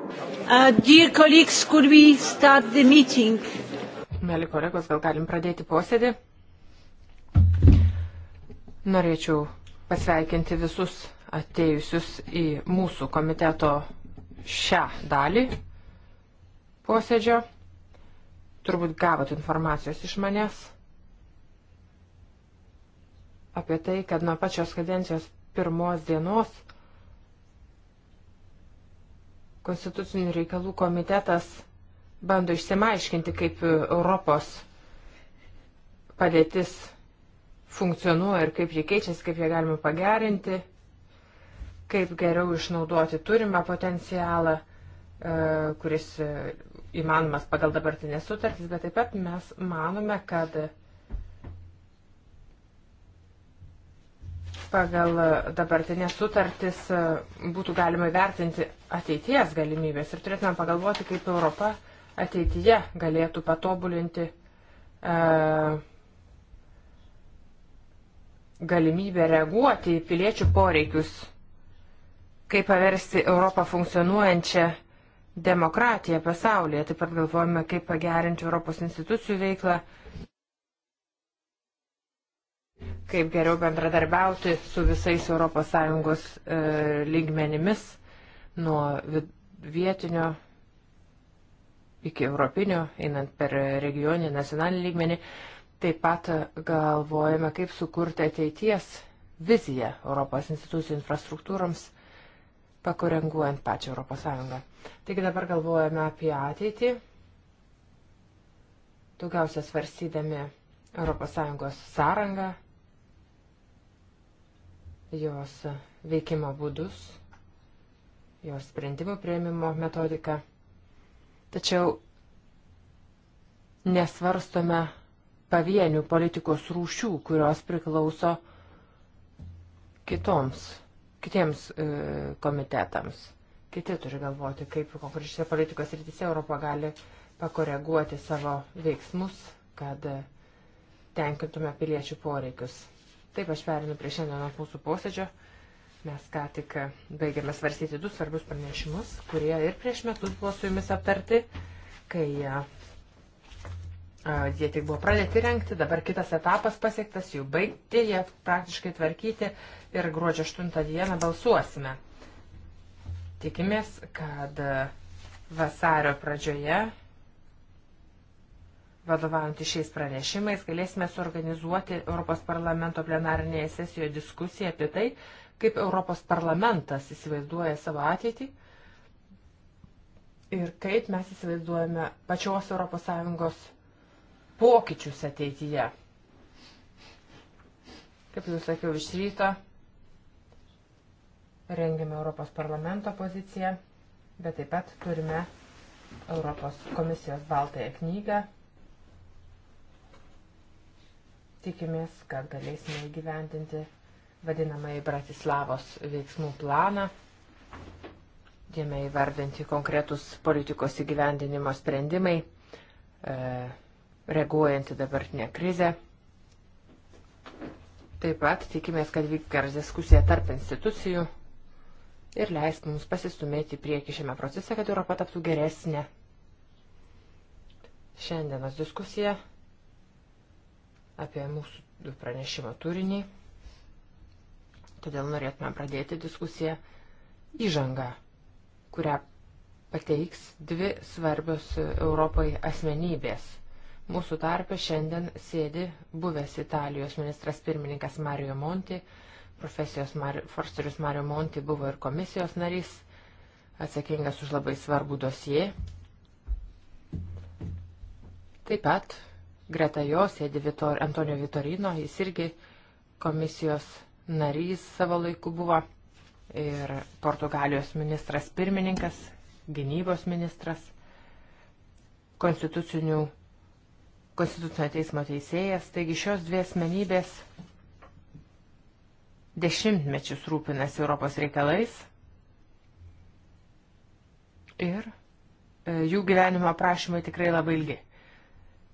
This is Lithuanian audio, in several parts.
Uh, dear colleagues, could we start the meeting? Mėly kolegos, gal galim pradėti posėdį? Norėčiau pasveikinti visus atėjusius į mūsų komiteto šią dalį posėdžio. Turbūt gavot informacijos iš manęs apie tai, kad nuo pačios kadencijos pirmos dienos Konstitucinių reikalų komitetas bando išsimaiškinti, kaip Europos padėtis funkcionuoja ir kaip jie keičiasi, kaip jie galima pagerinti, kaip geriau išnaudoti turimą potencialą, e, kuris e, įmanomas pagal dabartinės sutartys, bet taip pat mes manome, kad pagal e, dabartinės sutartis e, būtų galima įvertinti ateities galimybės ir turėtume pagalvoti, kaip Europa ateityje galėtų patobulinti e, galimybę reaguoti į piliečių poreikius, kaip paversti Europą funkcionuojančią demokratiją pasaulyje. Taip pat galvojame, kaip pagerinti Europos institucijų veiklą kaip geriau bendradarbiauti su visais ES e, lygmenimis, nuo vietinio iki europinio, einant per regioninį, nacionalinį lygmenį. Taip pat galvojame, kaip sukurti ateities viziją Europos institucijų infrastruktūroms, pakorenguojant pačią Europos Sąjungą. Taigi dabar galvojame apie ateitį, daugiausia svarstydami Europos Sąjungos sąrangą, jos veikimo būdus, jos sprendimų prieimimo metodiką. Tačiau nesvarstome pavienių politikos rūšių, kurios priklauso kitoms, kitiems e, komitetams. Kiti turi galvoti, kaip konkrečiose politikos rytise Europą gali pakoreguoti savo veiksmus, kad tenkintume piliečių poreikius. Taip aš perinu prie šiandienos mūsų posėdžio. Mes ką tik baigėme svarstyti du svarbius pranešimus, kurie ir prieš metus buvo su jumis aptarti, kai a, jie tik buvo pradėti renkti, dabar kitas etapas pasiektas, jų baigti, jie praktiškai tvarkyti ir gruodžio 8 dieną balsuosime. Tikimės, kad vasario pradžioje vadovaujantį šiais pranešimais, galėsime suorganizuoti Europos parlamento plenarinėje sesijoje diskusiją apie tai, kaip Europos parlamentas įsivaizduoja savo ateitį ir kaip mes įsivaizduojame pačios ES pokyčius ateityje. Kaip jau sakiau, iš ryto rengiame Europos parlamento poziciją, bet taip pat turime Europos komisijos baltąją knygą Tikimės, kad galėsime įgyvendinti vadinamąjį Bratislavos veiksmų planą. Jame įvardinti konkretus politikos įgyvendinimo sprendimai, e, reaguojant į dabartinę krizę. Taip pat tikimės, kad vyks diskusija tarp institucijų ir leis mums pasistumėti į priekį šiame procese, kad Europa taptų geresnė. Šiandienos diskusija apie mūsų pranešimo turinį. Todėl norėtume pradėti diskusiją įžangą, kurią pateiks dvi svarbios Europai asmenybės. Mūsų tarpe šiandien sėdi buvęs Italijos ministras pirmininkas Mario Monti, profesijos Mar forsterius Mario Monti buvo ir komisijos narys, atsakingas už labai svarbų dosie. Taip pat Greta jo sėdi Vitor, Antonio Vitorino, jis irgi komisijos narys savo laiku buvo ir Portugalijos ministras pirmininkas, gynybos ministras, konstitucinių, konstitucinio teismo teisėjas. Taigi šios dvi asmenybės dešimtmečius rūpinasi Europos reikalais ir e, jų gyvenimo aprašymai tikrai labai ilgi.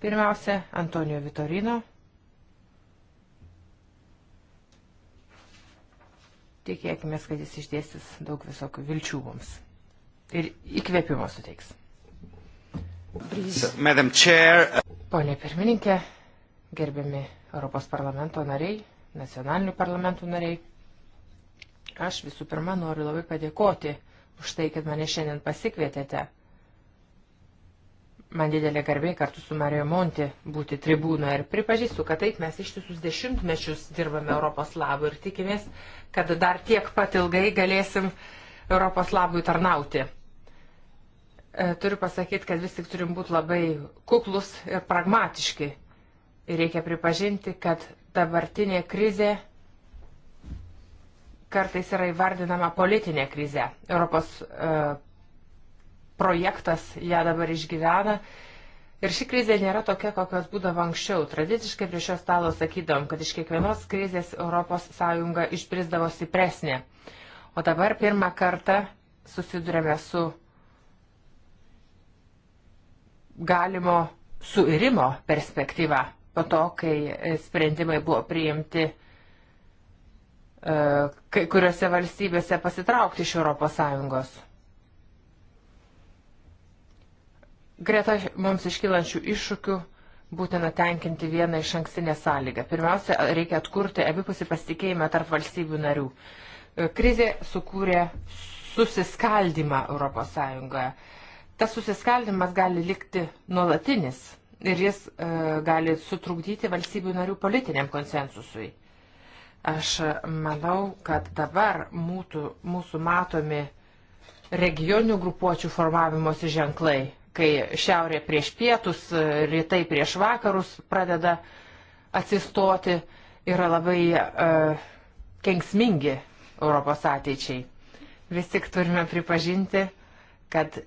Pirmiausia, Antonio Vitorino. Tikėkime, kad jis išdėstys daug visokių vilčių mums ir įkvėpimo suteiks. Uh, Pone pirmininkė, gerbiami Europos parlamento nariai, nacionalinių parlamentų nariai, aš visų pirma noriu labai padėkoti už tai, kad mane šiandien pasikvietėte Man didelė garbė kartu su Mario Monti būti tribūnoje ir pripažįstu, kad taip mes ištisus dešimtmečius dirbame Europos labui ir tikimės, kad dar tiek pat ilgai galėsim Europos labui tarnauti. E, turiu pasakyti, kad vis tik turim būti labai kuklus ir pragmatiški. Ir reikia pripažinti, kad dabartinė krizė kartais yra įvardinama politinė krize. Europos uh, projektas ją dabar išgyvena. Ir ši krizė nėra tokia, kokios būdavo anksčiau. Tradiciškai prie šio stalo sakydom, kad iš kiekvienos krizės ES išprisdavo stipresnė. O dabar pirmą kartą susidurėme su galimo suirimo perspektyva po to, kai sprendimai buvo priimti e, kai kuriuose valstybėse pasitraukti iš ES. Greta mums iškylančių iššūkių būtina tenkinti vieną iš ankstinę sąlygą. Pirmiausia, reikia atkurti abipusį pasitikėjimą tarp valstybių narių. Krizė sukūrė susiskaldimą ES. Tas susiskaldimas gali likti nuolatinis ir jis e, gali sutrukdyti valstybių narių politiniam konsensusui. Aš manau, kad dabar mūtų, mūsų matomi regioninių grupuočių formavimosi ženklai kai šiaurė prieš pietus, rytai prieš vakarus pradeda atsistoti, yra labai uh, kenksmingi Europos ateičiai. Vis tik turime pripažinti, kad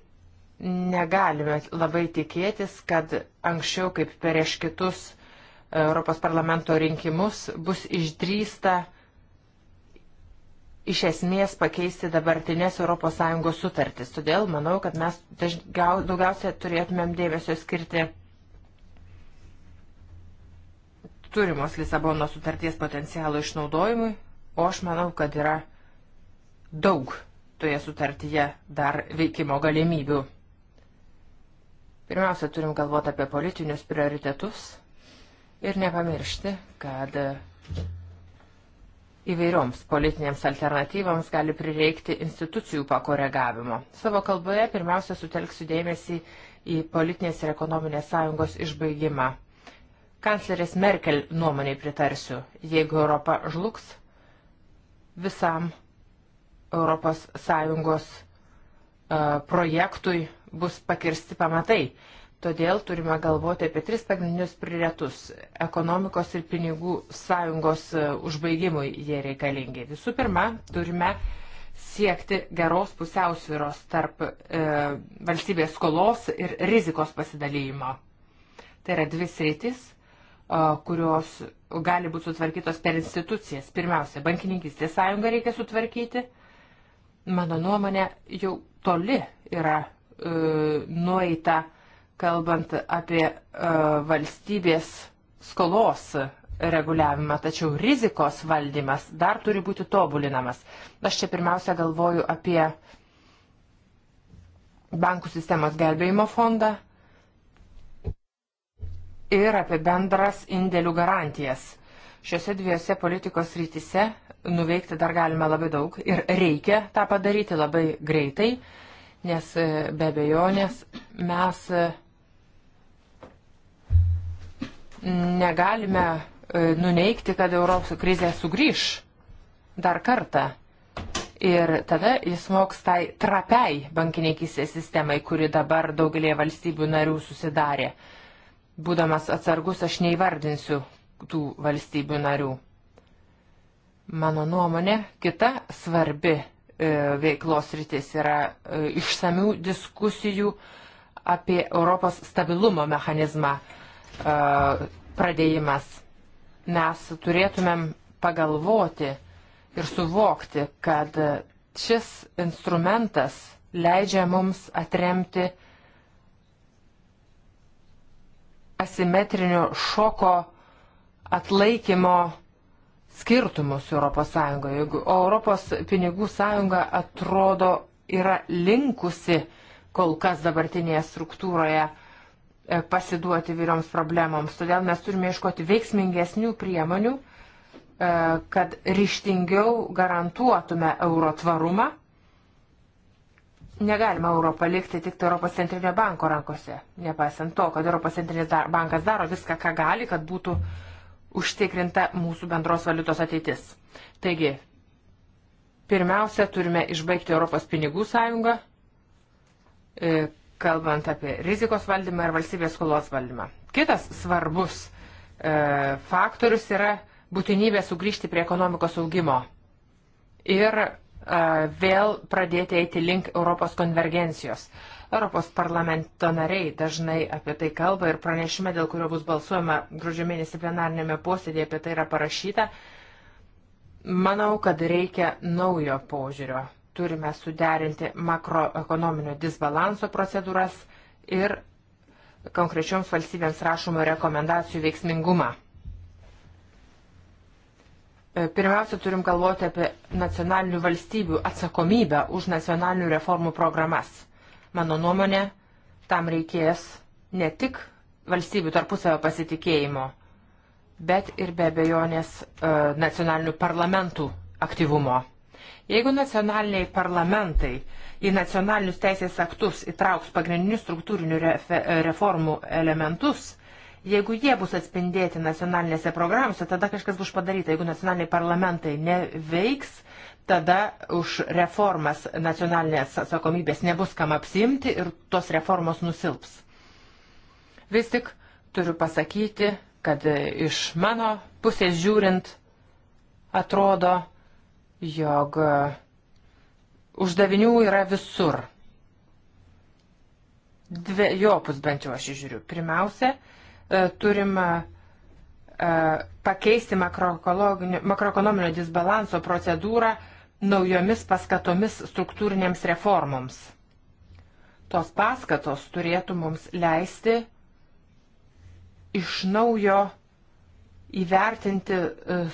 negalime labai tikėtis, kad anksčiau kaip per iš kitus Europos parlamento rinkimus bus išdrįsta uh, iš esmės pakeisti dabartinės ES sutartis. Todėl manau, kad mes daugiausia turėtumėm dėmesio skirti turimos Lisabono sutarties potencialo išnaudojimui, o aš manau, kad yra daug toje sutartyje dar veikimo galimybių. Pirmiausia, turim galvoti apie politinius prioritetus ir nepamiršti, kad Įvairioms politinėms alternatyvams gali prireikti institucijų pakoregavimo. Savo kalboje pirmiausia sutelksiu dėmesį į politinės ir ekonominės sąjungos išbaigimą. Kanclerės Merkel nuomoniai pritarsiu, jeigu Europa žlugs, visam Europos sąjungos uh, projektui bus pakirsti pamatai. Uh, Todėl turime galvoti apie tris pagrindinius prioritetus - ekonomikos ir pinigų sąjungos e, užbaigimui jie reikalingi. Visų pirma, turime siekti geros pusiausviros tarp e, valstybės skolos ir rizikos pasidalymo. Tai yra dvi sritis, e, kurios gali būti sutvarkytos per institucijas. Pirmiausia, bankininkistės sąjungą reikia sutvarkyti. Mano nuomonė, jau toli yra e, nueita e, kalbant apie uh, valstybės skolos reguliavimą, tačiau rizikos valdymas dar turi būti tobulinamas. Aš čia pirmiausia galvoju apie bankų sistemos gelbėjimo fondą ir apie bendras indėlių garantijas. Šiuose dviejose politikos rytise nuveikti dar galime labai daug ir reikia tą padaryti labai greitai, nes e, be abejonės mes e, Negalime e, nuneikti, kad Europos krizė sugrįž dar kartą. Ir tada jis moks tai trapiai bankininkysės sistemai, kuri dabar daugelie valstybių narių susidarė. Būdamas atsargus, aš neįvardinsiu tų valstybių narių. Mano nuomonė, kita svarbi e, veiklos rytis yra e, išsamių diskusijų apie Europos stabilumo mechanizmą. E, E, pradėjimas. Mes turėtumėm pagalvoti ir suvokti, kad šis instrumentas leidžia mums atremti asimetrinio šoko atlaikymo skirtumus Europos Sąjungoje. Jeigu Europos pinigų sąjunga atrodo yra linkusi kol kas dabartinėje struktūroje E, pasiduoti vyrioms problemoms. Todėl mes turime iškoti veiksmingesnių priemonių, e, kad ryštingiau garantuotume euro tvarumą. Negalima euro palikti tik tai Europos centrinio banko rankose, nepaisant to, kad Europos centrinis bankas daro viską, ką gali, kad būtų užtikrinta mūsų bendros valiutos ateitis. Taigi, pirmiausia, turime išbaigti Europos pinigų sąjungą, e, kalbant apie rizikos valdymą ir valstybės skolos valdymą. Kitas svarbus e, faktorius yra būtinybė sugrįžti prie ekonomikos augimo ir e, vėl pradėti eiti link Europos konvergencijos. Europos parlamento nariai dažnai apie tai kalba ir pranešime, dėl kurio bus balsuojama gruodžio mėnesį plenarnėme posėdėje, apie tai yra parašyta. Manau, kad reikia naujo požiūrio turime suderinti makroekonominio disbalanso procedūras ir konkrečioms valstybėms rašomo rekomendacijų veiksmingumą. E, pirmiausia, turim galvoti apie nacionalinių valstybių atsakomybę už nacionalinių reformų programas. Mano nuomonė, tam reikės ne tik valstybių tarpusavio pasitikėjimo, bet ir be abejonės e, nacionalinių parlamentų aktyvumo. Jeigu nacionaliniai parlamentai į nacionalinius teisės aktus įtrauks pagrindinius struktūrinių reformų elementus, jeigu jie bus atspindėti nacionalinėse programose, tada kažkas bus padaryta. Jeigu nacionaliniai parlamentai neveiks, tada už reformas nacionalinės atsakomybės nebus kam apsimti ir tos reformos nusilps. Vis tik turiu pasakyti, kad iš mano pusės žiūrint atrodo, jog e, uždavinių yra visur. Dviejopus bent jau aš žiūriu. Pirmiausia, e, turim e, pakeisti makroekonominio disbalanso procedūrą naujomis paskatomis struktūrinėms reformoms. Tos paskatos turėtų mums leisti iš naujo įvertinti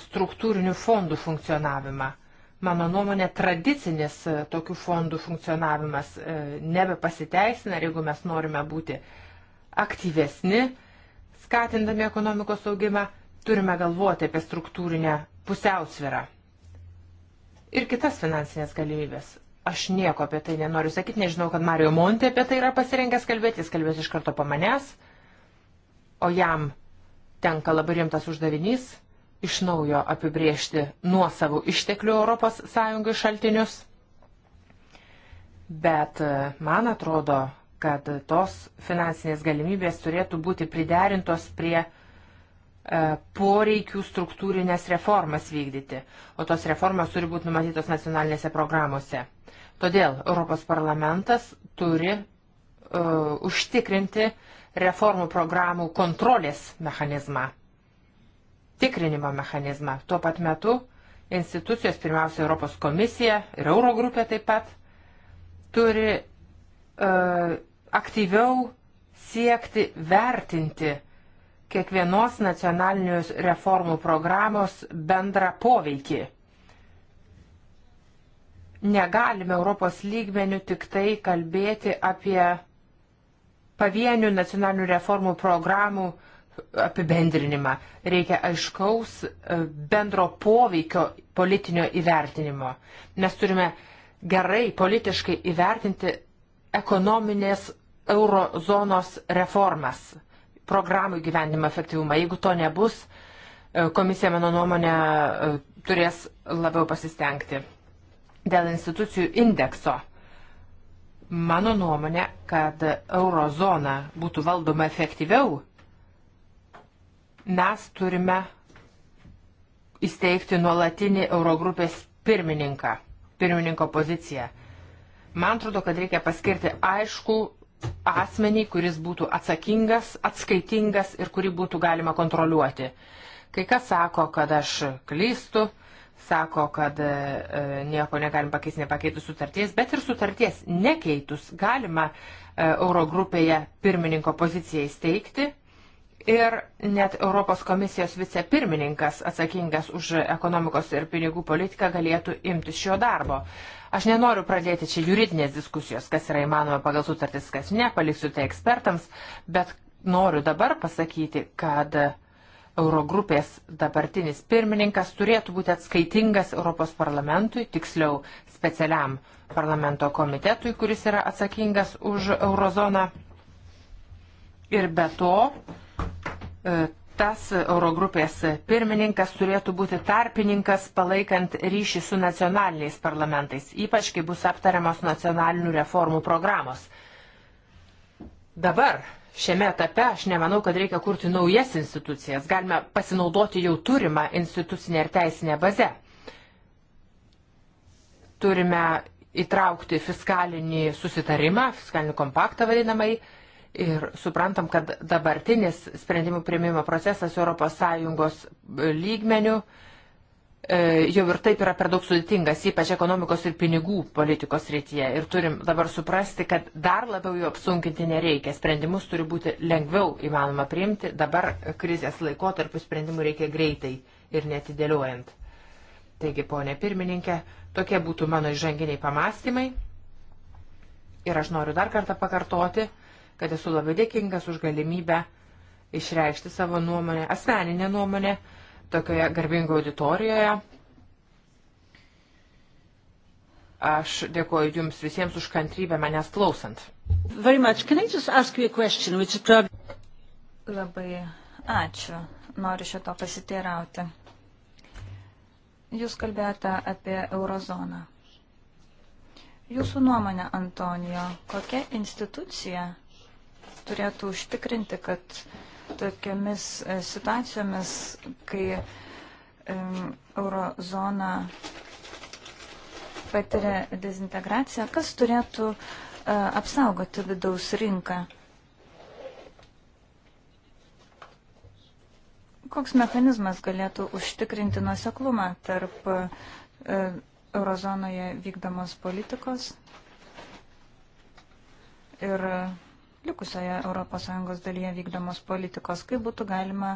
struktūrinių fondų funkcionavimą. Mano nuomonė, tradicinis e, tokių fondų funkcionavimas e, nebepasiteisina ir jeigu mes norime būti aktyvesni, skatindami ekonomikos augimą, turime galvoti apie struktūrinę pusiausvirą ir kitas finansinės galimybės. Aš nieko apie tai nenoriu sakyti, nežinau, kad Mario Monti apie tai yra pasirengęs kalbėti, jis kalbės iš karto po manęs, o jam tenka labai rimtas uždavinys iš naujo apibriežti nuosavų išteklių ES šaltinius. Bet e, man atrodo, kad tos finansinės galimybės turėtų būti priderintos prie e, poreikių struktūrinės reformas vykdyti, o tos reformas turi būti numatytos nacionalinėse programuose. Todėl Europos parlamentas turi uh, užtikrinti reformų programų kontrolės mechanizmą tikrinimo mechanizmą. Tuo pat metu institucijos, pirmiausia, Europos komisija ir Eurogrupė taip pat, turi uh, aktyviau siekti vertinti kiekvienos nacionalinius reformų programos bendrą poveikį. Negalime Europos lygmenių tik tai kalbėti apie pavienių nacionalinių reformų programų uh, apibendrinimą, reikia aiškaus e, bendro poveikio politinio įvertinimo. Mes turime gerai politiškai įvertinti ekonominės eurozonos reformas, programų gyvenimo efektyvumą. Jeigu to nebus, e, komisija, mano nuomonė, e, turės labiau pasistengti. Dėl institucijų indekso. Mano nuomonė, kad eurozona būtų valdoma efektyviau, Mes turime įsteigti nuolatinį Eurogrupės pirmininką, pirmininko poziciją. Man atrodo, kad reikia paskirti aišku asmenį, kuris būtų atsakingas, atskaitingas ir kurį būtų galima kontroliuoti. Kai kas sako, kad aš klystu, sako, kad e, e nieko negalim pakeisti nepakeitus sutarties, bet ir sutarties nekeitus galima e, Eurogrupėje pirmininko poziciją įsteigti Ir net Europos komisijos vicepirmininkas atsakingas už ekonomikos ir pinigų politiką galėtų imtis šio darbo. Aš nenoriu pradėti čia juridinės diskusijos, kas yra įmanoma pagal sutartis, kas ne, paliksiu tai ekspertams, bet noriu dabar pasakyti, kad Eurogrupės dabartinis pirmininkas turėtų būti atskaitingas Europos parlamentui, tiksliau specialiam parlamento komitetui, kuris yra atsakingas už eurozoną. Ir be to, E, tas Eurogrupės pirmininkas turėtų būti tarpininkas palaikant ryšį su nacionaliniais parlamentais, ypač kai bus aptariamos nacionalinių reformų programos. Dabar šiame etape aš nemanau, kad reikia kurti naujas institucijas, galime pasinaudoti jau turimą institucinę ir teisinę bazę. Turime įtraukti fiskalinį susitarimą, fiskalinį kompaktą vadinamai, Ir suprantam, kad dabartinis sprendimų prieimimo procesas ES lygmenių e, jau ir taip yra per daug sudėtingas, ypač ekonomikos ir pinigų politikos rytyje. Ir turim dabar suprasti, kad dar labiau jų apsunkinti nereikia. Sprendimus turi būti lengviau įmanoma priimti. Dabar krizės laikotarpių sprendimų reikia greitai ir netidėliojant. Taigi, ponė pirmininkė, tokie būtų mano įžanginiai pamastymai. Ir aš noriu dar kartą pakartoti kad esu labai dėkingas už galimybę išreikšti savo nuomonę, asmeninę nuomonę, tokioje garbingoje auditorijoje. Aš dėkoju Jums visiems už kantrybę manęs klausant. Question, probably... Labai ačiū. Noriu šito pasiteirauti. Jūs kalbėjote apie eurozoną. Jūsų nuomonė, Antonijo, kokia institucija turėtų užtikrinti, kad tokiamis e, situacijomis, kai eurozona patiria dezintegraciją, kas turėtų e, apsaugoti vidaus rinką? Koks mechanizmas galėtų užtikrinti nuoseklumą tarp e, eurozonoje vykdomos politikos ir likusioje ES dalyje vykdomos politikos, kaip būtų galima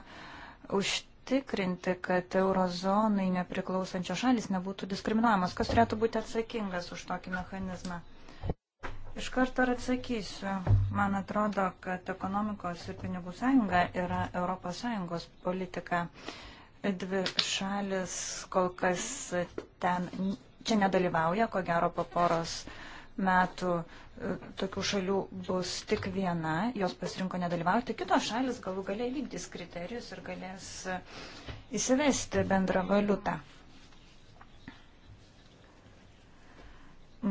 užtikrinti, kad eurozonai nepriklausančios šalis nebūtų diskriminuojamos, kas turėtų būti atsakingas už tokį mechanizmą. Iš karto ir atsakysiu. Man atrodo, kad ekonomikos ir pinigų sąjunga yra ES politika. Dvi šalis kol kas ten, čia nedalyvauja, ko gero po poros metų tokių šalių bus tik viena, jos pasirinko nedalyvauti, kitos šalis galų galia vykdys kriterijus ir galės įsivesti bendrą valiutą.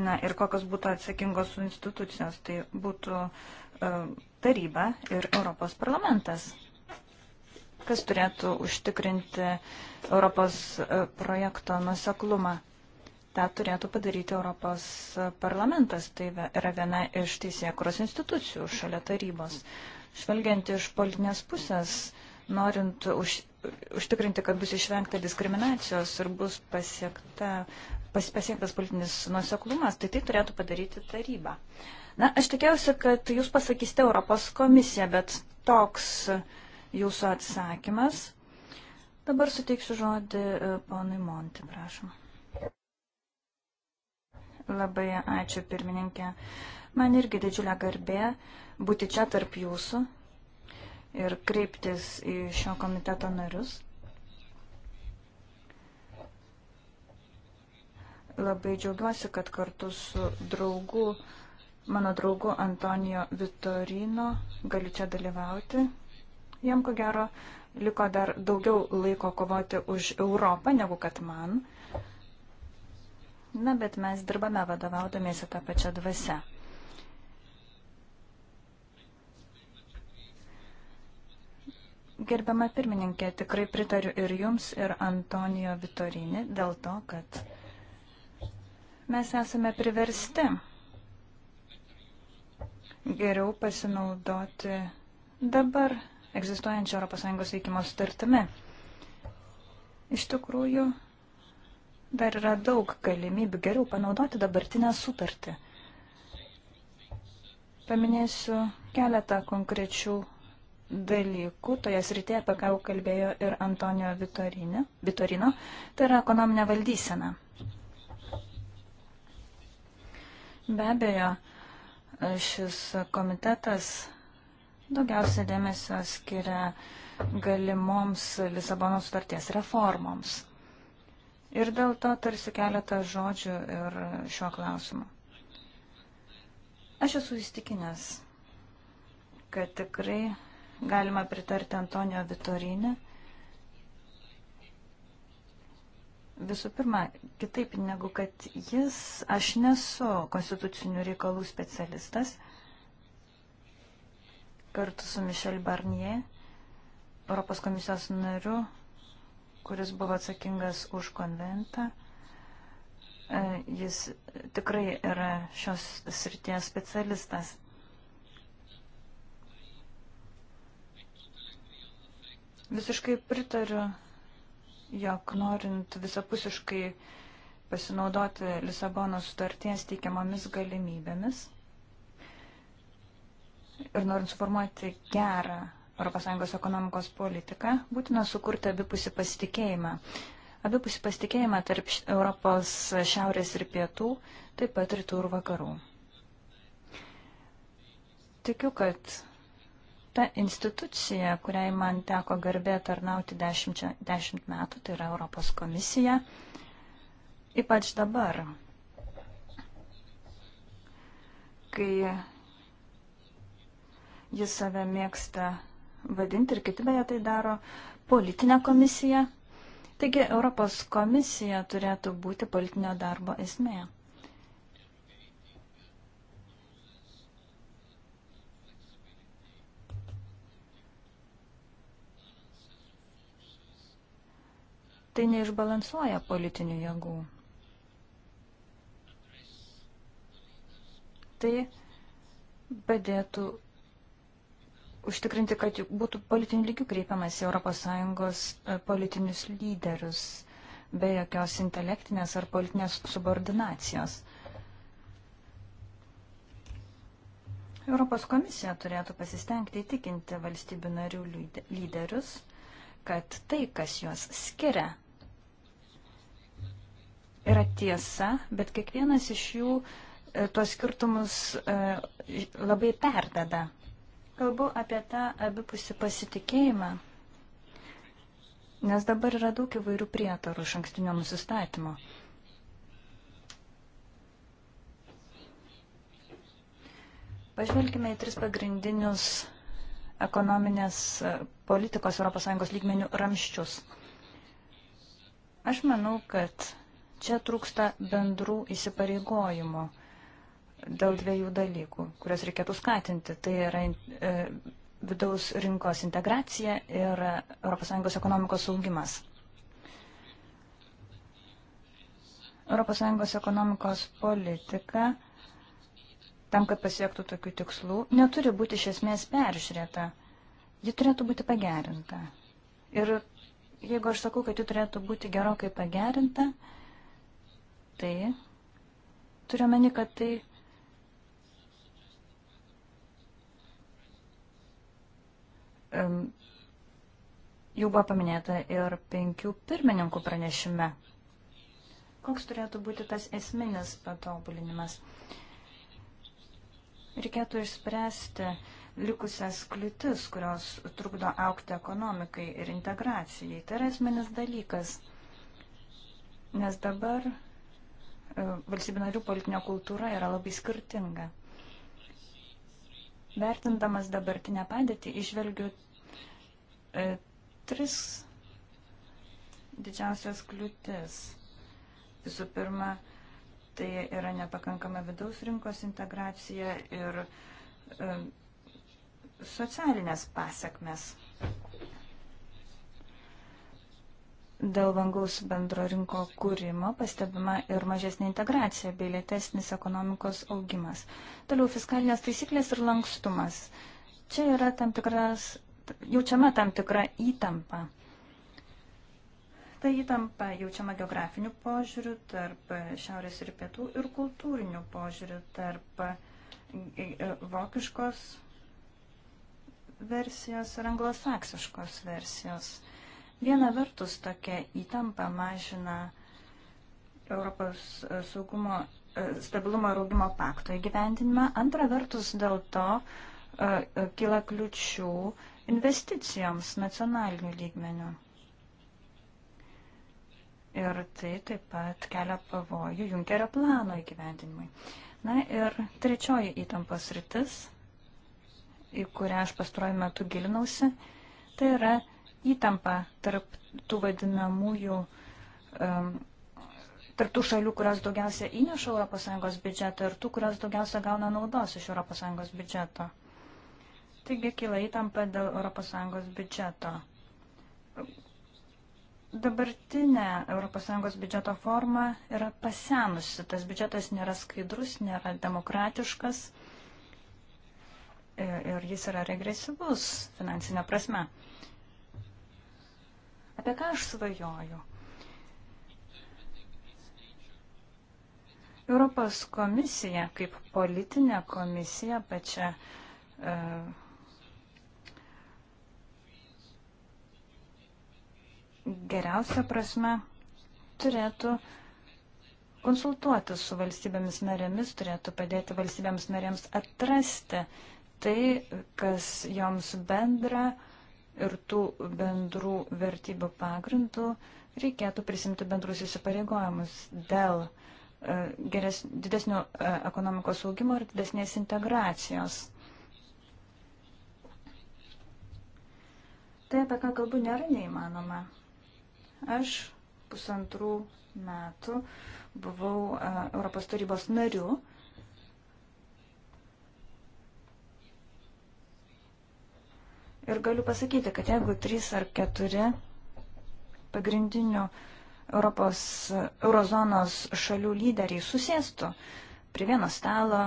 Na ir kokios būtų atsakingos institucijos, tai būtų uh, taryba ir Europos parlamentas, kas turėtų užtikrinti Europos uh, projekto nuseklumą tą turėtų padaryti Europos parlamentas. Tai yra viena iš teisėkuros institucijų šalia tarybos. Žvelgiant iš politinės pusės, norint už, užtikrinti, kad bus išvengta diskriminacijos ir bus pasiekta, pas, pasiektas politinis nuseklumas, tai tai turėtų padaryti taryba. Na, aš tikėjausi, kad jūs pasakysite Europos komisiją, bet toks jūsų atsakymas. Dabar suteiksiu žodį e, ponui Monti, prašom. Labai ačiū pirmininkė. Man irgi didžiulė garbė būti čia tarp jūsų ir kreiptis į šio komiteto narius. Labai džiaugiuosi, kad kartu su draugu, mano draugu Antonijo Vitorino galiu čia dalyvauti. Jam ko gero liko dar daugiau laiko kovoti už Europą negu kad man. Uh, Na, bet mes dirbame vadovaudomėsi tą pačią dvasę. Gerbiama pirmininkė, tikrai pritariu ir jums, ir Antonijo Vitorini dėl to, kad mes esame priversti geriau pasinaudoti dabar egzistuojančią ES veikimo sutartimi. Iš tikrųjų, dar yra daug galimybių geriau panaudoti dabartinę sutartį. Paminėsiu keletą konkrečių dalykų toje srityje, apie ką jau kalbėjo ir Antonijo Vitorino, Vitorino tai yra ekonominė valdysena. Be abejo, šis komitetas daugiausia dėmesio skiria galimoms Lisabono sutarties reformoms. Ir dėl to tarsi keletą žodžių ir šiuo klausimu. Aš esu įstikinęs, kad tikrai galima pritarti Antonijo Vitorinį. Visų pirma, kitaip negu kad jis, aš nesu konstitucinių reikalų specialistas. Kartu su Michel Barnier, Europos komisijos nariu, kuris buvo atsakingas už konventą. E, jis tikrai yra šios srities specialistas. Visiškai pritariu, jog norint visapusiškai pasinaudoti Lisabono sutarties teikiamomis galimybėmis ir norint suformuoti gerą ES ekonomikos politiką, būtina sukurti abipusį pasitikėjimą. Abipusį pasitikėjimą tarp Europos šiaurės ir pietų, taip pat rytų ir vakarų. Tikiu, kad ta institucija, kuriai man teko garbė tarnauti dešimt, dešimt metų, tai yra Europos komisija, ypač dabar, kai jis save mėgsta vadinti ir kiti beje tai daro politinę komisiją. Taigi Europos komisija turėtų būti politinio darbo esmė. Tai neišbalansuoja politinių jėgų. Tai padėtų užtikrinti, kad būtų politinių lygių kreipiamas į ES e, politinius lyderius be jokios intelektinės ar politinės subordinacijos. Europos komisija turėtų pasistengti įtikinti valstybių narių lyderius, kad tai, kas juos skiria, yra tiesa, bet kiekvienas iš jų e, tuos skirtumus e, labai perdeda. Kalbu apie tą abipusį pasitikėjimą, nes dabar yra daug įvairių prietarų iš ankstinio nusistatymo. Pažvelkime į tris pagrindinius ekonominės e, politikos ES lygmenių ramščius. Aš manau, kad čia trūksta bendrų įsipareigojimų dėl dviejų dalykų, kurias reikėtų skatinti. Tai yra e, vidaus rinkos integracija ir ES ekonomikos augimas. ES ekonomikos politika tam, kad pasiektų tokių tikslų, neturi būti iš esmės peržiūrėta. Ji turėtų būti pagerinta. Ir jeigu aš sakau, kad ji turėtų būti gerokai pagerinta, tai turiu meni, kad tai jau buvo paminėta ir penkių pirmininkų pranešime. Koks turėtų būti tas esminis patobulinimas? Reikėtų išspręsti likusias kliūtis, kurios trukdo aukti ekonomikai ir integracijai. Tai yra esminis dalykas. Nes dabar e, valstybių narių politinė kultūra yra labai skirtinga. Vertindamas dabartinę padėtį, išvelgiu e, tris didžiausias kliūtis. Visų pirma, tai yra nepakankama vidaus rinkos integracija ir e, socialinės pasiekmes. Dėl vangaus bendro rinko kūrimo pastebima ir mažesnė integracija bei lėtesnis ekonomikos augimas. Toliau fiskalinės taisyklės ir lankstumas. Čia yra tam tikras, jaučiama tam tikra įtampa. Ta įtampa jaučiama geografiniu požiūriu tarp šiaurės ir pietų ir kultūriniu požiūriu tarp e, e, vokiškos versijos ir anglosaksiškos versijos. Viena vertus tokia įtampa mažina Europos e, saugumo e, stabilumo ir augimo pakto įgyvendinimą. Antra vertus dėl to e, kyla kliučių investicijoms nacionalinių lygmenių. Ir tai taip pat kelia pavojų Junkerio plano įgyvendinimui. Na ir trečioji įtampos rytis, į kurią aš pastaruoju metu gilinausi, tai yra įtampą tarp tų vadinamųjų, tarp tų šalių, kurios daugiausia įneša ES biudžetą ir tų, kurios daugiausia gauna naudos iš ES biudžeto. Taigi kyla įtampa dėl ES biudžeto. Dabartinė ES biudžeto forma yra pasenusi. Tas biudžetas nėra skaidrus, nėra demokratiškas e, ir jis yra regresyvus finansinė prasme. Apie ką aš svajoju? Europos komisija kaip politinė komisija pačia e, geriausia prasme turėtų konsultuoti su valstybėmis narėmis, turėtų padėti valstybėms narėms atrasti tai, kas joms bendra, e, ir tų bendrų vertybių pagrindų reikėtų prisimti bendrus įsipareigojimus dėl e, geres, didesnio e, ekonomikos augimo ir didesnės integracijos. Tai, apie ką kalbu, nėra neįmanoma. Aš pusantrų metų buvau e, Europos tarybos nariu Ir galiu pasakyti, kad jeigu trys ar keturi pagrindinių Europos eurozonos šalių lyderiai susėstų prie vieno stalo,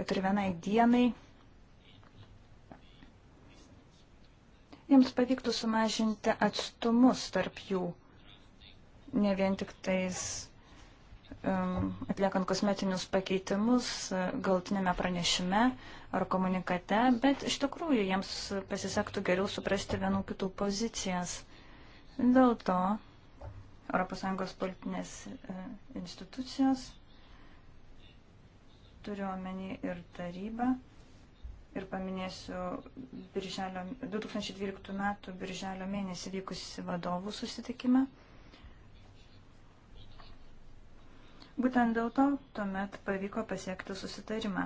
kad ir vienai dienai, jiems pavyktų sumažinti atstumus tarp jų, ne vien tik tais atliekant kosmetinius pakeitimus e, galtinėme pranešime ar komunikate, bet iš tikrųjų jiems pasisektų geriau suprasti vienų kitų pozicijas. Dėl to ES politinės e, institucijos, turiu omeny ir tarybą, ir paminėsiu birželio, 2012 m. birželio mėnesį vykusi vadovų susitikimą. Būtent dėl to tuomet pavyko pasiekti susitarimą.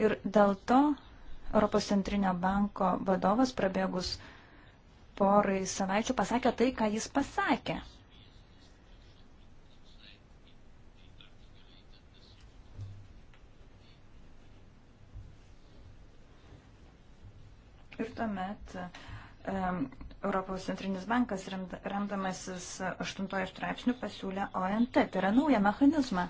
Ir dėl to Europos centrinio banko vadovas prabėgus porai savaičių pasakė tai, ką jis pasakė. Ir tuomet um, Europos centrinis bankas, remdamasis 8 straipsnių, pasiūlė ONT, tai yra naują mechanizmą.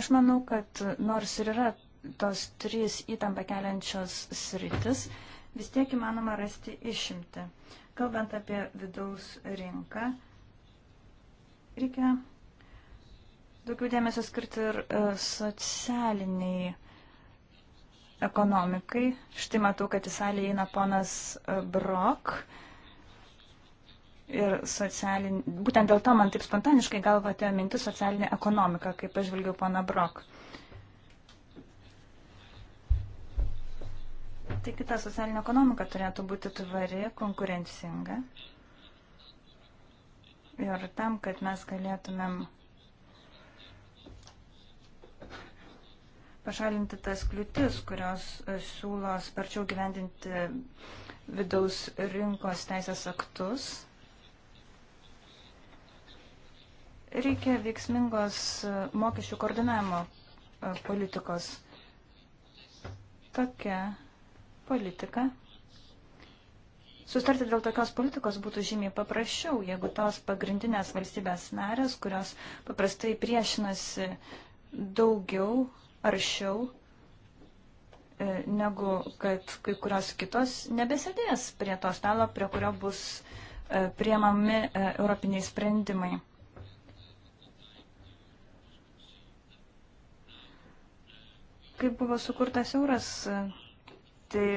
Aš manau, kad nors ir yra tos trys įtampą keliančios sritis, vis tiek įmanoma rasti išimti. Kalbant apie vidaus rinką, reikia daugiau dėmesio skirti ir e, socialiniai ekonomikai. Štai matau, kad į salę eina ponas e, Brok. Ir socialinė, būtent dėl to man taip spontaniškai galva atėjo minti socialinė ekonomika, kaip pažvelgiau pana Brok. Tai kita socialinė ekonomika turėtų būti tvari, konkurencinga. Ir tam, kad mes galėtumėm pašalinti tas kliūtis, kurios e, siūlo sparčiau gyvendinti vidaus rinkos teisės aktus. Reikia veiksmingos e, mokesčių koordinavimo e, politikos. Tokia politika. Sustarti dėl tokios politikos būtų žymiai paprasčiau, jeigu tos pagrindinės valstybės narės, kurios paprastai priešinasi daugiau aršiau e, negu kad kai kurios kitos nebesėdės prie to stalo, prie kurio bus e, priemami e, europiniai sprendimai. Kai buvo sukurtas euras, tai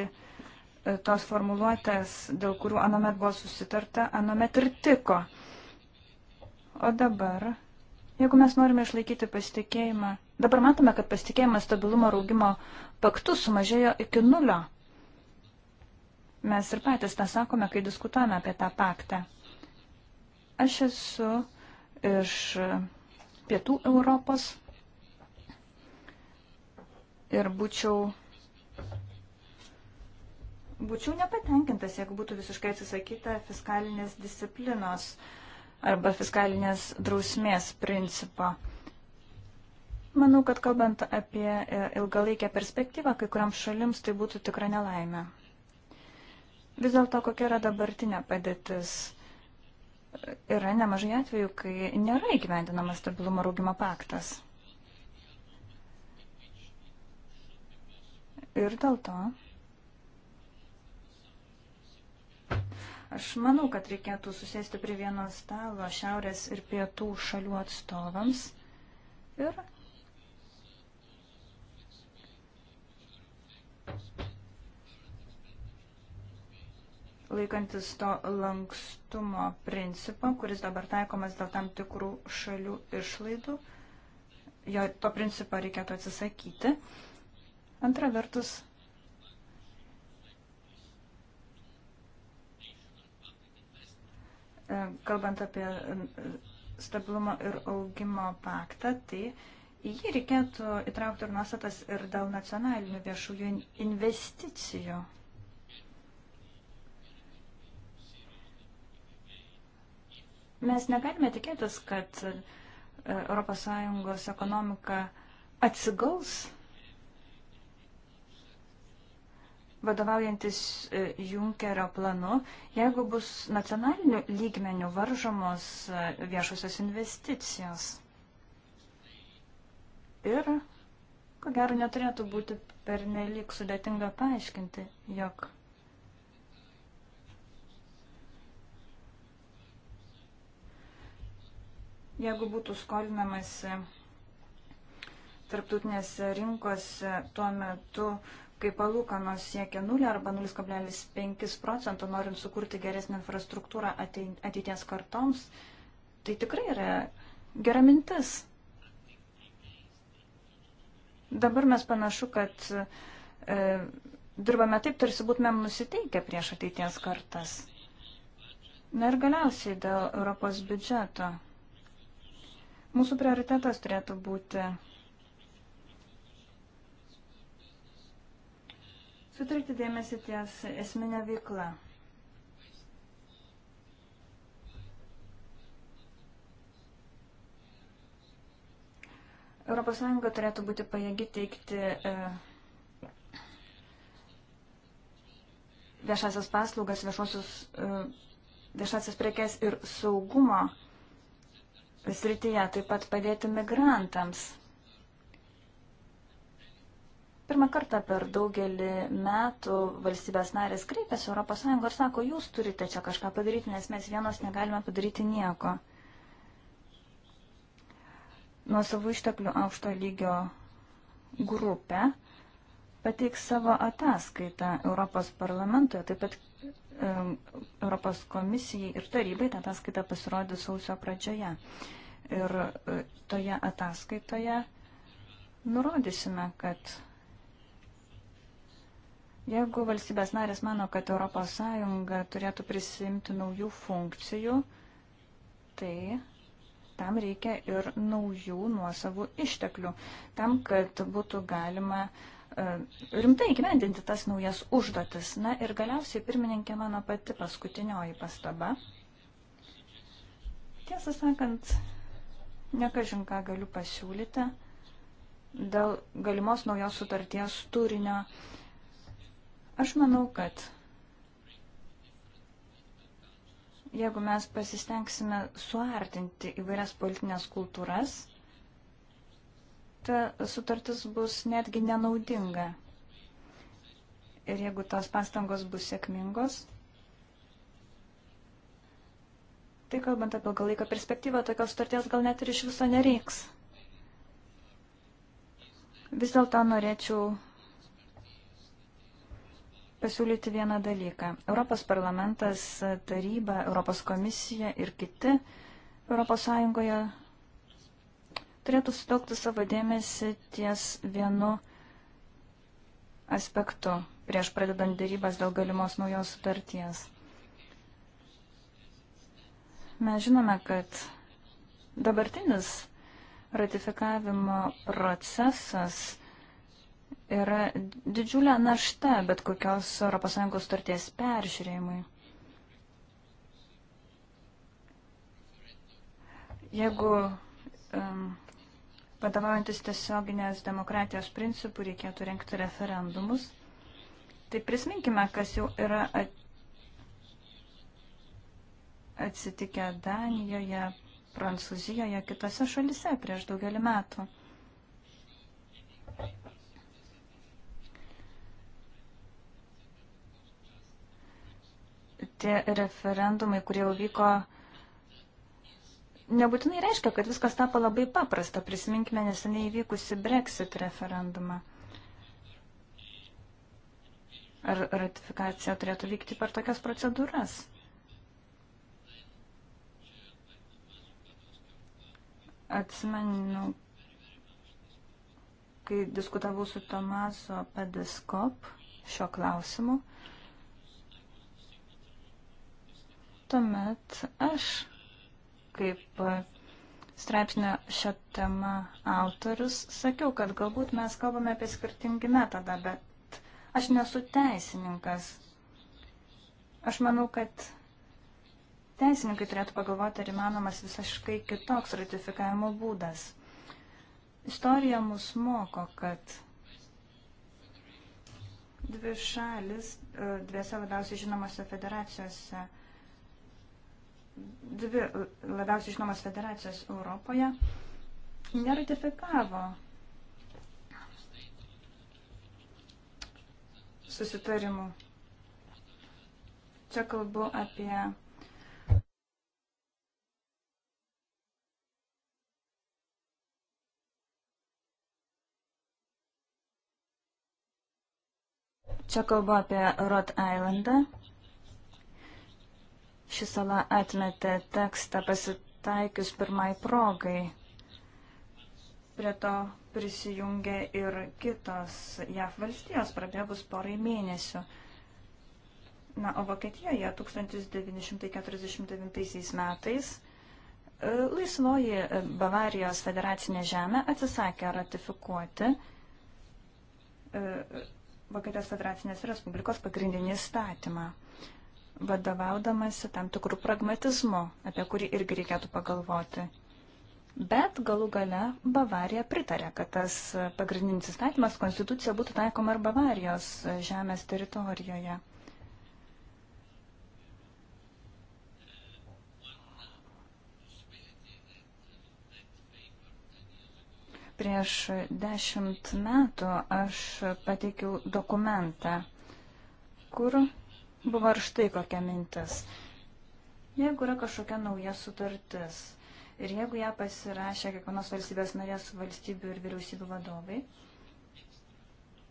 tos formuluotės, dėl kurių anomet buvo susitarta, anomet ir tiko. O dabar, jeigu mes norime išlaikyti pasitikėjimą Dabar matome, kad pasitikėjimas stabilumo raugimo paktu sumažėjo iki nulio. Mes ir patys tą sakome, kai diskutuojame apie tą paktą. Aš esu iš pietų Europos ir būčiau, būčiau nepatenkintas, jeigu būtų visiškai atsisakyta fiskalinės disciplinos arba fiskalinės drausmės principo. Manau, kad kalbant apie e, ilgalaikę perspektyvą, kai kuriam šalims tai būtų tikra nelaimė. Vis dėlto, kokia yra dabartinė padėtis? Yra nemažai atvejų, kai nėra įgyvendinamas stabilumo rūgimo paktas. Ir dėl to Aš manau, kad reikėtų susėsti prie vieno stalo šiaurės ir pietų šalių atstovams ir laikantis to lankstumo principo, kuris dabar taikomas dėl tam tikrų šalių išlaidų. Jo, to principo reikėtų atsisakyti. Antra vertus, e, kalbant apie e, stabilumo ir augimo paktą, tai į jį reikėtų įtraukti ir nuostatas ir dėl nacionalinių viešųjų investicijų. Mes negalime tikėtis, kad ES ekonomika atsigaus vadovaujantis e, Junkerio planu, jeigu bus nacionalinių lygmenių varžomos e, viešusios investicijos. Ir, ko gero, neturėtų būti per nelik sudėtinga paaiškinti, jog Jeigu būtų skolinamasi tarptautinėse rinkose tuo metu, kai palūkanos siekia 0 arba 0,5 procento, norint sukurti geresnį infrastruktūrą ateities kartoms, tai tikrai yra gera mintis. Dabar mes panašu, kad e, dirbame taip, tarsi būtumėm nusiteikę prieš ateities kartas. Na ir galiausiai dėl Europos biudžeto. Mūsų prioritetas turėtų būti sutelkti dėmesį ties esminę veiklą. ES turėtų būti pajėgi teikti e, viešasias paslaugas, viešosius, e, viešasias prekes ir saugumo srityje, taip pat padėti migrantams. Pirmą kartą per daugelį metų valstybės narės kreipiasi ES ir sako, jūs turite čia kažką padaryti, nes mes vienos negalime padaryti nieko. Nuo savų išteklių aukšto lygio grupę pateiks savo ataskaitą Europos parlamentoje, taip pat Europos komisijai ir tarybai ta ataskaita pasirodė sausio pradžioje. Ir e, toje ataskaitoje nurodysime, kad Jeigu valstybės narės mano, kad ES turėtų prisimti naujų funkcijų, tai tam reikia ir naujų nuosavų išteklių, tam, kad būtų galima uh, E, rimtai gyvendinti tas naujas užduotis. Na ir galiausiai pirmininkė mano pati paskutinioji pastaba. Tiesą sakant, nekažin ką galiu pasiūlyti dėl galimos naujos sutarties turinio. Aš manau, kad jeigu mes pasistengsime suartinti įvairias politinės kultūras, sutartis bus netgi nenaudinga. Ir jeigu tos pastangos bus sėkmingos, tai kalbant apie ilgalaiką perspektyvą, tokios sutarties gal net ir iš viso nereiks. Vis dėlto norėčiau pasiūlyti vieną dalyką. Europos parlamentas, taryba, Europos komisija ir kiti ES turėtų sutelkti savo dėmesį ties vienu aspektu prieš pradedant dėrybas dėl galimos naujos sutarties. Mes žinome, kad dabartinis ratifikavimo procesas yra didžiulė našta bet kokios ES sutarties peržiūrėjimui. Jeigu um, vadovaujantis tiesioginės demokratijos principų reikėtų renkti referendumus. Tai prisiminkime, kas jau yra atsitikę Danijoje, Prancūzijoje, kitose šalise prieš daugelį metų. Tie referendumai, kurie jau vyko nebūtinai reiškia, kad viskas tapo labai paprasta. Prisiminkime neseniai įvykusi Brexit referendumą. Ar ratifikacija turėtų vykti per tokias procedūras? Atsimenu, kai diskutavau su Tomaso Pediskop šio klausimu, tuomet aš kaip e, straipsnio šią temą autorius, sakiau, kad galbūt mes kalbame apie skirtingi metodą, bet aš nesu teisininkas. Aš manau, kad teisininkai turėtų pagalvoti, ar įmanomas visiškai kitoks ratifikavimo būdas. Istorija mus moko, kad dvi šalis, e, dviese labiausiai žinomose federacijose, dvi labiausiai žinomas federacijos Europoje neratifikavo susitarimų. Čia kalbu apie Čia kalbu apie Rhode Islandą, Ši sala atmetė tekstą pasitaikius pirmai progai. Prie to prisijungė ir kitos JAV valstijos, prabėgus porai mėnesių. Na, o Vokietijoje 1949 metais e, laisvoji e, Bavarijos federacinė žemė atsisakė ratifikuoti e, Vokietijos federacinės respublikos pagrindinį statymą vadovaudamasi tam tikrų pragmatizmų, apie kurį irgi reikėtų pagalvoti. Bet galų gale Bavarija pritarė, kad tas pagrindinis įstatymas, konstitucija būtų taikoma ir Bavarijos žemės teritorijoje. prieš dešimt metų aš pateikiau dokumentą, kur buvo ir štai kokia mintis. Jeigu yra kažkokia nauja sutartis ir jeigu ją pasirašė kiekvienos valstybės narės valstybių ir vyriausybių vadovai,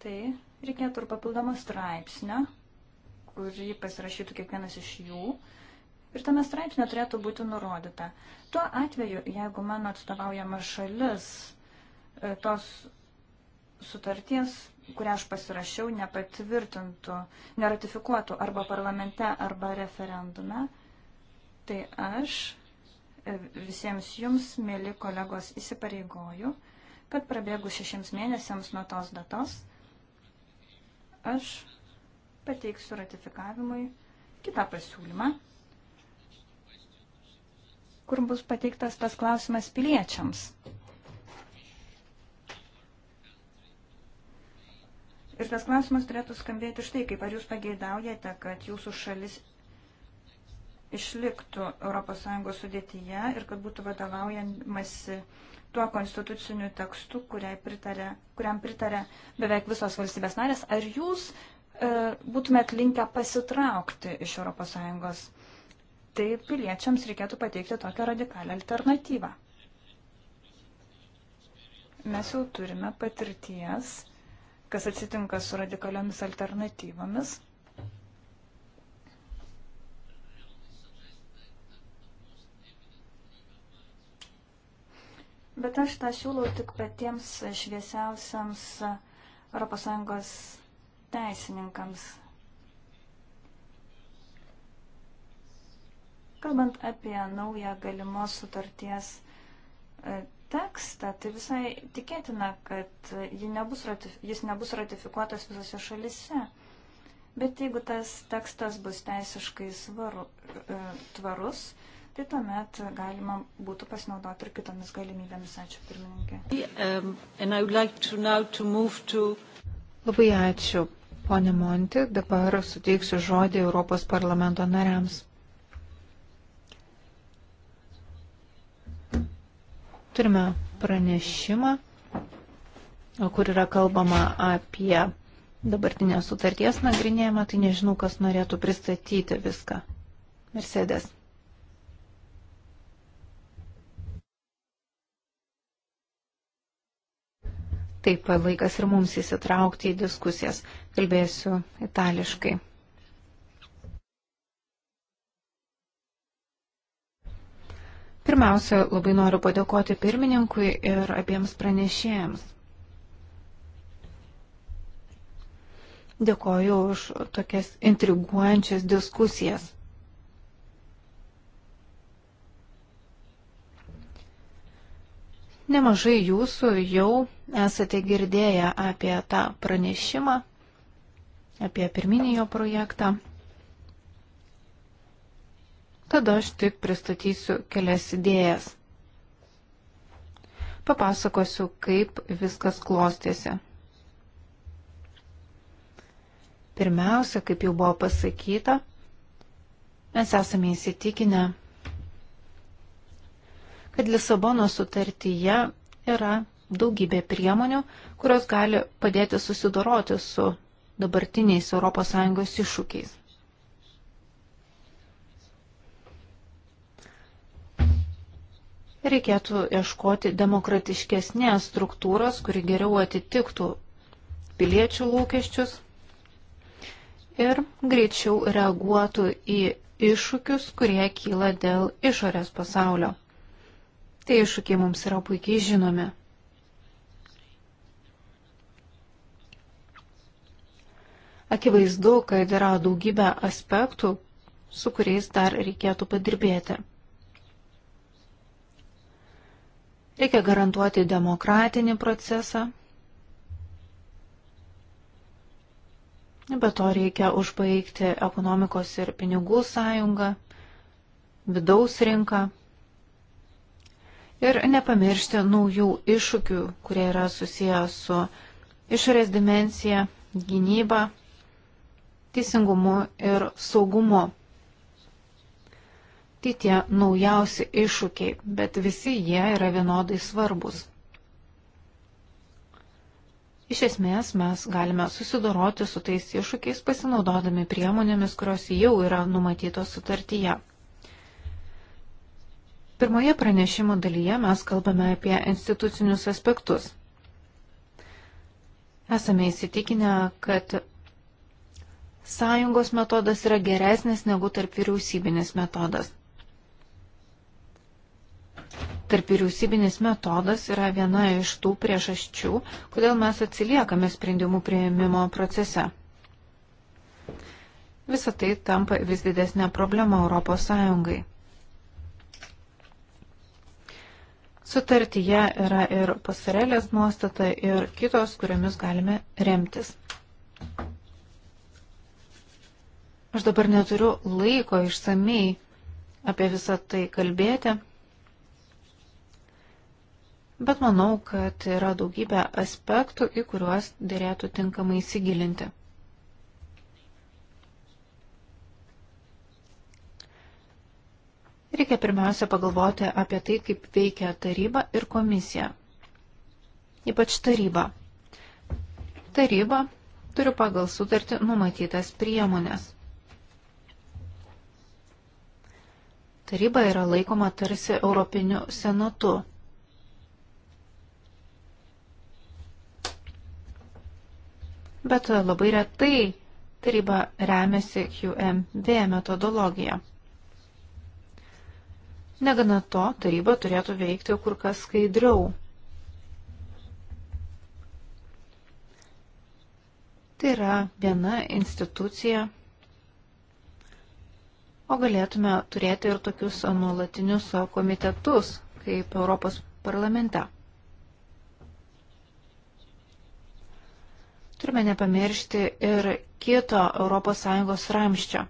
tai reikėtų ir papildomo straipsnio, kurį pasirašytų kiekvienas iš jų. Ir tame straipsnė turėtų būti nurodyta. Tuo atveju, jeigu mano atstovaujama šalis e, tos sutarties kurią aš pasirašiau, nepatvirtintų, neratifikuotų arba parlamente, arba referendume, tai aš visiems jums, mėly kolegos, įsipareigoju, kad prabėgus šešiems mėnesiams nuo tos datos, aš pateiksiu ratifikavimui kitą pasiūlymą, kur bus pateiktas tas klausimas piliečiams. Ir tas klausimas turėtų skambėti štai, kaip ar jūs pageidaujate, kad jūsų šalis išliktų ES sudėtyje ir kad būtų vadovaujamasi tuo konstituciniu tekstu, pritarė, kuriam pritarė beveik visos valstybės narės, ar jūs e, būtumėt linkę pasitraukti iš ES? Tai piliečiams reikėtų pateikti tokią radikalią alternatyvą. Mes jau turime patirties kas atsitinka su radikaliomis alternatyvomis. Bet aš tą siūlau tik patiems šviesiausiams ES teisininkams. Kalbant apie naują galimos sutarties e, tekstą, tai visai tikėtina, kad nebus jis nebus ratifikuotas visose šalise. Bet jeigu tas tekstas bus teisiškai svaru, e, tvarus, tai tuomet galima būtų pasinaudoti ir kitomis galimybėmis. Ačiū, pirmininkė. Um, Labai ačiū, ponė Monti. Dabar suteiksiu žodį Europos parlamento nariams. Turime pranešimą, kur yra kalbama apie dabartinės sutarties nagrinėjimą, tai nežinau, kas norėtų pristatyti viską. Mercedes. Taip, laikas ir mums įsitraukti į diskusijas. Kalbėsiu itališkai. Pirmiausia, labai noriu padėkoti pirmininkui ir abiems pranešėjams. Dėkoju už tokias intriguojančias diskusijas. Nemažai jūsų jau esate girdėję apie tą pranešimą, apie pirminį jo projektą tad aš tik pristatysiu kelias idėjas. Papasakosiu, kaip viskas klostėsi. Pirmiausia, kaip jau buvo pasakyta, mes esame įsitikinę, kad Lisabono sutartyje yra daugybė priemonių, kurios gali padėti susidoroti su dabartiniais ES iššūkiais. reikėtų ieškoti demokratiškesnės struktūros, kuri geriau atitiktų piliečių lūkesčius ir greičiau reaguotų į iššūkius, kurie kyla dėl išorės pasaulio. Tai iššūkiai mums yra puikiai žinomi. Akivaizdu, kad yra daugybė aspektų, su kuriais dar reikėtų padirbėti. Reikia garantuoti demokratinį procesą. Be to reikia užbaigti ekonomikos ir pinigų sąjungą, vidaus rinką ir nepamiršti naujų iššūkių, kurie yra susiję su išorės dimencija, gynyba, teisingumu ir saugumu. Tai tie naujausi iššūkiai, bet visi jie yra vienodai svarbus. Iš esmės mes galime susidoroti su tais iššūkiais pasinaudodami priemonėmis, kurios jau yra numatytos sutartyje. Pirmoje pranešimo dalyje mes kalbame apie institucinius aspektus. Esame įsitikinę, kad sąjungos metodas yra geresnis negu tarp vyriausybinis metodas. Tarp vyriausybinis metodas yra viena iš tų priežasčių, kodėl mes atsiliekame sprendimų prieimimo procese. Visą tai tampa vis didesnė problema Europos Sąjungai. Sutartyje yra ir pasarelės nuostata ir kitos, kuriomis galime remtis. Aš dabar neturiu laiko išsamei apie visą tai kalbėti, bet manau, kad yra daugybė aspektų, į kuriuos dėlėtų tinkamai įsigilinti. Reikia pirmiausia pagalvoti apie tai, kaip veikia taryba ir komisija. Ypač taryba. Taryba turi pagal sutartį numatytas priemonės. Taryba yra laikoma tarsi Europiniu senatu. bet labai retai taryba remiasi QMD metodologija. Negana to, taryba turėtų veikti kur kas skaidriau. Tai yra viena institucija, o galėtume turėti ir tokius nuolatinius komitetus, kaip Europos parlamente. Turime nepamiršti ir kito ES ramščio.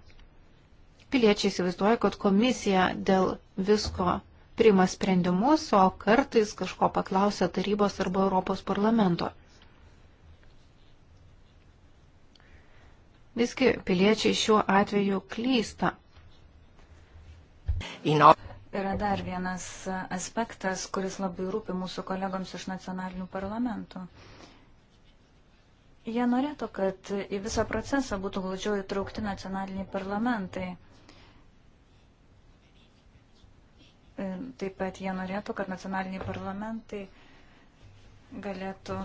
Piliečiai įsivaizduoja, kad komisija dėl visko priima sprendimus, o kartais kažko paklausia tarybos arba Europos parlamento. Visgi piliečiai šiuo atveju klysta. Yra dar vienas aspektas, kuris labai rūpi mūsų kolegoms iš nacionalinių parlamentų. Jie norėtų, kad į visą procesą būtų glaudžiau įtraukti nacionaliniai parlamentai. E, taip pat jie norėtų, kad nacionaliniai parlamentai galėtų,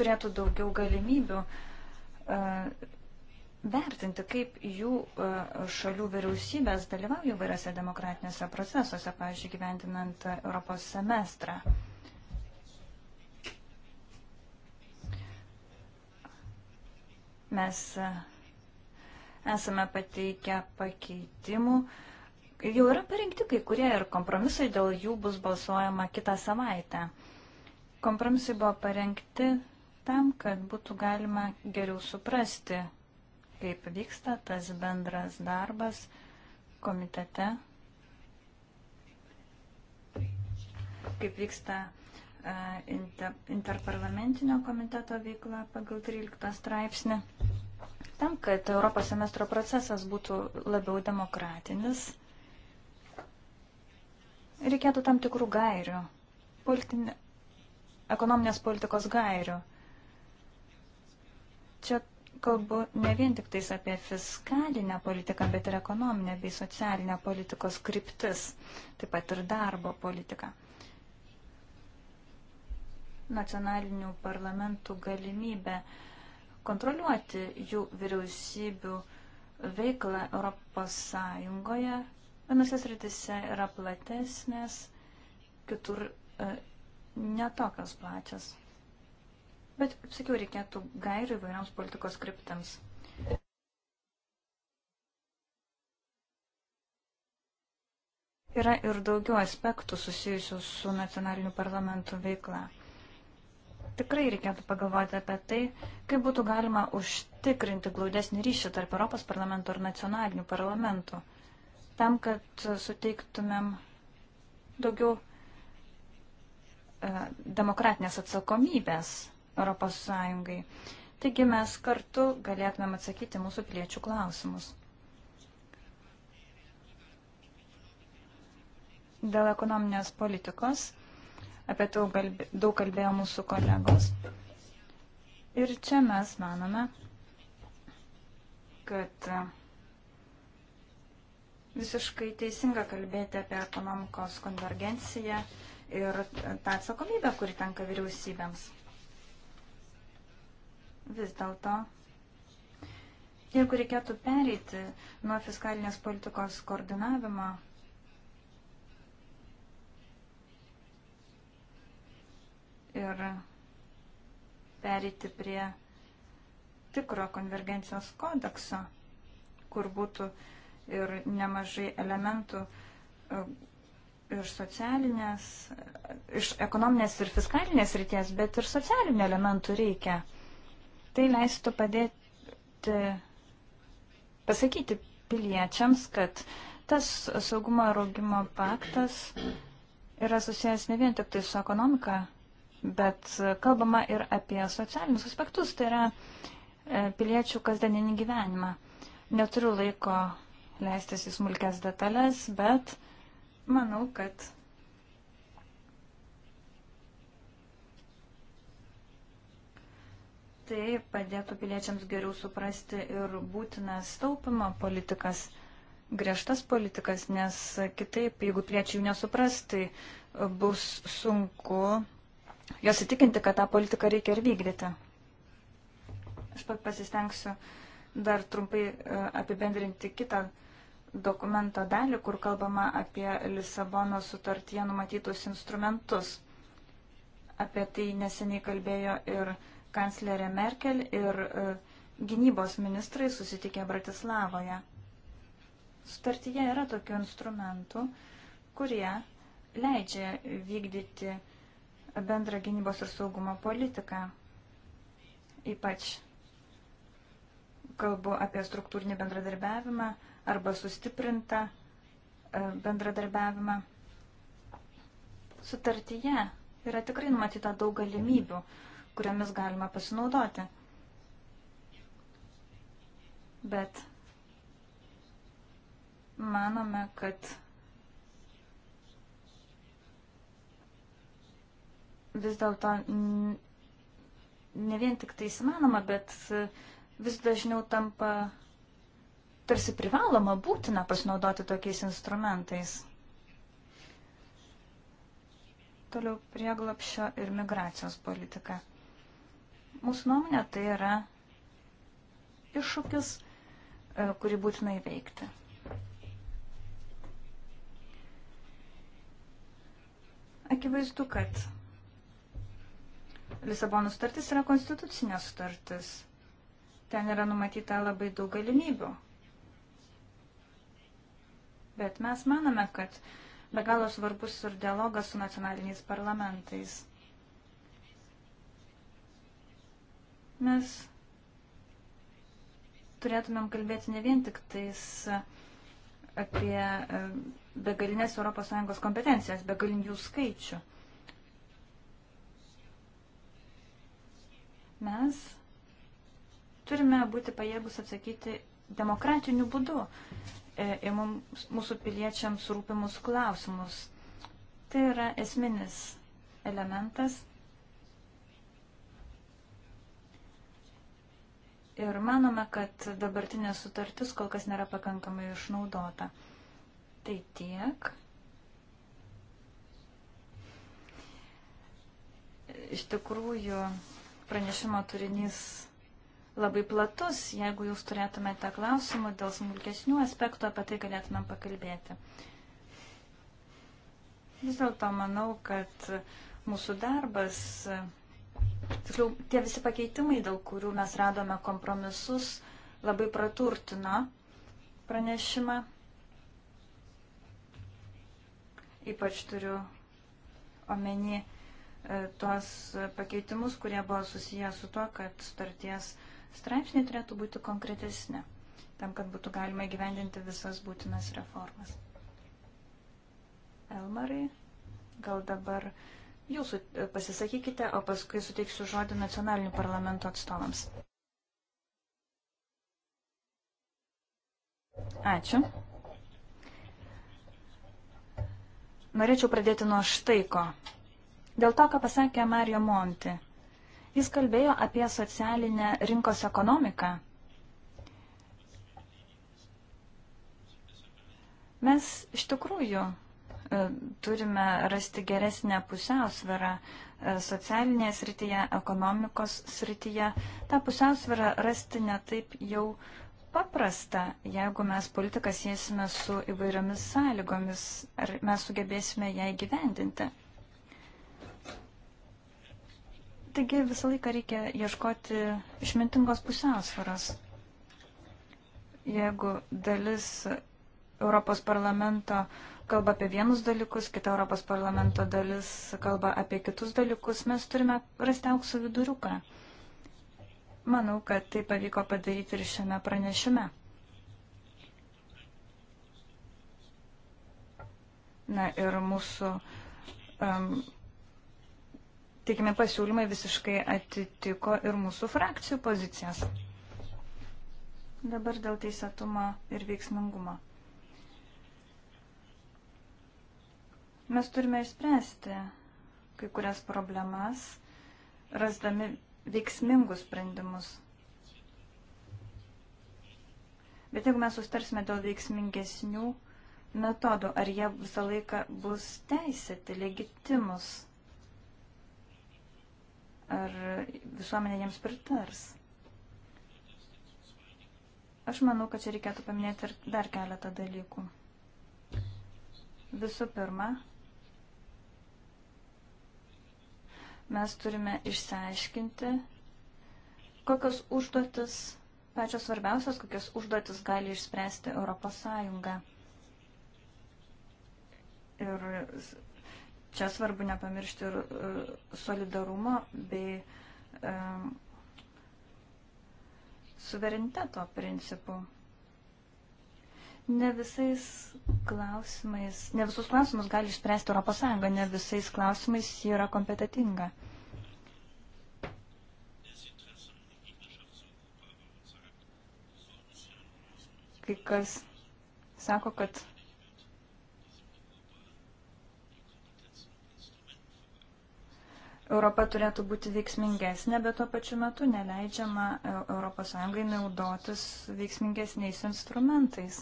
turėtų daugiau galimybių e, vertinti, kaip jų e, šalių vyriausybės dalyvauja vairiose demokratinėse procesuose, pavyzdžiui, gyventinant Europos semestrą. Mes e, esame pateikę pakeitimų. Jau yra parinkti kai kurie ir kompromisai, dėl jų bus balsuojama kitą savaitę. Kompromisai buvo parengti tam, kad būtų galima geriau suprasti, kaip vyksta tas bendras darbas komitete, kaip vyksta E, interparlamentinio komiteto veikla pagal 13 straipsnį. Tam, kad Europos semestro procesas būtų labiau demokratinis, reikėtų tam tikrų gairių, politinė, ekonominės politikos gairių. Čia kalbu ne vien tik tais apie fiskalinę politiką, bet ir ekonominę bei socialinę politikos kryptis, taip pat ir darbo politiką nacionalinių parlamentų galimybę kontroliuoti jų vyriausybių veiklą Europos Sąjungoje. Vienose sritise yra platesnės, kitur e, netokios plačios. Bet, kaip sakiau, reikėtų gairių įvairioms politikos kryptams. Yra ir daugiau aspektų susijusių su nacionaliniu parlamentu veikla tikrai reikėtų pagalvoti apie tai, kaip būtų galima užtikrinti glaudesnį ryšį tarp Europos parlamento ir nacionalinių parlamentų, tam, kad suteiktumėm daugiau e, demokratinės atsakomybės Europos Sąjungai. Taigi mes kartu galėtumėm atsakyti mūsų piliečių klausimus. Dėl ekonominės politikos apie tai daug kalbėjo mūsų kolegos. Ir čia mes manome, kad e, visiškai teisinga kalbėti apie ekonomikos konvergenciją ir tą atsakomybę, kuri tenka vyriausybėms. Vis dėlto, jeigu reikėtų pereiti nuo fiskalinės politikos koordinavimo ir perėti prie tikro konvergencijos kodekso, kur būtų ir nemažai elementų e, iš socialinės, iš ekonominės ir fiskalinės ryties, bet ir socialinių elementų reikia. Tai leistų padėti pasakyti piliečiams, kad tas saugumo ir augimo paktas yra susijęs ne vien tik tai su ekonomika, bet kalbama ir apie socialinius aspektus, tai yra e, piliečių kasdieninį gyvenimą. Neturiu laiko leistis į smulkes detalės, bet manau, kad tai padėtų piliečiams geriau suprasti ir būtinas taupimo politikas, griežtas politikas, nes kitaip, jeigu piliečiai jų nesupras, tai bus sunku jos įtikinti, kad tą politiką reikia ir vykdyti. Aš pat pasistengsiu dar trumpai e, apibendrinti kitą dokumento dalį, kur kalbama apie Lisabono sutartyje numatytus instrumentus. Apie tai neseniai kalbėjo ir kanclerė Merkel ir e, gynybos ministrai susitikė Bratislavoje. Sutartyje yra tokių instrumentų, kurie leidžia vykdyti uh, bendrą gynybos ir saugumo politiką. Ypač kalbu apie struktūrinį bendradarbiavimą arba sustiprintą e, bendradarbiavimą. Sutartyje yra tikrai numatyta daug galimybių, kuriamis galima pasinaudoti. Bet manome, kad vis dėlto ne vien tik tai įmanoma, bet vis dažniau tampa tarsi privaloma būtina pasinaudoti tokiais instrumentais. Toliau prieglapšio ir migracijos politika. Mūsų nuomonė tai yra iššūkis, e, kurį būtina įveikti. Akivaizdu, kad Lisabono sutartis yra konstitucinė sutartis. Ten yra numatyta labai daug galimybių. Bet mes manome, kad be galo svarbus ir dialogas su nacionaliniais parlamentais. Mes turėtumėm kalbėti ne vien tik tais apie e, begalinės ES kompetencijas, begalinių skaičių. mes turime būti pajėgus atsakyti demokratiniu būdu e, į mums, mūsų piliečiams rūpimus klausimus. Tai yra esminis elementas. Ir manome, kad dabartinė sutartis kol kas nėra pakankamai išnaudota. Tai tiek. Iš tikrųjų, pranešimo turinys labai platus. Jeigu jūs turėtumėte klausimų dėl smulkesnių aspektų, apie tai galėtumėm pakalbėti. Vis dėlto manau, kad mūsų darbas, tiksliau, tie visi pakeitimai, dėl kurių mes radome kompromisus, labai praturtino pranešimą. Ypač turiu omeny E, tuos pakeitimus, kurie buvo susiję su tuo, kad sutarties straipsniai turėtų būti konkretesni, tam, kad būtų galima gyvendinti visas būtinas reformas. Elmarai, gal dabar jūs e, pasisakykite, o paskui suteiksiu žodį nacionalinių parlamento atstovams. Ačiū. Norėčiau pradėti nuo štai ko. Dėl to, ką pasakė Mario Monti. Jis kalbėjo apie socialinę rinkos ekonomiką. Mes iš tikrųjų e, turime rasti geresnę pusiausvyrą e, socialinėje srityje, ekonomikos srityje. Ta pusiausvyrą rasti netaip jau paprasta, jeigu mes politiką siesime su įvairiomis sąlygomis, ar mes sugebėsime ją įgyvendinti. Taigi visą laiką reikia ieškoti išmintingos pusiausvaros. Jeigu dalis Europos parlamento kalba apie vienus dalykus, kita Europos parlamento dalis kalba apie kitus dalykus, mes turime rasti aukso viduriuką. Manau, kad tai pavyko padaryti ir šiame pranešime. Na ir mūsų um, teikimi pasiūlymai visiškai atitiko ir mūsų frakcijų pozicijas. Dabar dėl teisėtumo ir veiksmingumo. Mes turime išspręsti kai kurias problemas, rasdami veiksmingus sprendimus. Bet jeigu mes sustarsime dėl veiksmingesnių metodų, ar jie visą laiką bus teisėti, legitimus, ar visuomenė jiems pritars. Aš manau, kad čia reikėtų paminėti ir dar keletą dalykų. Visų pirma, mes turime išsiaiškinti, kokios užduotis, pačios svarbiausios, kokios užduotis gali išspręsti Europos Sąjunga. Ir Čia svarbu nepamiršti ir e, solidarumo bei e, suvereniteto principų. Ne visais klausimais, ne visus klausimus gali išspręsti ES, ne visais klausimais ji yra kompetitinga. Kai kas sako, kad Europa turėtų būti veiksmingesnė, bet tuo pačiu metu neleidžiama ES naudotis veiksmingesniais instrumentais.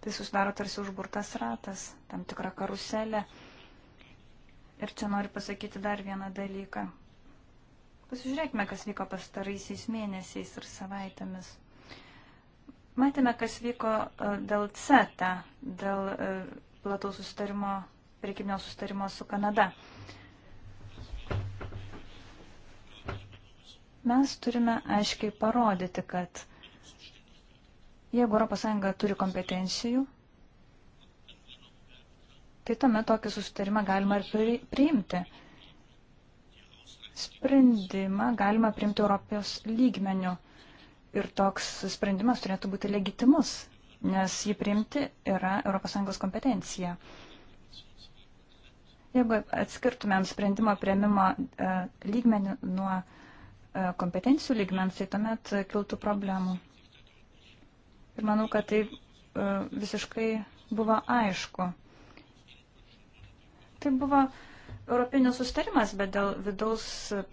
Tai susidaro tarsi užburtas ratas, tam tikra karuselė. Ir čia noriu pasakyti dar vieną dalyką. Pasižiūrėkime, kas vyko pastaraisiais mėnesiais ir savaitėmis. Matėme, kas vyko e, dėl CETA, dėl e, plataus susitarimo, priekybinio susitarimo su Kanada. Mes turime aiškiai parodyti, kad jeigu ES turi kompetencijų, tai tame tokį susitarimą galima ir priimti. Sprendimą galima priimti Europos lygmenių ir toks sprendimas turėtų būti legitimus, nes jį priimti yra ES kompetencija. Jeigu atskirtumėm sprendimo prieimimo e, lygmenį nuo e, E, kompetencijų lygmens, tai tuomet kiltų problemų. Ir manau, kad tai e, visiškai buvo aišku. Tai buvo Europinis sustarimas, bet dėl vidaus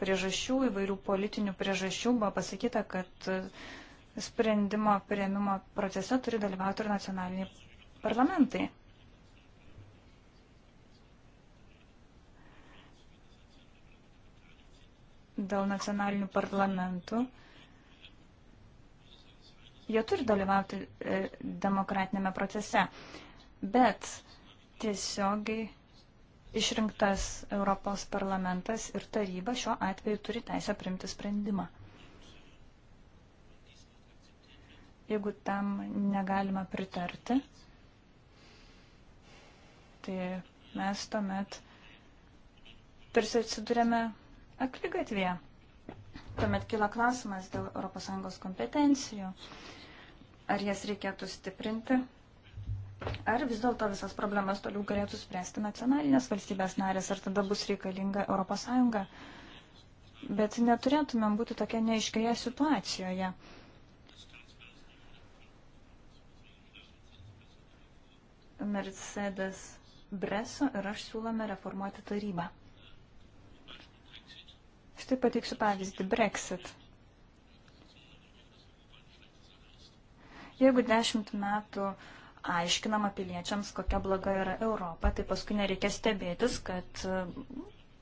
priežasčių, įvairių politinių priežasčių buvo pasakyta, kad e, sprendimo prieimimo procese turi dalyvauti ir nacionaliniai parlamentai. dėl nacionalinių parlamentų. Jie turi dalyvauti e, demokratinėme procese, bet tiesiogiai išrinktas Europos parlamentas ir taryba šiuo atveju turi teisę priimti sprendimą. Jeigu tam negalima pritarti, tai mes tuomet tarsi atsidurėme akligatvėje. Tuomet kila klausimas dėl ES kompetencijų. Ar jas reikėtų stiprinti, ar vis dėlto visas problemas toliau galėtų spręsti nacionalinės valstybės narės, ar tada bus reikalinga ES. Bet neturėtumėm būti tokia neiškėje situacijoje. Mercedes Breso ir aš siūlome reformuoti tarybą. Štai pateiksiu pavyzdį. Brexit. Jeigu dešimt metų aiškinama piliečiams, kokia bloga yra Europa, tai paskui nereikia stebėtis, kad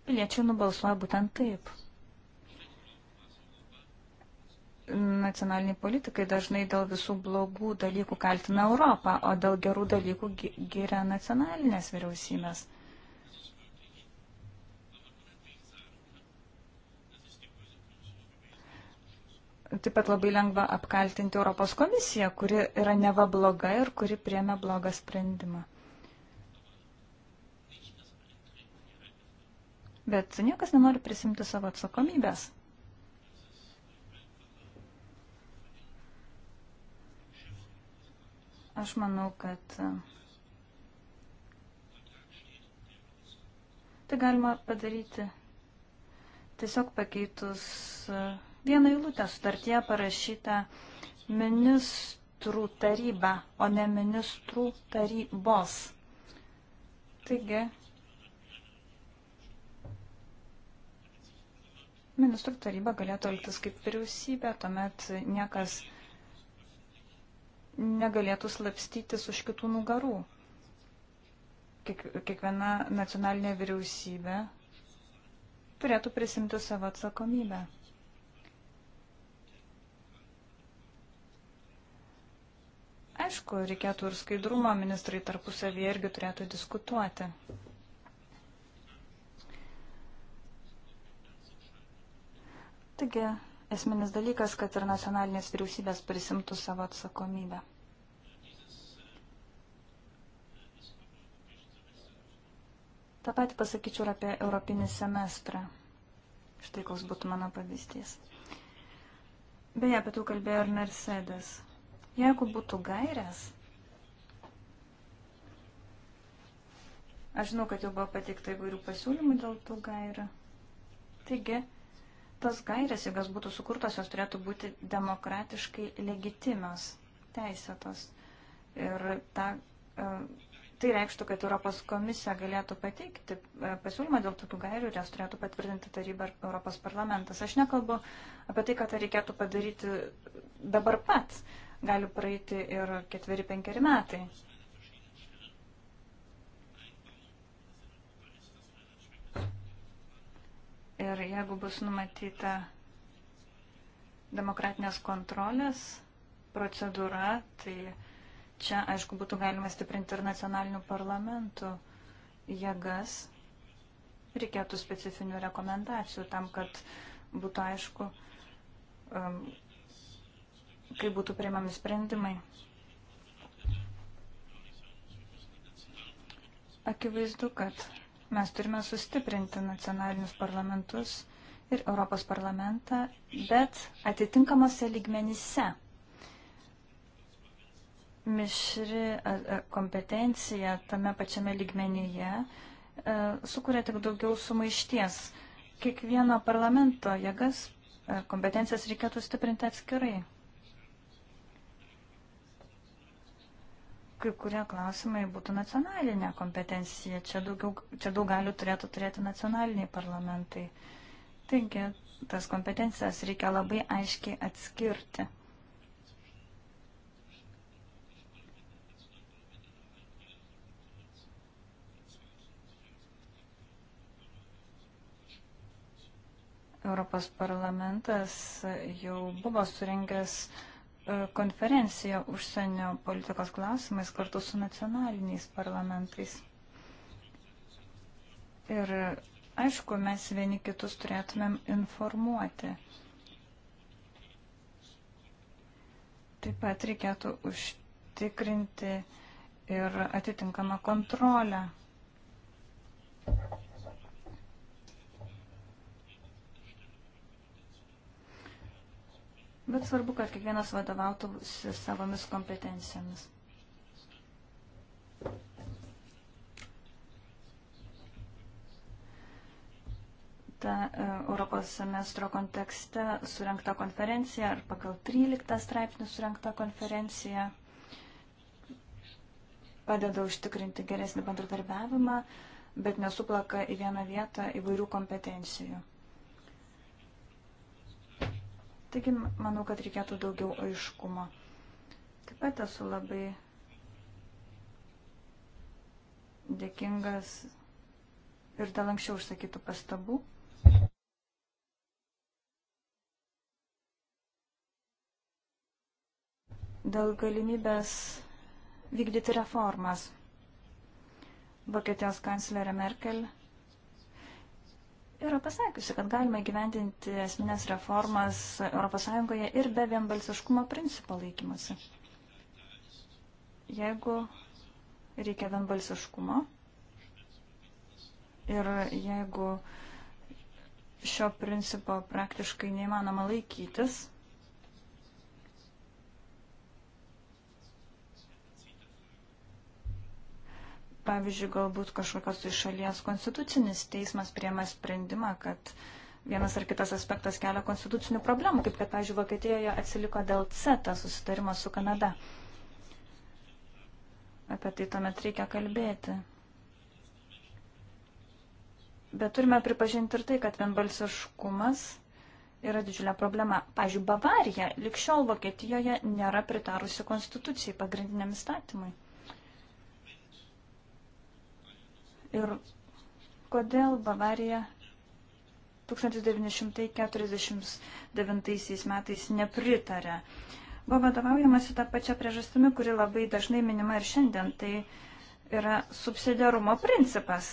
piliečiai nubalsuoja būtent taip. Nacionaliniai politikai dažnai dėl visų blogų dalykų kaltina Europą, o dėl gerų dalykų gyria nacionalinės vyriausybės. taip pat labai lengva apkaltinti Europos komisiją, kuri yra neva bloga ir kuri priemė blogą sprendimą. Bet niekas nenori prisimti savo atsakomybės. Aš manau, kad e, tai galima padaryti tiesiog pakeitus uh, vieną eilutę sutartyje parašyta ministrų taryba, o ne ministrų tarybos. Taigi, ministrų taryba galėtų elgtis kaip vyriausybė, tuomet niekas negalėtų slapstytis už kitų nugarų. Kiek, kiekviena nacionalinė vyriausybė turėtų prisimti savo atsakomybę. Aišku, reikėtų ir skaidrumo, ministrai tarpusavyje irgi turėtų diskutuoti. Taigi, esminis dalykas, kad ir nacionalinės vyriausybės prisimtų savo atsakomybę. Ta pati pasakyčiau ir apie europinį semestrą. Štai koks būtų mano pavyzdys. Beje, apie tai kalbėjo ir Mercedes. Jeigu būtų gairės, aš žinau, kad jau buvo pateikta įvairių pasiūlymų dėl tų gairių. Taigi, tos gairės, jeigu jos būtų sukurtos, jos turėtų būti demokratiškai legitimios, teisėtos. Ir ta, e, tai reikštų, kad Europos komisija galėtų pateikti e, pasiūlymą dėl tokių gairių ir jas turėtų patvirtinti taryba ar Europos parlamentas. Aš nekalbu apie tai, kad tai reikėtų padaryti dabar pat gali praeiti ir ketveri, penkeri metai. Ir jeigu bus numatyta demokratinės kontrolės procedūra, tai čia, aišku, būtų galima stiprinti ir nacionalinių parlamentų jėgas. Reikėtų specifinių rekomendacijų tam, kad būtų aišku, um, kaip būtų priimami sprendimai. Akivaizdu, kad mes turime sustiprinti nacionalinius parlamentus ir Europos parlamentą, bet atitinkamose lygmenyse. Mišri kompetencija tame pačiame lygmenyje e, sukuria tik daugiau sumaišties. Kiekvieno parlamento jėgas e, kompetencijas reikėtų stiprinti atskirai. kai kurie klausimai būtų nacionalinė kompetencija. Čia, daugiau, čia daug galių turėtų turėti nacionaliniai parlamentai. Taigi, tas kompetencijas reikia labai aiškiai atskirti. Europos parlamentas jau buvo surinkęs uh, E, konferenciją užsienio politikos klausimais kartu su nacionaliniais parlamentais. Ir aišku, mes vieni kitus turėtumėm informuoti. Taip pat reikėtų užtikrinti ir atitinkamą kontrolę Bet svarbu, kad kiekvienas vadovautų savomis kompetencijomis. Ta e, Europos semestro kontekste surinkta konferencija ar pagal 13 straipsnių surinkta konferencija padeda užtikrinti geresnį bendradarbiavimą, bet nesuplaka į vieną vietą įvairių kompetencijų. Taigi, manau, kad reikėtų daugiau aiškumo. Taip pat esu labai dėkingas ir dėl anksčiau užsakytų pastabų. Dėl galimybės vykdyti reformas. Vokietijos kanclerė Merkel yra pasakiusi, kad galima gyventinti esminės reformas ES ir be vienbalsiškumo principo laikymusi. Jeigu reikia vienbalsiškumo ir jeigu šio principo praktiškai neįmanoma laikytis, Pavyzdžiui, galbūt kažkokios iš šalies konstitucinis teismas priema sprendimą, kad vienas ar kitas aspektas kelia konstitucinių problemų, kaip kad, pavyzdžiui, Vokietijoje atsiliko dėl CETA susitarimo su Kanada. Apie tai tuomet reikia kalbėti. Bet turime pripažinti ir tai, kad vienbalsiškumas yra didžiulė problema. Pavyzdžiui, Bavarija likščiol Vokietijoje nėra pritarusi konstitucijai pagrindiniam įstatymui. Ir kodėl Bavarija 1949 metais nepritarė? Buvo vadovaujamasi tą pačią priežastimi, kuri labai dažnai minima ir šiandien, tai yra subsidiarumo principas.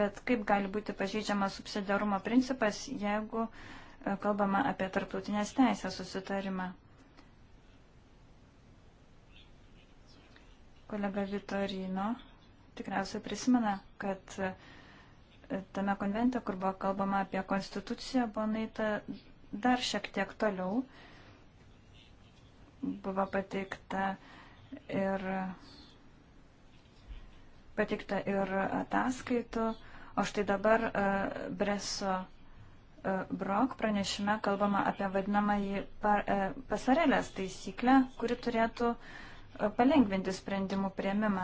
Bet kaip gali būti pažeidžiamas subsidiarumo principas, jeigu e, kalbama apie tarptautinės teisės susitarimą? Kolega Vitorino tikriausiai prisimena, kad e, tame konvente, kur buvo kalbama apie konstituciją, buvo naita dar šiek tiek toliau. Buvo pateikta ir, pateikta ir ataskaitų, o štai dabar e, Breso e, Brok pranešime kalbama apie vadinamąjį pasarelės taisyklę, kuri turėtų uh, palengvinti sprendimų prieimimą.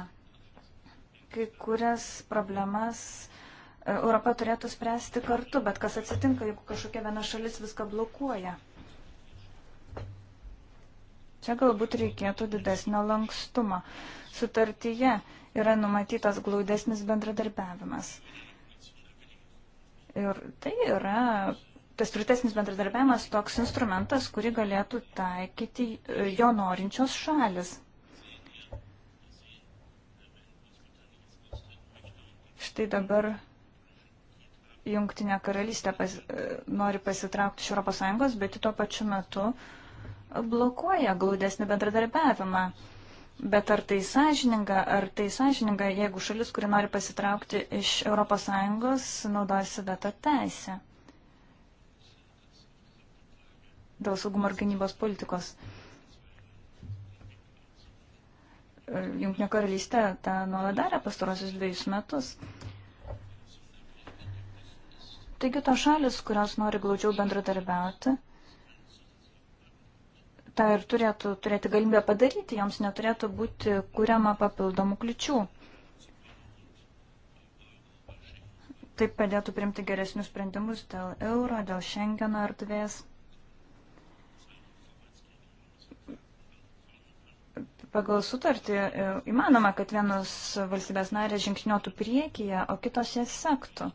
Kai kurias problemas e, Europa turėtų spręsti kartu, bet kas atsitinka, jeigu kažkokia viena šalis viską blokuoja? Čia galbūt reikėtų didesnio lankstumo. Sutartyje yra numatytas glaudesnis bendradarbiavimas. Ir tai yra tas tvirtesnis bendradarbiavimas toks instrumentas, kurį galėtų taikyti e, jo norinčios šalis. Štai dabar Jungtinė karalystė pas, e, nori pasitraukti iš ES, bet tuo pačiu metu blokuoja glaudesnį bendradarbiavimą. Bet ar tai sąžininga, ar tai sąžininga, jeigu šalis, kuri nori pasitraukti iš ES, naudojasi veto teisę dėl saugumo ir gynybos politikos? Junknė karalystė tą nuolat darė pastarosius dviejus metus. Taigi tos šalis, kurios nori glaudžiau bendradarbiauti, tą ir turėtų turėti galimybę padaryti, joms neturėtų būti kuriama papildomų kliučių. Taip padėtų primti geresnius sprendimus dėl euro, dėl Schengeno erdvės. pagal sutartį e, įmanoma, kad vienos valstybės narės žingsniotų priekyje, o kitos jas sektų.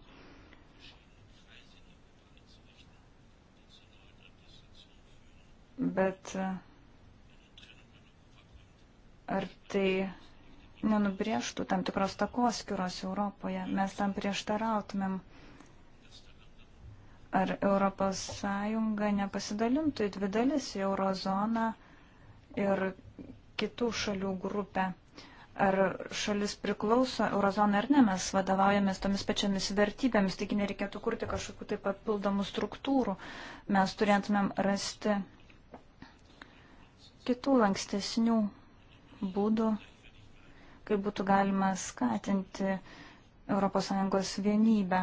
Bet e, ar tai nenubrėžtų tam tikros takoskiros Europoje? Mes tam prieštarautumėm. Ar Europos Sąjunga nepasidalintų į dvi dalis į eurozoną ir kitų šalių grupę. Ar šalis priklauso eurozonai ar ne, mes vadovaujamės tomis pačiamis vertybėmis, taigi nereikėtų kurti kažkokių taip papildomų struktūrų. Mes turėtumėm rasti kitų lankstesnių būdų, kaip būtų galima skatinti ES vienybę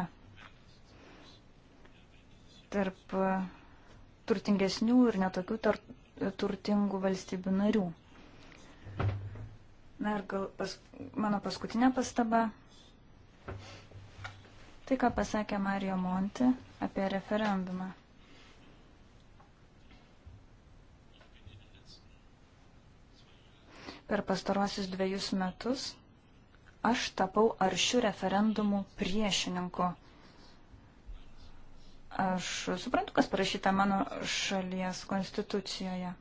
tarp turtingesnių ir netokių turtingų valstybių narių. Na ir gal pas, mano paskutinė pastaba. Tai, ką pasakė Mario Monti apie referendumą. Per pastarosius dviejus metus aš tapau aršių referendumų priešininku. Aš suprantu, kas parašyta mano šalies konstitucijoje.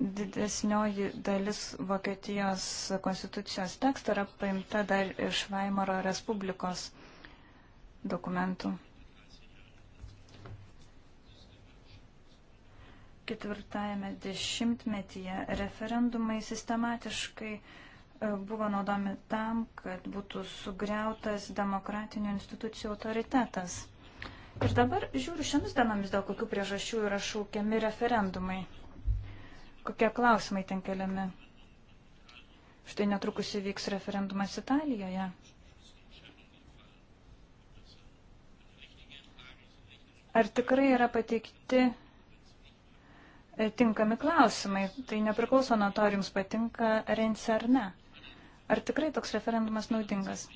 Didesnioji dalis Vokietijos konstitucijos teksto yra paimta dar iš Vaimaro Respublikos dokumentų. Ketvirtajame dešimtmetyje referendumai sistematiškai e, buvo naudomi tam, kad būtų sugriautas demokratinių institucijų autoritetas. Ir dabar žiūriu, šiomis dienomis dėl kokių priežasčių yra šaukiami referendumai kokie klausimai ten keliami. Štai netrukus įvyks referendumas Italijoje. Ar tikrai yra pateikti e, tinkami klausimai? Tai nepriklauso nuo to, ar jums patinka Rensi ar ne. Ar tikrai toks referendumas naudingas?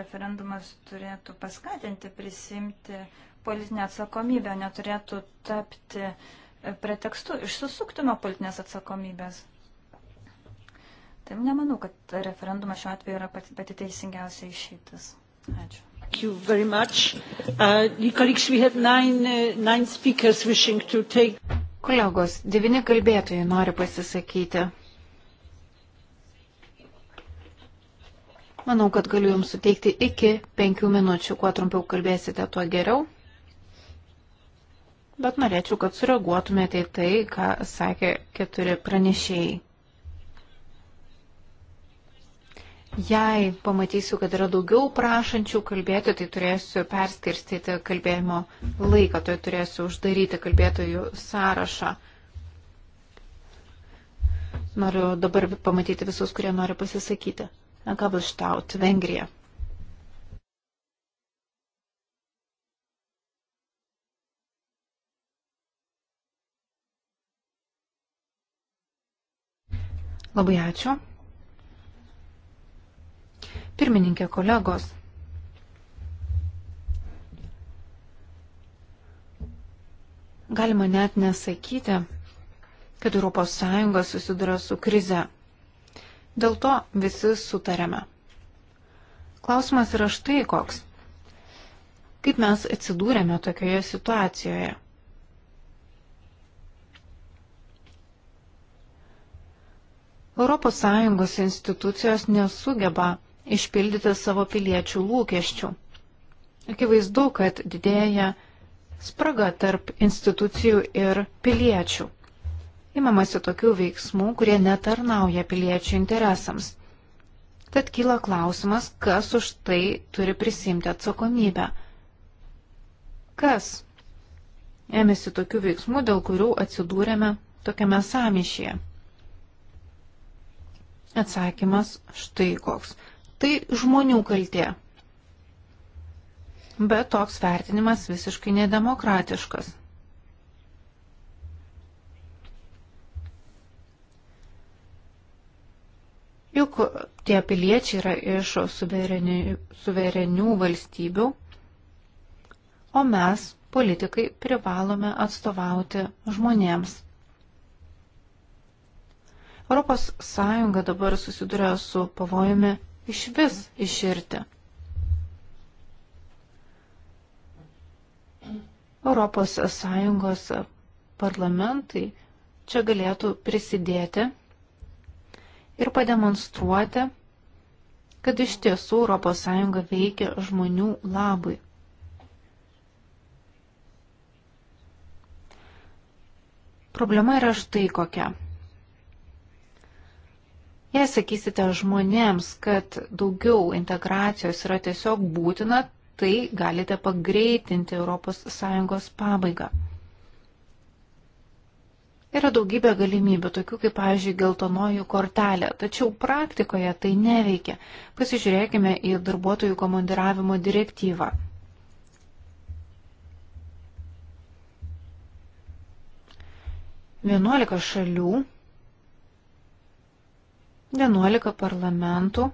referendumas turėtų paskatinti prisimti politinę atsakomybę, neturėtų tapti e, pretekstu išsusuktume politinės atsakomybės. Tai nemanau, kad referendumas šiuo atveju yra pati, pati teisingiausia išeitis. Ačiū. Thank you very much. Uh, colleagues, we have nine, uh, nine speakers wishing to take. Kolegos, devini kalbėtojai nori pasisakyti. Manau, kad galiu Jums suteikti iki penkių minučių. Kuo trumpiau kalbėsite, tuo geriau. Bet norėčiau, kad sureaguotumėte į tai, ką sakė keturi pranešėjai. Jei pamatysiu, kad yra daugiau prašančių kalbėti, tai turėsiu perskirstyti kalbėjimo laiką, tai turėsiu uždaryti kalbėtojų sąrašą. Noriu dabar pamatyti visus, kurie nori pasisakyti. Gabelstaut, Vengrija. Labai ačiū. Pirmininkė, kolegos. Galima net nesakyti, kad ES susiduria su krize Dėl to visi sutarėme. Klausimas yra štai koks. Kaip mes atsidūrėme tokioje situacijoje? ES institucijos nesugeba išpildyti savo piliečių lūkesčių. Akivaizdu, kad didėja spraga tarp institucijų ir piliečių imamasi tokių veiksmų, kurie netarnauja piliečių interesams. Tad kyla klausimas, kas už tai turi prisimti atsakomybę. Kas ėmėsi tokių veiksmų, dėl kurių atsidūrėme tokiame samišyje? Atsakymas štai koks. Tai žmonių kaltė. Bet toks vertinimas visiškai nedemokratiškas. Juk tie piliečiai yra iš suvereni, suverenių valstybių, o mes, politikai, privalome atstovauti žmonėms. Europos Sąjunga dabar susiduria su pavojumi iš vis iširti. Europos Sąjungos parlamentai čia galėtų prisidėti ir pademonstruoti, kad iš tiesų ES veikia žmonių labui. Problema yra štai kokia. Jei sakysite žmonėms, kad daugiau integracijos yra tiesiog būtina, tai galite pagreitinti ES pabaigą. Yra daugybė galimybių, tokių kaip, pavyzdžiui, geltonojų kortelė, tačiau praktikoje tai neveikia. Pasižiūrėkime į darbuotojų komandiravimo direktyvą. Vienuolika šalių, vienuolika parlamentų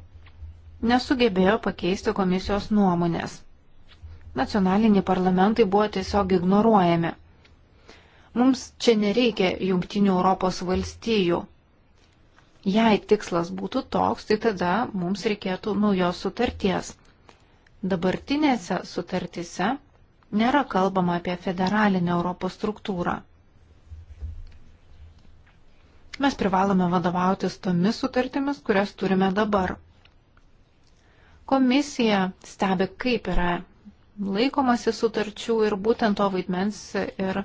nesugebėjo pakeisti komisijos nuomonės. Nacionaliniai parlamentai buvo tiesiog ignoruojami. Mums čia nereikia jungtinių Europos valstijų. Jei tikslas būtų toks, tai tada mums reikėtų naujos sutarties. Dabartinėse sutartise nėra kalbama apie federalinę Europos struktūrą. Mes privalome vadovautis tomis sutartimis, kurias turime dabar. Komisija stebi, kaip yra laikomasi sutarčių ir būtent to vaidmens ir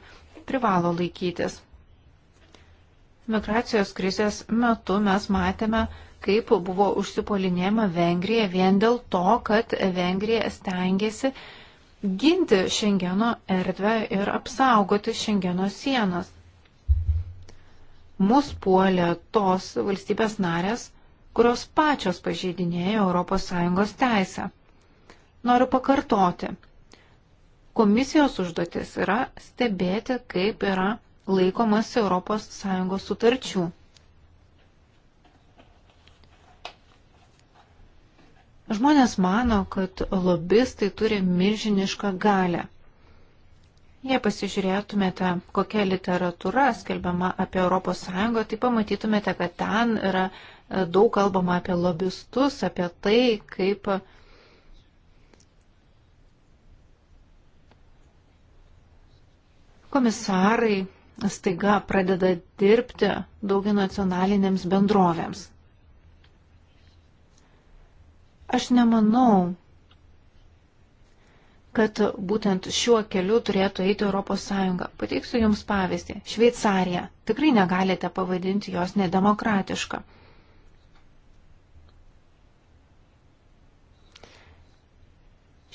privalo laikytis. Migracijos krizės metu mes matėme, kaip buvo užsipolinėjama Vengrija vien dėl to, kad Vengrija stengiasi ginti Šengeno erdvę ir apsaugoti Šengeno sienas. Mus puolė tos valstybės narės, kurios pačios pažeidinėjo ES teisę. Noriu pakartoti, Komisijos užduotis yra stebėti, kaip yra laikomas ES sutarčių. Žmonės mano, kad lobistai turi milžinišką galę. Jei pasižiūrėtumėte, kokia literatūra skelbiama apie ES, tai pamatytumėte, kad ten yra e, daug kalbama apie lobistus, apie tai, kaip komisarai staiga pradeda dirbti daugia nacionalinėms bendrovėms. Aš nemanau, kad būtent šiuo keliu turėtų eiti ES. Pateiksiu Jums pavyzdį. Šveicarija. Tikrai negalite pavadinti jos nedemokratišką.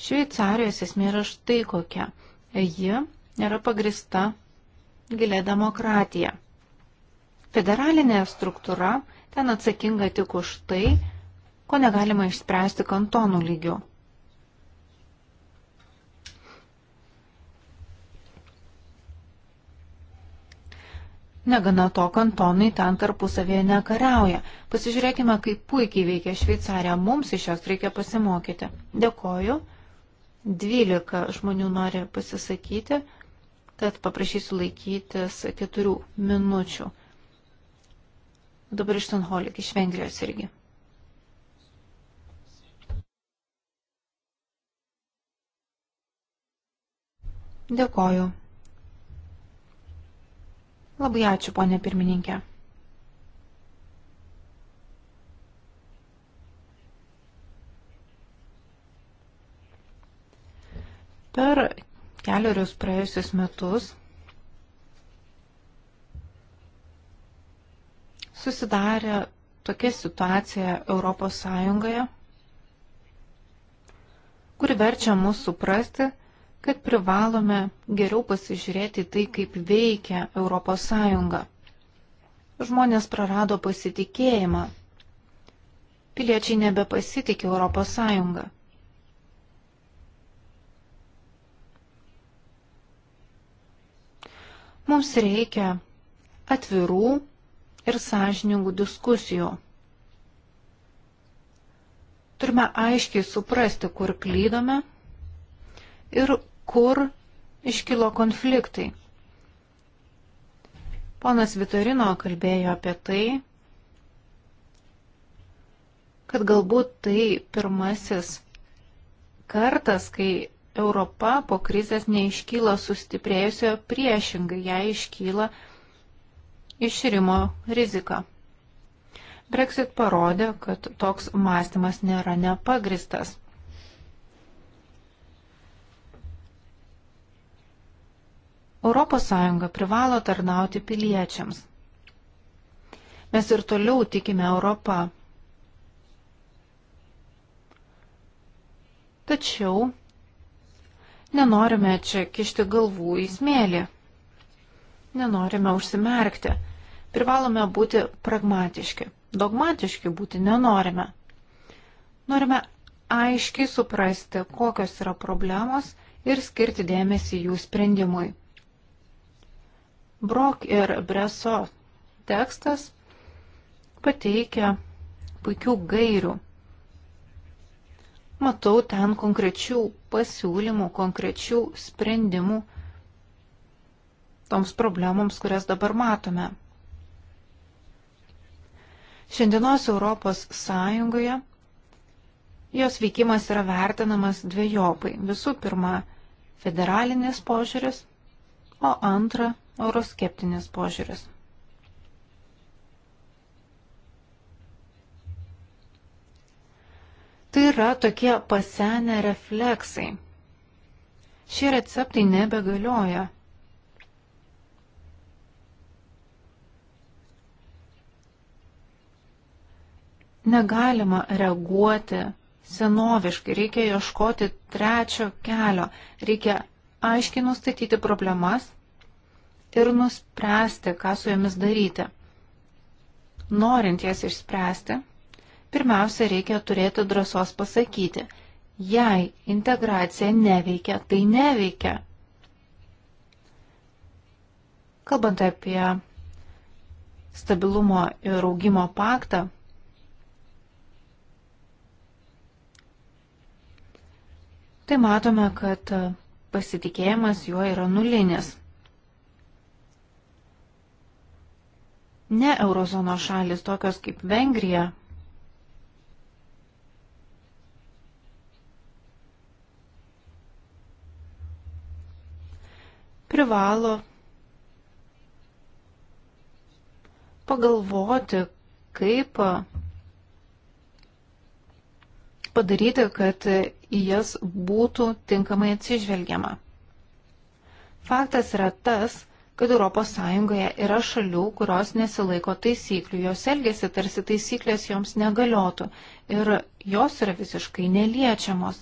Šveicarijos esmė yra štai kokia. Ji yra pagrista gilė demokratija. Federalinė struktūra ten atsakinga tik už tai, ko negalima išspręsti kantonų lygių. Negana to, kantonai ten tarpusavėje nekariauja. Pasižiūrėkime, kaip puikiai veikia Šveicarija. Mums iš jos reikia pasimokyti. Dėkoju. 12 žmonių nori pasisakyti tad paprašysiu laikytis keturių minučių. Dabar iš Tonholik, iš Vengrijos irgi. Dėkoju. Labai ačiū, ponė pirmininkė. Per keliarius praėjusius metus susidarė tokia situacija Europos Sąjungoje, kuri verčia mus suprasti, kad privalome geriau pasižiūrėti tai, kaip veikia Europos Sąjunga. Žmonės prarado pasitikėjimą. Piliečiai nebepasitikė Europos Sąjunga. Mums reikia atvirų ir sąžiningų diskusijų. Turime aiškiai suprasti, kur klydome ir kur iškilo konfliktai. Ponas Vitorino kalbėjo apie tai, kad galbūt tai pirmasis kartas, kai Europa po krizės neiškyla sustiprėjusio priešingai, jai iškyla išrimo rizika. Brexit parodė, kad toks mąstymas nėra nepagristas. ES privalo tarnauti piliečiams. Mes ir toliau tikime Europą. Tačiau Nenorime čia kišti galvų į smėlį. Nenorime užsimerkti. Privalome būti pragmatiški. Dogmatiški būti nenorime. Norime aiškiai suprasti, kokios yra problemos ir skirti dėmesį jų sprendimui. Brok ir Breso tekstas pateikia puikių gairių matau ten konkrečių pasiūlymų, konkrečių sprendimų toms problemoms, kurias dabar matome. Šiandienos Europos Sąjungoje jos veikimas yra vertinamas dviejopai. Visų pirma, federalinis požiūris, o antra, euroskeptinis požiūris. Tai yra tokie pasenę refleksai. Šie receptai nebegalioja. Negalima reaguoti senoviškai, reikia ieškoti trečio kelio, reikia aiškiai nustatyti problemas ir nuspręsti, ką su jomis daryti. Norint jas išspręsti, pirmiausia, reikia turėti drąsos pasakyti, jei integracija neveikia, tai neveikia. Kalbant apie stabilumo ir augimo paktą, tai matome, kad pasitikėjimas juo yra nulinis. Ne eurozono šalis tokios kaip Vengrija privalo pagalvoti, kaip padaryti, kad į jas būtų tinkamai atsižvelgiama. Faktas yra tas, kad ES yra šalių, kurios nesilaiko taisyklių, jos elgesi tarsi taisyklės joms negaliotų ir jos yra visiškai neliečiamos.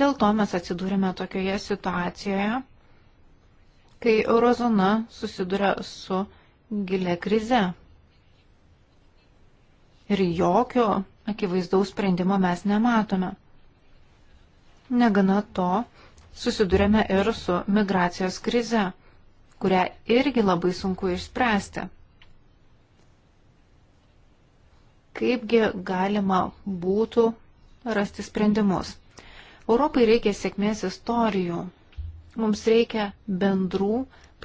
Dėl to mes atsidūrėme tokioje situacijoje, kai eurozona susiduria su gilė krize. Ir jokio akivaizdaus sprendimo mes nematome. Negana to, susidurėme ir su migracijos krize, kurią irgi labai sunku išspręsti. Kaipgi galima būtų rasti sprendimus? Europai reikia sėkmės istorijų. Mums reikia bendrų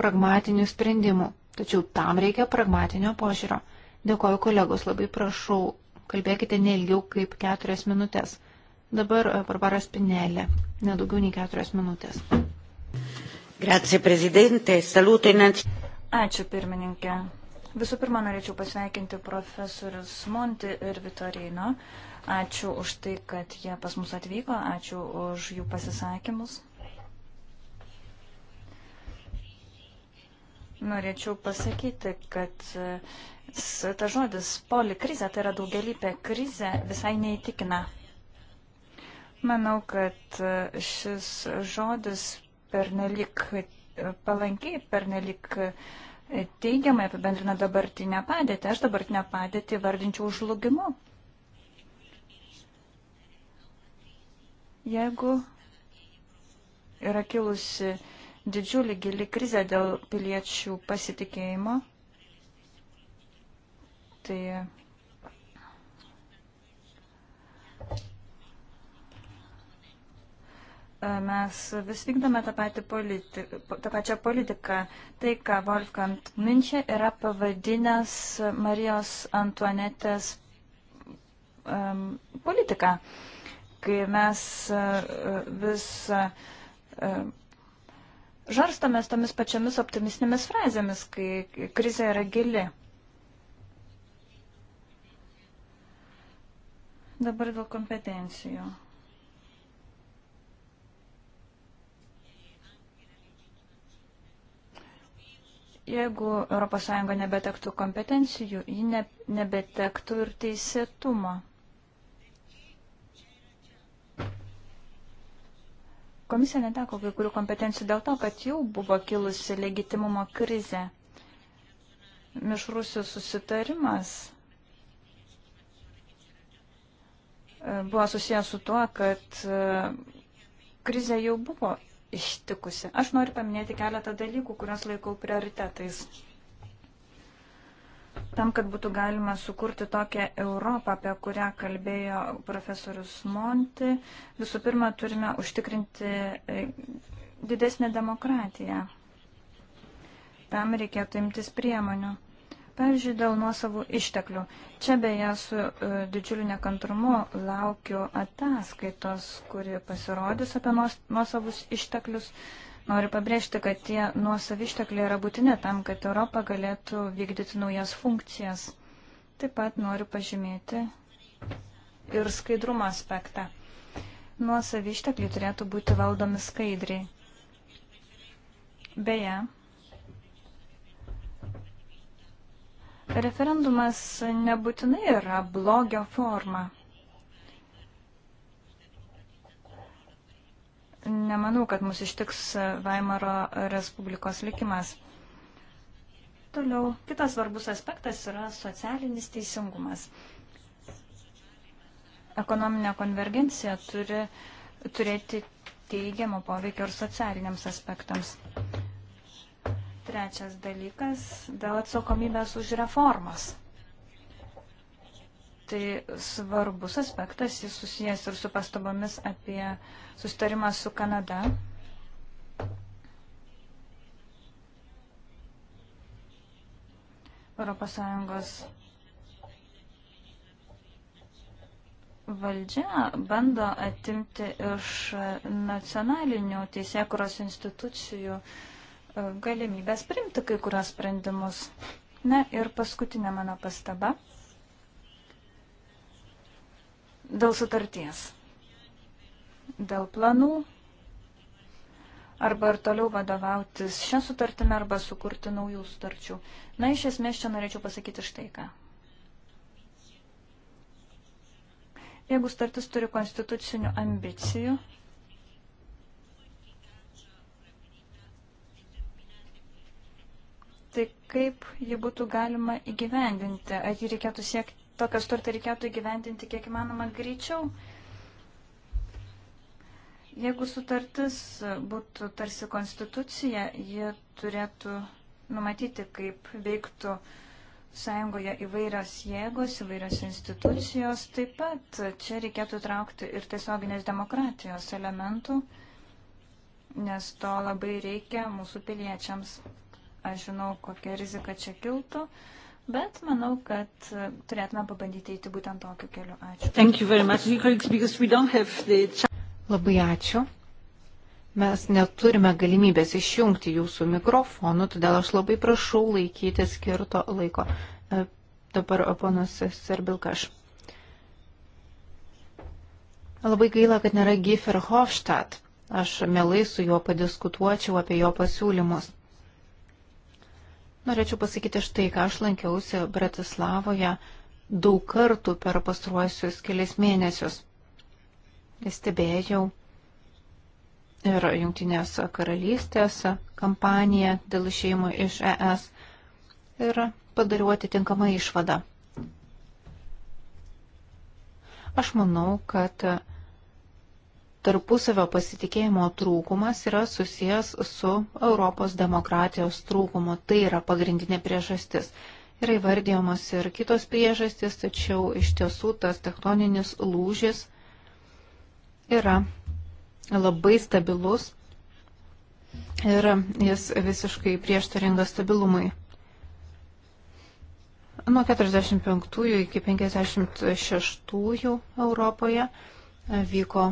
pragmatinių sprendimų. Tačiau tam reikia pragmatinio požiūrio. Dėkoju kolegos, labai prašau, kalbėkite neilgiau kaip keturias minutės. Dabar e, Barbara Spinelė, nedaugiau nei keturias minutės. Grazie, prezidentė. Salutai, Nancy. Ačiū, pirmininkė. Visų pirma, norėčiau pasveikinti profesorius Monti ir Vitorino. Ačiū už tai, kad jie pas mus atvyko, ačiū už jų pasisakymus. Norėčiau pasakyti, kad ta žodis polikrizė, tai yra daugelįpė krizė, visai neįtikina. Manau, kad šis žodis pernelik palankiai, pernelik teigiamai apibendrina dabartinę padėtį. Aš dabartinę padėtį vardinčiau žlugimu. Jeigu yra kilusi didžiulį gili krizę dėl piliečių pasitikėjimo, tai mes vis vykdome tą, politi tą pačią politiką. Tai, ką Wolfgang Minčia yra pavadinęs Marijos Antuanetės um, politiką. Uh, kai mes e, vis e, žarstomės tomis pačiamis optimistinėmis frazėmis, kai krizė yra gili. Dabar dėl kompetencijų. Jeigu ES nebetektų kompetencijų, ji ne, nebetektų ir teisėtumo. Komisija neteko kai kurių kompetencijų dėl to, kad jau buvo kilusi legitimumo krizė. Mišrusių susitarimas e, buvo susijęs su tuo, kad e, krizė jau buvo ištikusi. Aš noriu paminėti keletą dalykų, kuriuos laikau prioritetais tam, kad būtų galima sukurti tokią Europą, apie kurią kalbėjo profesorius Monti, visų pirma turime užtikrinti e, didesnę demokratiją. Tam reikėtų imtis priemonių. Pavyzdžiui, dėl nuosavų išteklių. Čia beje su uh, didžiuliu nekantrumu laukiu ataskaitos, kuri pasirodys apie nuosavus išteklius. Uh, Noriu pabrėžti, kad tie nuosavi ištekliai yra būtini tam, kad Europa galėtų vykdyti naujas funkcijas. Taip pat noriu pažymėti ir skaidrumo aspektą. Nuosavi ištekliai turėtų būti valdomi skaidriai. Beje, referendumas nebūtinai yra blogio forma. nemanau, kad mus ištiks Vaimaro Respublikos likimas. Toliau, kitas svarbus aspektas yra socialinis teisingumas. Ekonominė konvergencija turi turėti teigiamo poveikio ir socialiniams aspektams. Trečias dalykas - dėl atsakomybės už reformas tai svarbus aspektas, jis susijęs ir su pastabomis apie sustarimą su Kanada. Europos Sąjungos valdžia bando atimti iš nacionalinių teisėkuros institucijų e, galimybės primti kai kurios sprendimus. Na ir paskutinė mano pastaba dėl sutarties, dėl planų, arba ir toliau vadovautis šią sutartimą, arba sukurti naujų sutarčių. Na, iš esmės čia norėčiau pasakyti štai ką. Jeigu sutartis turi konstitucinių ambicijų, tai kaip jį būtų galima įgyvendinti, ar jį reikėtų siekti tokią sutartį reikėtų įgyvendinti kiek įmanoma greičiau. Jeigu sutartis būtų tarsi konstitucija, ji turėtų numatyti, kaip veiktų sąjungoje įvairios jėgos, įvairios institucijos. Taip pat čia reikėtų traukti ir tiesioginės demokratijos elementų, nes to labai reikia mūsų piliečiams. Aš žinau, kokia rizika čia kiltų. Uh, Bet manau, kad e, turėtume pabandyti eiti būtent tokiu keliu. Ačiū. Labai ačiū. Mes neturime galimybės išjungti jūsų mikrofonų, todėl aš labai prašau laikyti skirto laiko. E, dabar ponas Serbilkaš. Labai gaila, kad nėra Gifer Hofstadt. Aš mielai su juo padiskutuočiau apie jo pasiūlymus. Norėčiau pasakyti štai, ką aš lankiausi Bratislavoje daug kartų per pastruosius kelias mėnesius. Stebėjau ir Junktinės karalystės kampaniją dėl išeimų iš ES ir padariau atitinkamą išvadą. Aš manau, kad tarpusavio pasitikėjimo trūkumas yra susijęs su Europos demokratijos trūkumu. Tai yra pagrindinė priežastis. Yra įvardyjamos ir kitos priežastys, tačiau iš tiesų tas tektoninis lūžis yra labai stabilus ir jis visiškai prieštaringas stabilumui. Nuo 45 iki 56 Europoje vyko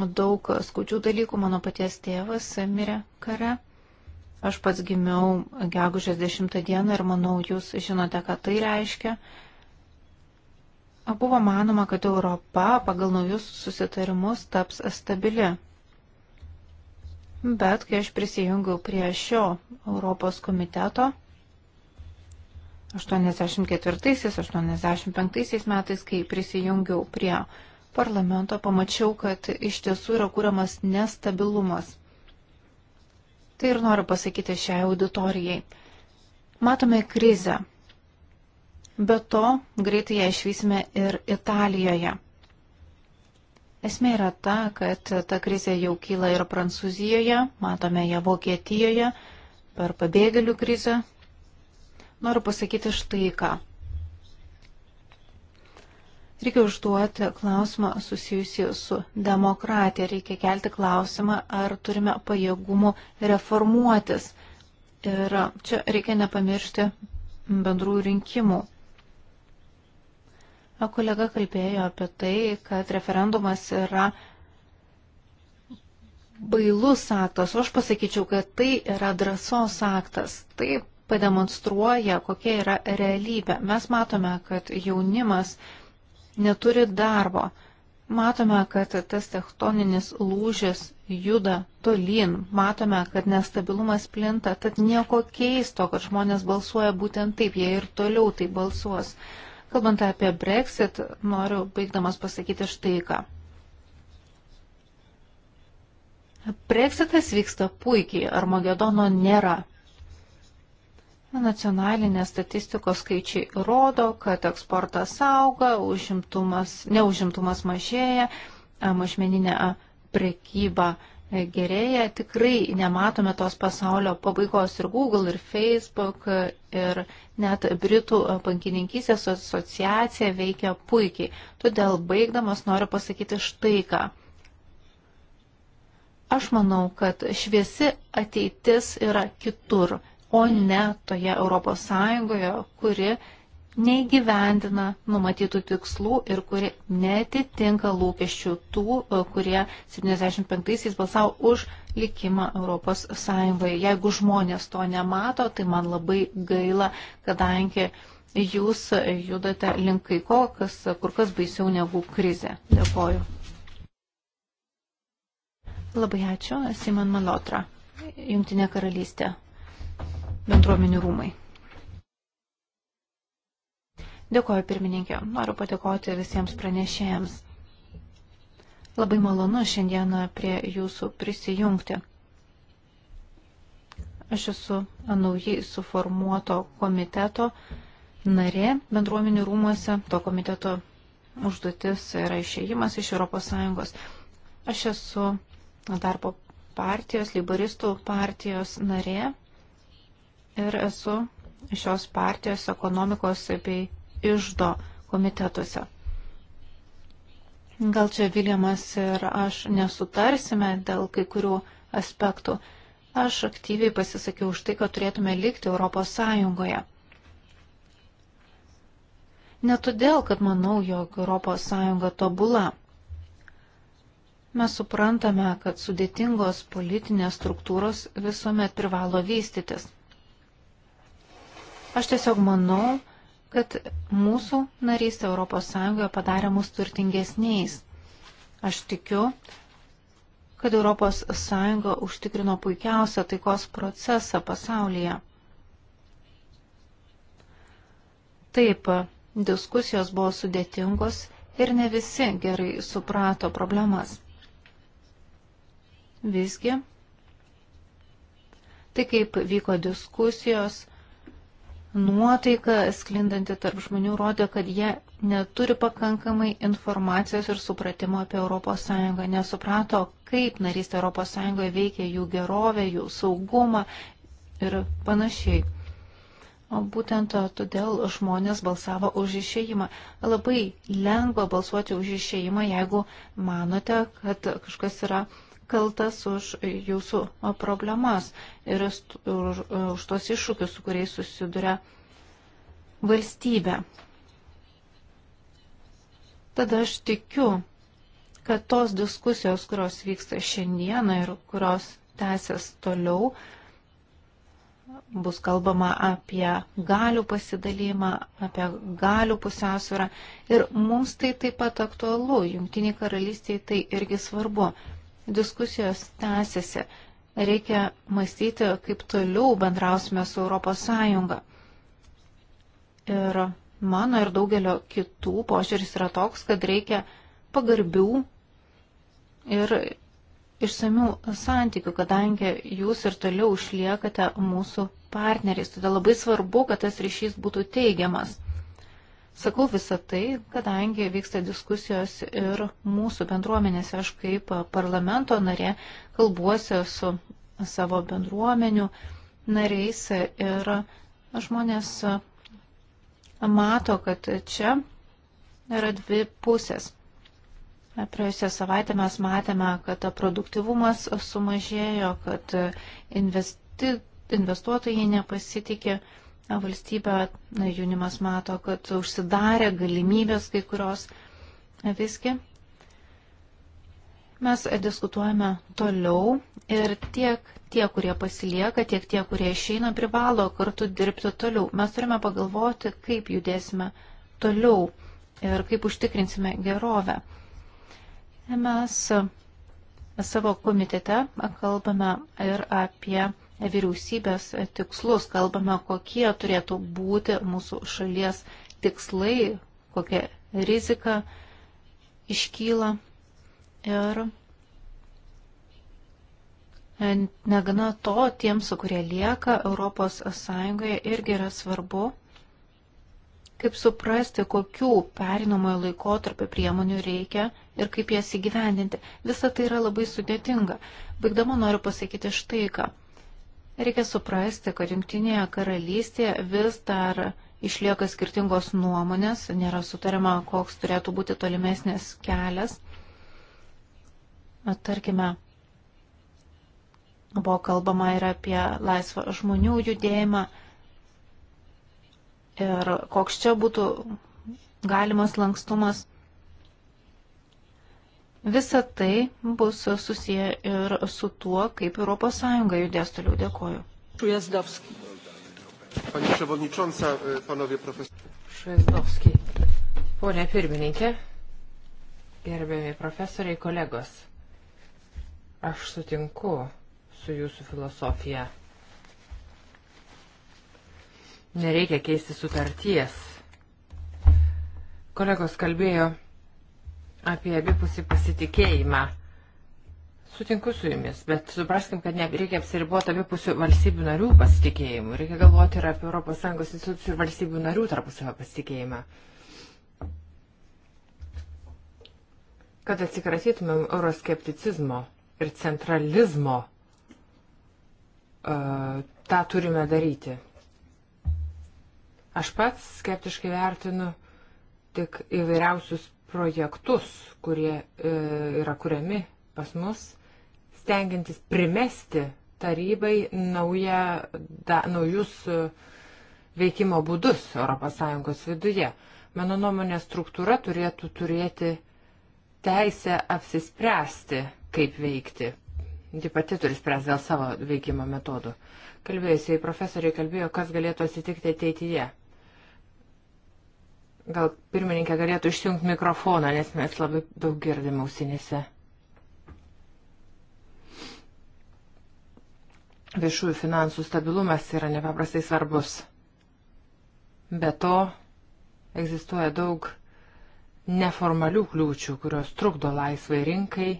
daug skaudžių dalykų. Mano paties tėvas mirė kare. Aš pats gimiau gegužės 10 dieną ir manau, jūs žinote, ką tai reiškia. Buvo manoma, kad Europa pagal naujus susitarimus taps stabili. Bet kai aš prisijungiau prie šio Europos komiteto 84-85 metais, kai prisijungiau prie parlamento, pamačiau, kad iš tiesų yra kūriamas nestabilumas. Tai ir noriu pasakyti šiai auditorijai. Matome krizę. Be to, greitai ją išvysime ir Italijoje. Esmė yra ta, kad ta krizė jau kyla ir Prancūzijoje, matome ją Vokietijoje, per pabėgėlių krizę. Noriu pasakyti štai ką. Reikia užduoti klausimą susijusi su demokratija, reikia kelti klausimą, ar turime pajėgumų reformuotis. Ir čia reikia nepamiršti bendrų rinkimų. O kolega kalbėjo apie tai, kad referendumas yra bailus aktas, o aš pasakyčiau, kad tai yra drąsos aktas. Tai pademonstruoja, kokia yra realybė. Mes matome, kad jaunimas neturi darbo. Matome, kad tas tektoninis lūžis juda tolyn, matome, kad nestabilumas plinta, tad nieko keisto, kad žmonės balsuoja būtent taip, jie ir toliau tai balsuos. Kalbant apie Brexit, noriu baigdamas pasakyti štai ką. Brexitas vyksta puikiai, Armagedono nėra. Nacionalinės statistikos skaičiai rodo, kad eksportas auga, užimtumas, neužimtumas mažėja, mažmeninė prekyba e, gerėja. Tikrai nematome tos pasaulio pabaigos ir Google, ir Facebook, e, ir net Britų e, bankininkysės asociacija veikia puikiai. Todėl baigdamas noriu pasakyti štai ką. Aš manau, kad šviesi ateitis yra kitur o ne toje Europos Sąjungoje, kuri neįgyvendina numatytų tikslų ir kuri netitinka lūkesčių tų, e, kurie 75-aisiais balsavo už likimą Europos Sąjungoje. Jeigu žmonės to nemato, tai man labai gaila, kadangi jūs judate link kai ko, kas kur kas baisiau negu krizė. Dėkoju. Labai ačiū, Simon Malotra, Jungtinė karalystė bendruomenių rūmai. Dėkoju pirmininkė, noriu padėkoti visiems pranešėjams. Labai malonu šiandieną prie jūsų prisijungti. Aš esu naujai suformuoto komiteto narė bendruomenių rūmuose. To komiteto užduotis yra išėjimas iš ES. Aš esu darbo partijos, liberistų partijos narė ir esu šios partijos ekonomikos bei išdo komitetuose. Gal čia Viljamas ir aš nesutarsime dėl kai kurių aspektų. Aš aktyviai pasisakiau už tai, kad turėtume likti Europos Sąjungoje. Ne todėl, kad manau, jog Europos Sąjunga tobula. Mes suprantame, kad sudėtingos politinės struktūros visuomet privalo vystytis. Aš tiesiog manau, kad mūsų narystė ES padarė mus turtingesniais. Aš tikiu, kad ES užtikrino puikiausią taikos procesą pasaulyje. Taip, diskusijos buvo sudėtingos ir ne visi gerai suprato problemas. Visgi, tai kaip vyko diskusijos, nuotaika sklindanti tarp žmonių rodė, kad jie neturi pakankamai informacijos ir supratimo apie ES, nesuprato, kaip narystė ES veikia jų gerovę, jų saugumą ir panašiai. O būtent todėl žmonės balsavo už išėjimą. Labai lengva balsuoti už išėjimą, jeigu manote, kad kažkas yra kaltas už jūsų problemas ir už tos iššūkius, su kuriais susiduria valstybė. Tada aš tikiu, kad tos diskusijos, kurios vyksta šiandieną ir kurios tęsės toliau, bus kalbama apie galių pasidalymą, apie galių pusiausvyrą. Ir mums tai taip pat aktualu, jungtiniai karalystiai tai irgi svarbu diskusijos tęsiasi. Reikia mąstyti, kaip toliau bendrausime su ES. Ir mano ir daugelio kitų požiūris yra toks, kad reikia pagarbių ir išsamių santykių, kadangi jūs ir toliau išliekate mūsų partneriais. Todėl labai svarbu, kad tas ryšys būtų teigiamas. Sakau visą tai, kadangi vyksta diskusijos ir mūsų bendruomenėse. Aš kaip parlamento narė kalbuosi su savo bendruomenių nariais ir žmonės mato, kad čia yra dvi pusės. Praėjusią savaitę mes matėme, kad produktivumas sumažėjo, kad investi, investuotojai nepasitikė valstybę jaunimas mato, kad užsidarė galimybės kai kurios visgi. Mes diskutuojame toliau ir tiek tie, kurie pasilieka, tiek tie, kurie išeina, privalo kartu dirbti toliau. Mes turime pagalvoti, kaip judėsime toliau ir kaip užtikrinsime gerovę. Mes savo komitete kalbame ir apie vyriausybės tikslus, kalbame, kokie turėtų būti mūsų šalies tikslai, kokia rizika iškyla ir negana to tiems, kurie lieka ES irgi yra svarbu kaip suprasti, kokių perinamojo laikotarpio priemonių reikia ir kaip jas įgyvendinti. Visa tai yra labai sudėtinga. Baigdama noriu pasakyti štai ką. Reikia suprasti, kad Junktinėje karalystėje vis dar išlieka skirtingos nuomonės, nėra sutariama, koks turėtų būti tolimesnis kelias. Tarkime, buvo kalbama ir apie laisvą žmonių judėjimą ir koks čia būtų galimas lankstumas. Visa tai bus susiję ir su tuo, kaip ES judės toliau. Dėkoju. Šujazdovski. Pani Przewodnicząca, e, Panowie Profesorowie. Šujazdovski. Pone pirmininkė, gerbiami profesoriai, kolegos, aš sutinku su jūsų filosofija. Nereikia keisti sutarties. Kolegos kalbėjo apie abipusį pasitikėjimą. Sutinku su jumis, bet supraskim, kad reikia apsiriboti abipusių valstybių narių pasitikėjimų. Reikia galvoti ir apie ES institucijų ir valstybių narių tarpusavio pasitikėjimą. Kad atsikratytumėm euroskepticizmo ir centralizmo, uh, tą turime daryti. Aš pats skeptiškai vertinu tik įvairiausius projektus, kurie e, yra kuriami pas mus, stengiantis primesti tarybai nauja, da, naujus e, veikimo būdus ES viduje. Mano nuomonė struktūra turėtų turėti teisę apsispręsti, kaip veikti. Ji pati turi spręsti dėl savo veikimo metodų. Kalbėjusiai profesoriai kalbėjo, kas galėtų atsitikti ateityje. Gal pirmininkė galėtų išjungti mikrofoną, nes mes labai daug girdim ausinėse. Viešųjų finansų stabilumas yra nepaprastai svarbus. Be to, egzistuoja daug neformalių kliūčių, kurios trukdo laisvai rinkai,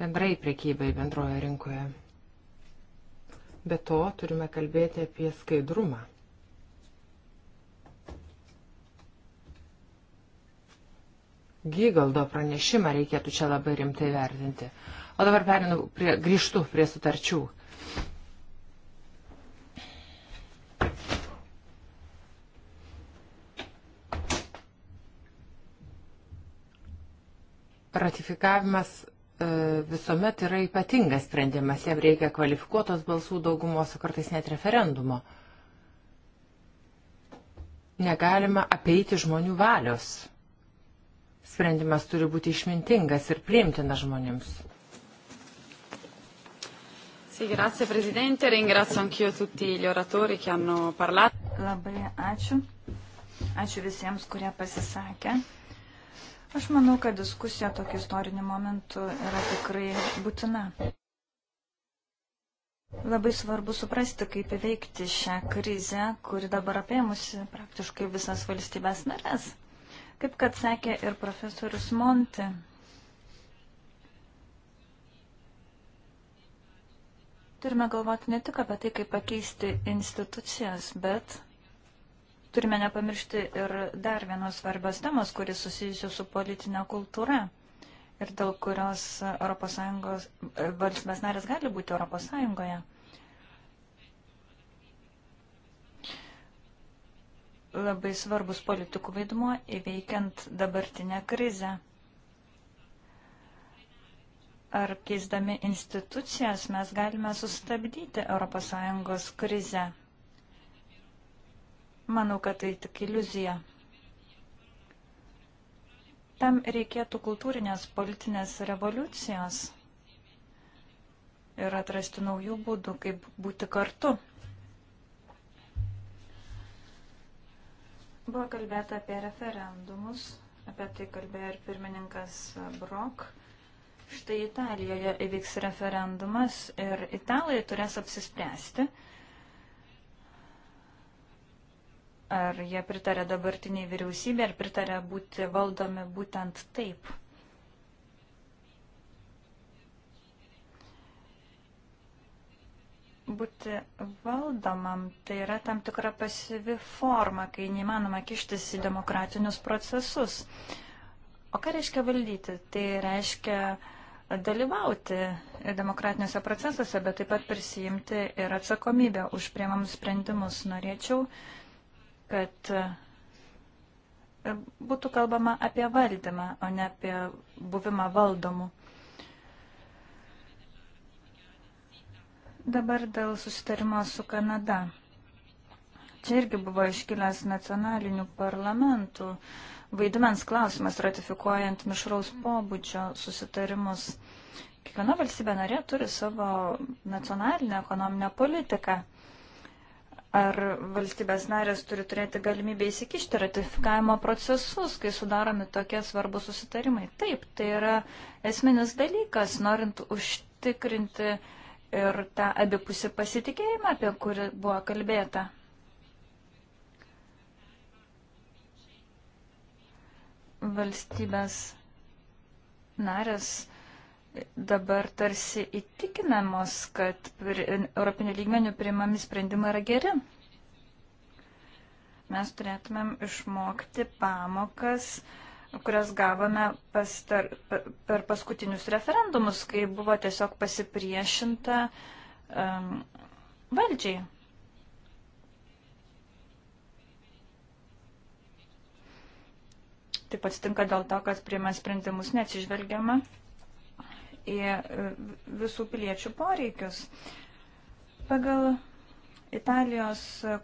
bendrai prekybai bendroje rinkoje. Be to, turime kalbėti apie skaidrumą. Gygaldo pranešimą reikėtų čia labai rimtai vertinti. O dabar perinu prie, grįžtu prie sutarčių. Ratifikavimas e, visuomet yra ypatingas sprendimas, jam reikia kvalifikuotos balsų daugumos, o kartais net referendumo. Negalima apeiti žmonių valios. Sprendimas turi būti išmintingas ir priimtina žmonėms. Sì, grazie Presidente, ringrazio anch'io tutti gli oratori che hanno parlato. Labai ačiū. Ačiū visiems, kurie pasisakė. Aš manau, kad diskusija tokiu istoriniu momentu yra tikrai būtina. Labai svarbu suprasti, kaip įveikti šią krizę, kuri dabar apėmusi praktiškai visas valstybės narės. Kaip kad sakė ir profesorius Monti, turime galvoti ne tik apie tai, kaip pakeisti institucijas, bet turime nepamiršti ir dar vienos svarbios temos, kuris susijusiu su politinė kultūra ir dėl kurios ES valstybės narės gali būti ES. labai svarbus politikų vaidmuo įveikiant dabartinę krizę. Ar keisdami institucijas mes galime sustabdyti ES krizę? Manau, kad tai tik iliuzija. Tam reikėtų kultūrinės politinės revoliucijos ir atrasti naujų būdų, kaip būti kartu Buvo kalbėta apie referendumus, apie tai kalbėjo ir pirmininkas Brok. Štai Italijoje įvyks referendumas ir italai turės apsispręsti, ar jie pritarė dabartiniai vyriausybė, ar pritarė būti valdomi būtent taip. būti valdomam, tai yra tam tikra pasivi forma, kai neįmanoma kištis į demokratinius procesus. O ką reiškia valdyti? Tai reiškia dalyvauti demokratiniuose procesuose, bet taip pat prisijimti ir atsakomybę už priemamus sprendimus. Norėčiau, kad e, būtų kalbama apie valdymą, o ne apie buvimą valdomu. Dabar dėl susitarimo su Kanada. Čia irgi buvo iškilęs nacionalinių parlamentų vaidmens klausimas ratifikuojant mišraus pobūdžio susitarimus. Kiekviena valstybė narė turi savo nacionalinę ekonominę politiką. Ar valstybės narės turi turėti galimybę įsikišti ratifikavimo procesus, kai sudaromi tokie svarbus susitarimai? Taip, tai yra esminis dalykas, norint užtikrinti uh, ir tą abipusį pasitikėjimą, apie kurį buvo kalbėta. Valstybės narės dabar tarsi įtikinamos, kad Europinių lygmenių priimami sprendimai yra geri. Mes turėtumėm išmokti pamokas, uh, kurias gavome pastar, per paskutinius referendumus, kai buvo tiesiog pasipriešinta um, valdžiai. Taip atsitinka dėl to, kad priimant sprendimus neatsižvelgiama į e, visų piliečių poreikius. Pagal Italijos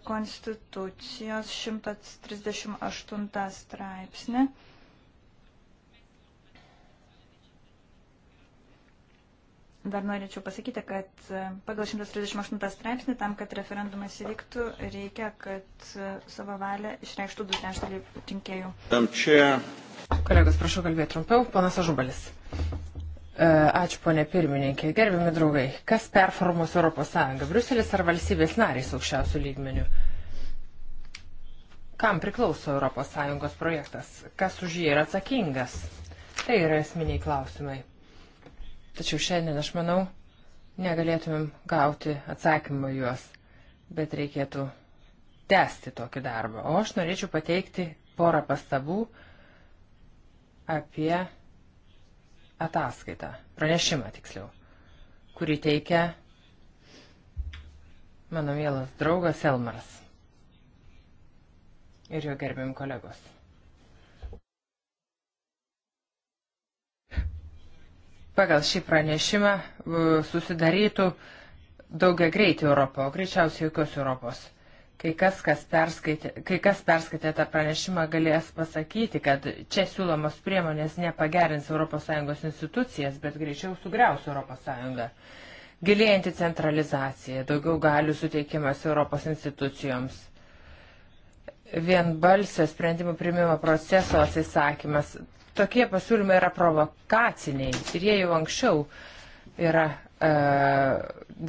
konstitucijos 138 straipsnį Dar norėčiau pasakyti, kad e, pagal 138 straipsnį tam, kad referendumas įvyktų, reikia, kad e, savo valią išreikštų du trečdaliai rinkėjų. Kolegos, prašau kalbėti trumpiau. Panas Ažubalis. E, ačiū, ponė pirmininkė. Gerbiami draugai, kas performuos ES? Briuselis ar valstybės narys aukščiausių lygmenių? Kam priklauso ES projektas? Kas už jį yra atsakingas? Tai yra esminiai klausimai. Tačiau šiandien, aš manau, negalėtumėm gauti atsakymą juos, bet reikėtų tęsti tokį darbą. O aš norėčiau pateikti porą pastabų apie ataskaitą, pranešimą tiksliau, kurį teikia mano mielas draugas Elmaras ir jo gerbim kolegos. pagal šį pranešimą e, susidarytų daugia greitį Europą, o greičiausiai jokios Europos. Kai kas, kas perskaitė, kai kas perskaitė tą pranešimą, galės pasakyti, kad čia siūlomos priemonės nepagerins ES institucijas, bet greičiau sugriaus ES. Gilėjanti centralizacija, daugiau galių suteikimas Europos institucijoms, vienbalsio sprendimų primimo proceso atsisakymas, tokie pasiūlymai yra provokaciniai ir jie jau anksčiau yra e,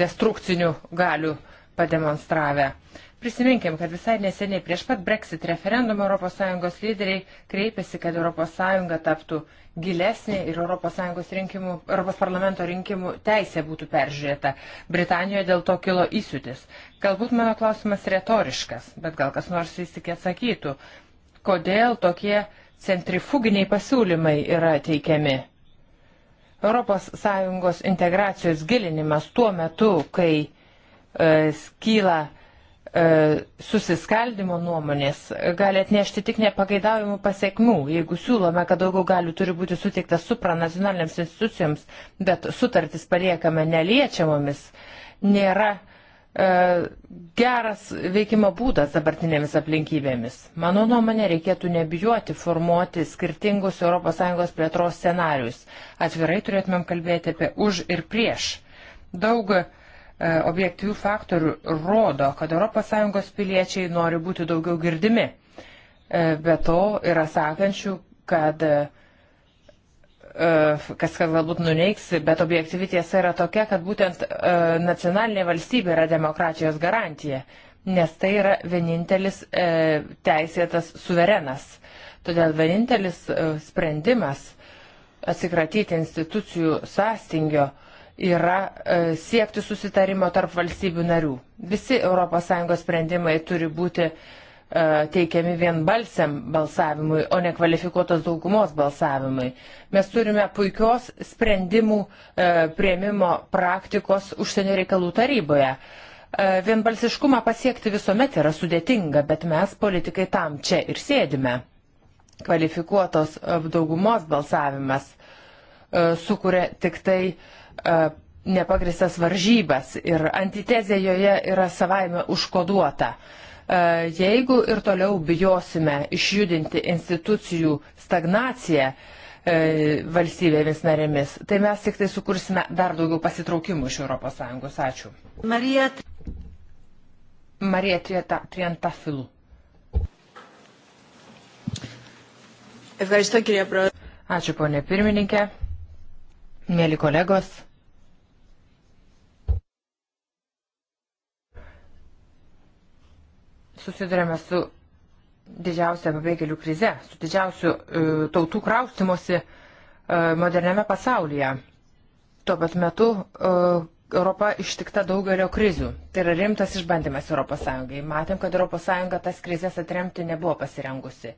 destrukcinių galių pademonstravę. Prisiminkim, kad visai neseniai prieš pat Brexit referendumą ES lyderiai kreipėsi, kad ES taptų gilesnė ir ES rinkimų, ES parlamento rinkimų teisė būtų peržiūrėta. Britanijoje dėl to kilo įsiutis. Galbūt mano klausimas retoriškas, bet gal kas nors vis tik atsakytų. Kodėl tokie centrifuginiai pasiūlymai yra teikiami. ES integracijos gilinimas tuo metu, kai e, skyla e, susiskaldimo nuomonės, gali atnešti tik nepageidaujimų pasiekmių. Jeigu siūlome, kad daugiau galių turi būti suteiktas supranacionaliniams institucijoms, bet sutartis paliekame neliečiamomis, nėra e, E, geras veikimo būdas dabartinėmis aplinkybėmis. Mano nuomonė, reikėtų nebijoti formuoti skirtingus ES plėtros scenarius. Atvirai turėtumėm kalbėti apie už ir prieš. Daug e, objektyvių faktorių rodo, kad ES piliečiai nori būti daugiau girdimi. E, be to yra sakančių, kad e, E, kas galbūt nuneiks, bet objektyvi tiesa yra tokia, kad būtent e, nacionalinė valstybė yra demokratijos garantija, nes tai yra vienintelis e, teisėtas suverenas. Todėl vienintelis sprendimas atsikratyti institucijų sąstingio yra siekti susitarimo tarp valstybių narių. Visi ES sprendimai turi būti uh, E, teikiami vienbalsiam balsavimui, o ne kvalifikuotos daugumos balsavimui. Mes turime puikios sprendimų e, prieimimo praktikos užsienio reikalų taryboje. E, vienbalsiškumą pasiekti visuomet yra sudėtinga, bet mes politikai tam čia ir sėdime. Kvalifikuotos daugumos balsavimas sukuria tik tai nepagristas varžybas ir antitezė joje yra savaime užkoduota. Uh, E, jeigu ir toliau bijosime išjudinti institucijų stagnaciją e, valstybėmis narėmis, tai mes tik tai sukursime dar daugiau pasitraukimų iš ES. Ačiū. Marija. Marija Triantafilų. Ačiū, ponė pirmininkė. Mėly kolegos. susidurėme su didžiausia pabėgėlių krize, su didžiausiu e, tautų kraustimosi e, moderniame pasaulyje. Tuo pat metu e, Europa ištikta daugelio krizių. Tai yra rimtas išbandymas ES. Matėm, kad ES tas krizės atremti nebuvo pasirengusi.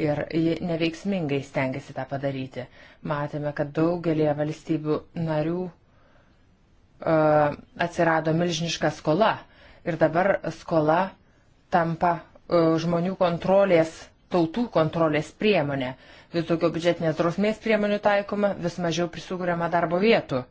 Ir ji neveiksmingai stengiasi tą padaryti. Matėme, kad daugelie valstybių narių uh, atsirado milžiniška skola. Ir dabar skola tampa e, žmonių kontrolės, tautų kontrolės priemonė. Vis daugiau biudžetinės drausmės priemonių taikoma, vis mažiau prisuguriama darbo vietų.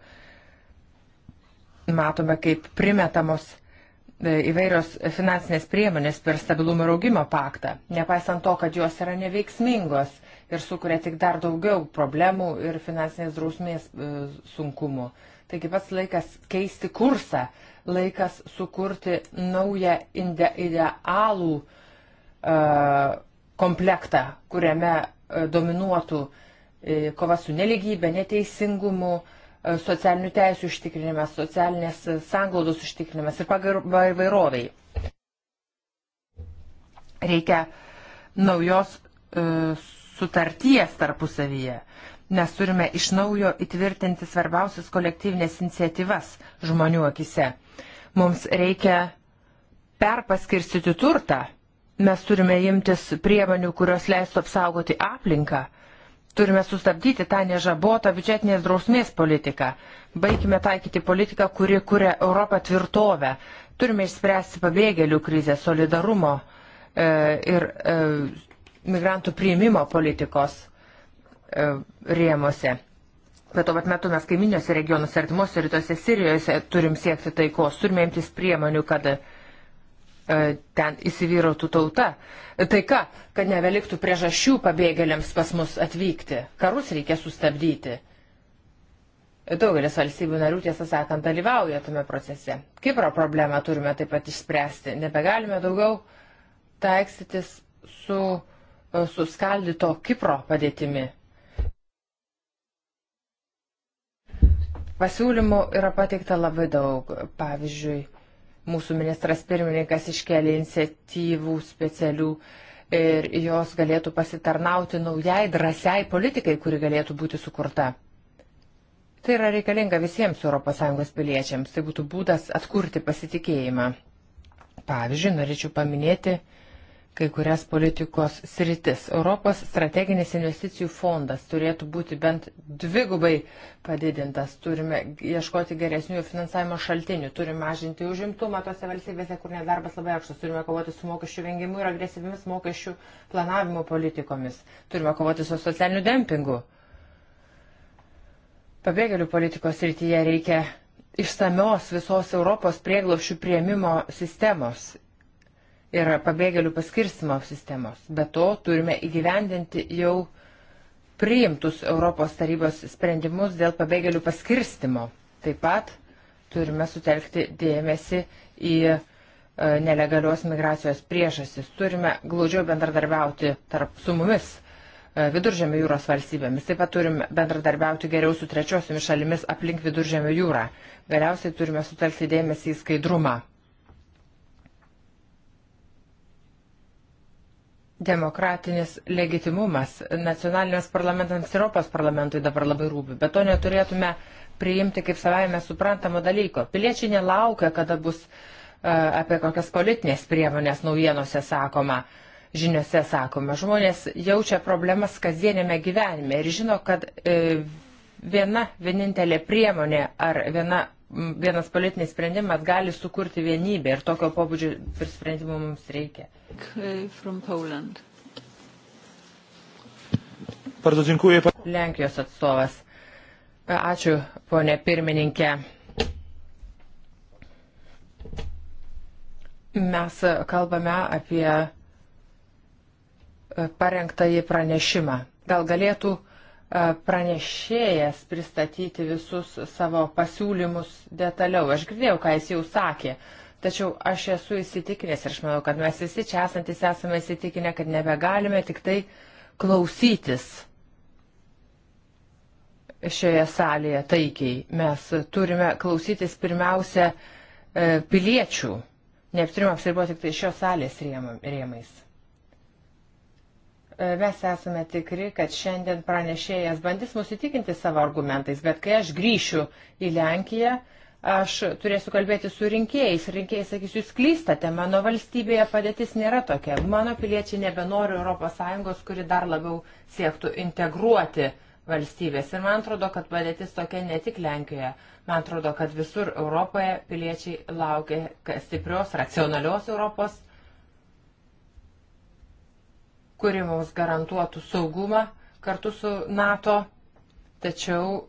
Matome, kaip primetamos e, įvairios finansinės priemonės per stabilumo ir augimo paktą, nepaisant to, kad jos yra neveiksmingos ir sukuria tik dar daugiau problemų ir finansinės drausmės e, sunkumų. Taigi pats laikas keisti kursą, laikas sukurti naują inde, idealų uh, komplektą, kuriame uh, dominuotų uh, kova su neligybė, neteisingumu, socialinių teisų užtikrinimas, socialinės sanglaudos užtikrinimas ir pagarba įvairoviai. Reikia naujos e, sutarties tarpusavyje. Mes turime iš naujo įtvirtinti svarbiausias kolektyvinės iniciatyvas žmonių akise. Mums reikia perpaskirstyti turtą. Mes turime imtis priemonių, kurios leistų apsaugoti aplinką. Turime sustabdyti tą nežabotą biudžetinės drausmės politiką. Baigime taikyti politiką, kuri kuria Europą tvirtovę. Turime išspręsti pabėgėlių krizę, solidarumo e, ir e, migrantų priimimo politikos e, rėmose kad tuo pat metu mes kaiminiuose regionuose, artimuose rytuose, Sirijoje turim siekti taikos, turime imtis priemonių, kad e, ten įsivyrautų tauta. Taika, kad nebeliktų priežasčių pabėgėliams pas mus atvykti. Karus reikia sustabdyti. Daugelis valstybių narių, tiesą sakant, dalyvauja tame procese. Kipro problemą turime taip pat išspręsti. Nebegalime daugiau taikstytis su e, suskaldyto Kipro padėtimi Pasiūlymų yra pateikta labai daug. Pavyzdžiui, mūsų ministras pirmininkas iškelia iniciatyvų specialių ir jos galėtų pasitarnauti naujai drąsiai politikai, kuri galėtų būti sukurta. Tai yra reikalinga visiems ES piliečiams, tai būtų būdas atkurti pasitikėjimą. Pavyzdžiui, norėčiau paminėti kai kurias politikos sritis. Europos strateginis investicijų fondas turėtų būti bent dvigubai padidintas. Turime ieškoti geresnių finansavimo šaltinių, turime mažinti užimtumą tose valstybėse, kur nedarbas labai aukštas, turime kovoti su mokesčių vengimu ir agresyvimis mokesčių planavimo politikomis, turime kovoti su socialiniu dempingu. Pabėgėlių politikos srityje reikia išsamios visos Europos prieglaušių prieimimo sistemos ir pabėgėlių paskirstimo sistemos. Be to turime įgyvendinti jau priimtus Europos tarybos sprendimus dėl pabėgėlių paskirstimo. Taip pat turime sutelkti dėmesį į e, nelegalios migracijos priežastis. Turime glaudžiau bendradarbiauti tarp su mumis e, viduržėmio jūros valstybėmis. Taip pat turime bendradarbiauti geriau su trečiosiomis šalimis aplink viduržėmio jūrą. Galiausiai turime sutelkti dėmesį į skaidrumą. demokratinis legitimumas nacionaliniams parlamentams ir Europos parlamentui dabar labai rūpi, bet to neturėtume priimti kaip savaime suprantamo dalyko. Piliečiai nelaukia, kada bus e, apie kokias politinės priemonės naujienose sakoma, žiniuose sakoma. Žmonės jaučia problemas kasdienėme gyvenime ir žino, kad e, viena vienintelė priemonė ar viena vienas politinis sprendimas gali sukurti vienybę ir tokio pobūdžio ir sprendimų mums reikia. Lenkijos atstovas. Ačiū, ponė pirmininkė. Mes kalbame apie parengtąjį pranešimą. Gal galėtų uh, pranešėjas pristatyti visus savo pasiūlymus detaliau. Aš girdėjau, ką jis jau sakė, tačiau aš esu įsitikinęs ir aš manau, kad mes visi čia esantis esame įsitikinę, kad nebegalime tik tai klausytis šioje salėje taikiai. Mes turime klausytis pirmiausia e, piliečių, neapsirimo apsiribuoti tik tai šios salės rėmais. E, mes esame tikri, kad šiandien pranešėjas bandys mus įtikinti savo argumentais, bet kai aš grįšiu į Lenkiją, aš turėsiu kalbėti su rinkėjais. Rinkėjai sakys, jūs klystate, mano valstybėje padėtis nėra tokia. Mano piliečiai nebenori ES, kuri dar labiau siektų integruoti valstybės. Ir man atrodo, kad padėtis tokia ne tik Lenkijoje. Man atrodo, kad visur Europoje piliečiai laukia stiprios, racionalios Europos kuri mums garantuotų saugumą kartu su NATO, tačiau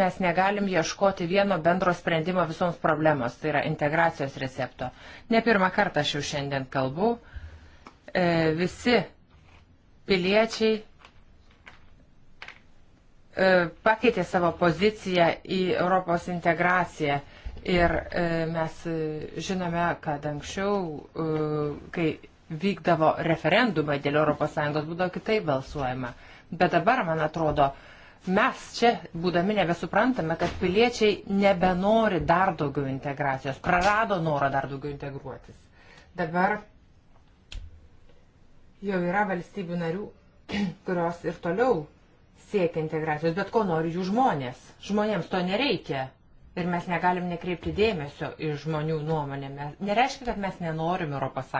mes negalim ieškoti vieno bendro sprendimo visoms problemos, tai yra integracijos recepto. Ne pirmą kartą aš jau šiandien kalbu. E, visi piliečiai e, pakeitė savo poziciją į Europos integraciją. Ir e, mes e, žinome, kad anksčiau, e, kai vykdavo referendumai dėl ES, būdavo kitaip balsuojama. Bet dabar, man atrodo, mes čia, būdami nebesuprantame, kad piliečiai nebenori dar daugiau integracijos, prarado norą dar daugiau integruotis. Dabar jau yra valstybių narių, kurios ir toliau siekia integracijos, bet ko nori jų žmonės. Žmonėms to nereikia ir mes negalim nekreipti dėmesio į žmonių nuomonę. Mes, nereiškia, kad mes nenorim ES,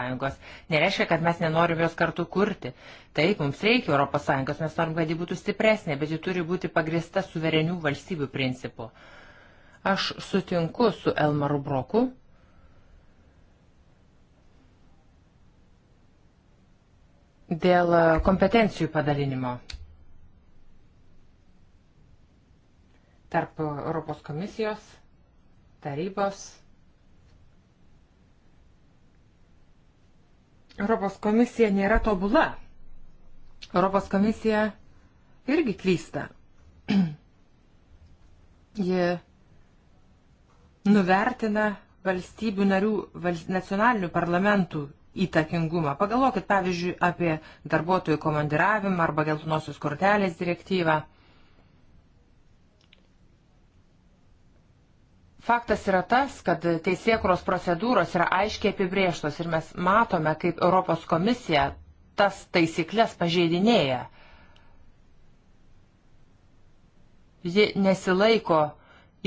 nereiškia, kad mes nenorim jos kartu kurti. Taip, mums reikia ES, mes norim, kad ji būtų stipresnė, bet ji turi būti pagrista suverenių valstybių principu. Aš sutinku su Elmaru Broku. Dėl kompetencijų padalinimo. tarp Europos komisijos, tarybos. Europos komisija nėra tobula. Europos komisija irgi klysta. Ji nuvertina valstybių narių val, nacionalinių parlamentų įtakingumą. Pagalvokit, pavyzdžiui, apie darbuotojų komandiravimą arba geltonosios kortelės direktyvą. Faktas yra tas, kad teisėkros procedūros yra aiškiai apibrieštos ir mes matome, kaip Europos komisija tas taisyklės pažeidinėja. Ji nesilaiko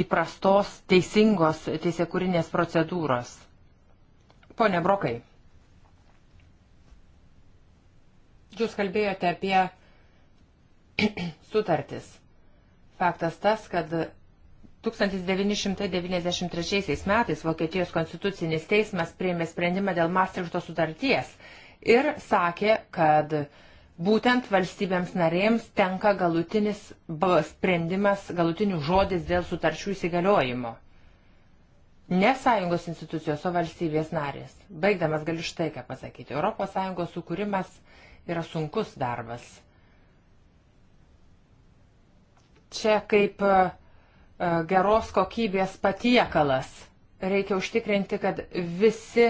įprastos teisingos teisėkūrinės procedūros. Pone Brokai, jūs kalbėjote apie sutartis. Faktas tas, kad 1993 metais Vokietijos konstitucinis teismas priėmė sprendimą dėl Maastrichto sutarties ir sakė, kad būtent valstybėms narėms tenka galutinis sprendimas, galutinių žodis dėl sutarčių įsigaliojimo. Ne sąjungos institucijos, o valstybės narės. Baigdamas galiu štai ką pasakyti. ES sukūrimas yra sunkus darbas. Čia kaip uh, E, geros kokybės patiekalas. Reikia užtikrinti, kad visi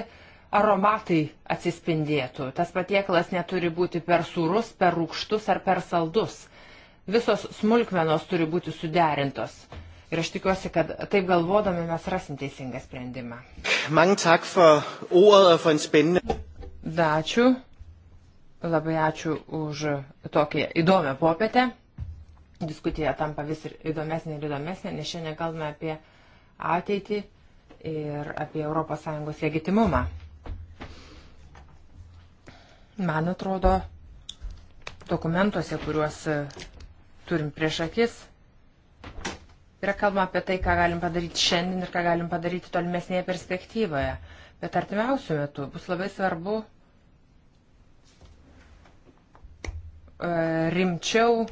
aromatai atsispindėtų. Tas patiekalas neturi būti per sūrus, per rūkštus ar per saldus. Visos smulkmenos turi būti suderintos. Ir aš tikiuosi, kad taip galvodami mes rasim teisingą sprendimą. Da, ačiū. Labai ačiū už tokią įdomią popietę. Diskutija tampa vis ir įdomesnė ir įdomesnė, nes šiandien kalbame apie ateitį ir apie ES legitimumą. Man atrodo, dokumentuose, kuriuos e, turim prieš akis, yra kalbama apie tai, ką galim padaryti šiandien ir ką galim padaryti tolimesnėje perspektyvoje. Bet artimiausių metų bus labai svarbu e, rimčiau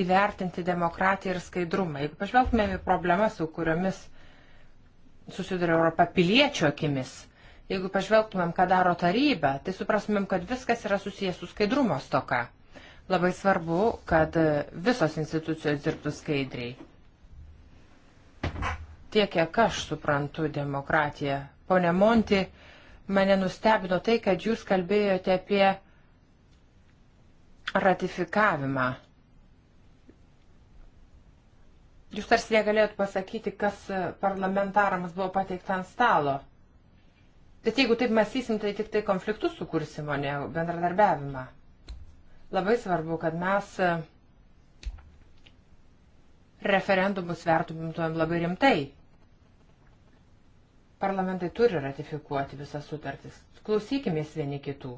įvertinti demokratiją ir skaidrumą. Jeigu pažvelgtumėm į problemas, su kuriomis susiduria Europa piliečio akimis, jeigu pažvelgtumėm, ką daro taryba, tai suprasumėm, kad viskas yra susijęs su skaidrumo stoka. Labai svarbu, kad visos institucijos dirbtų skaidriai. Tiek, kiek aš suprantu demokratiją. Pone Monti, mane nustebino tai, kad jūs kalbėjote apie ratifikavimą Jūs tarsi negalėjot pasakyti, kas parlamentarams buvo pateikta ant stalo. Bet jeigu taip mąstysim, tai tik tai konfliktus sukursim, o ne bendradarbiavimą. Labai svarbu, kad mes referendumus vertumėm labai rimtai. Parlamentai turi ratifikuoti visas sutartis. Klausykimės vieni kitų.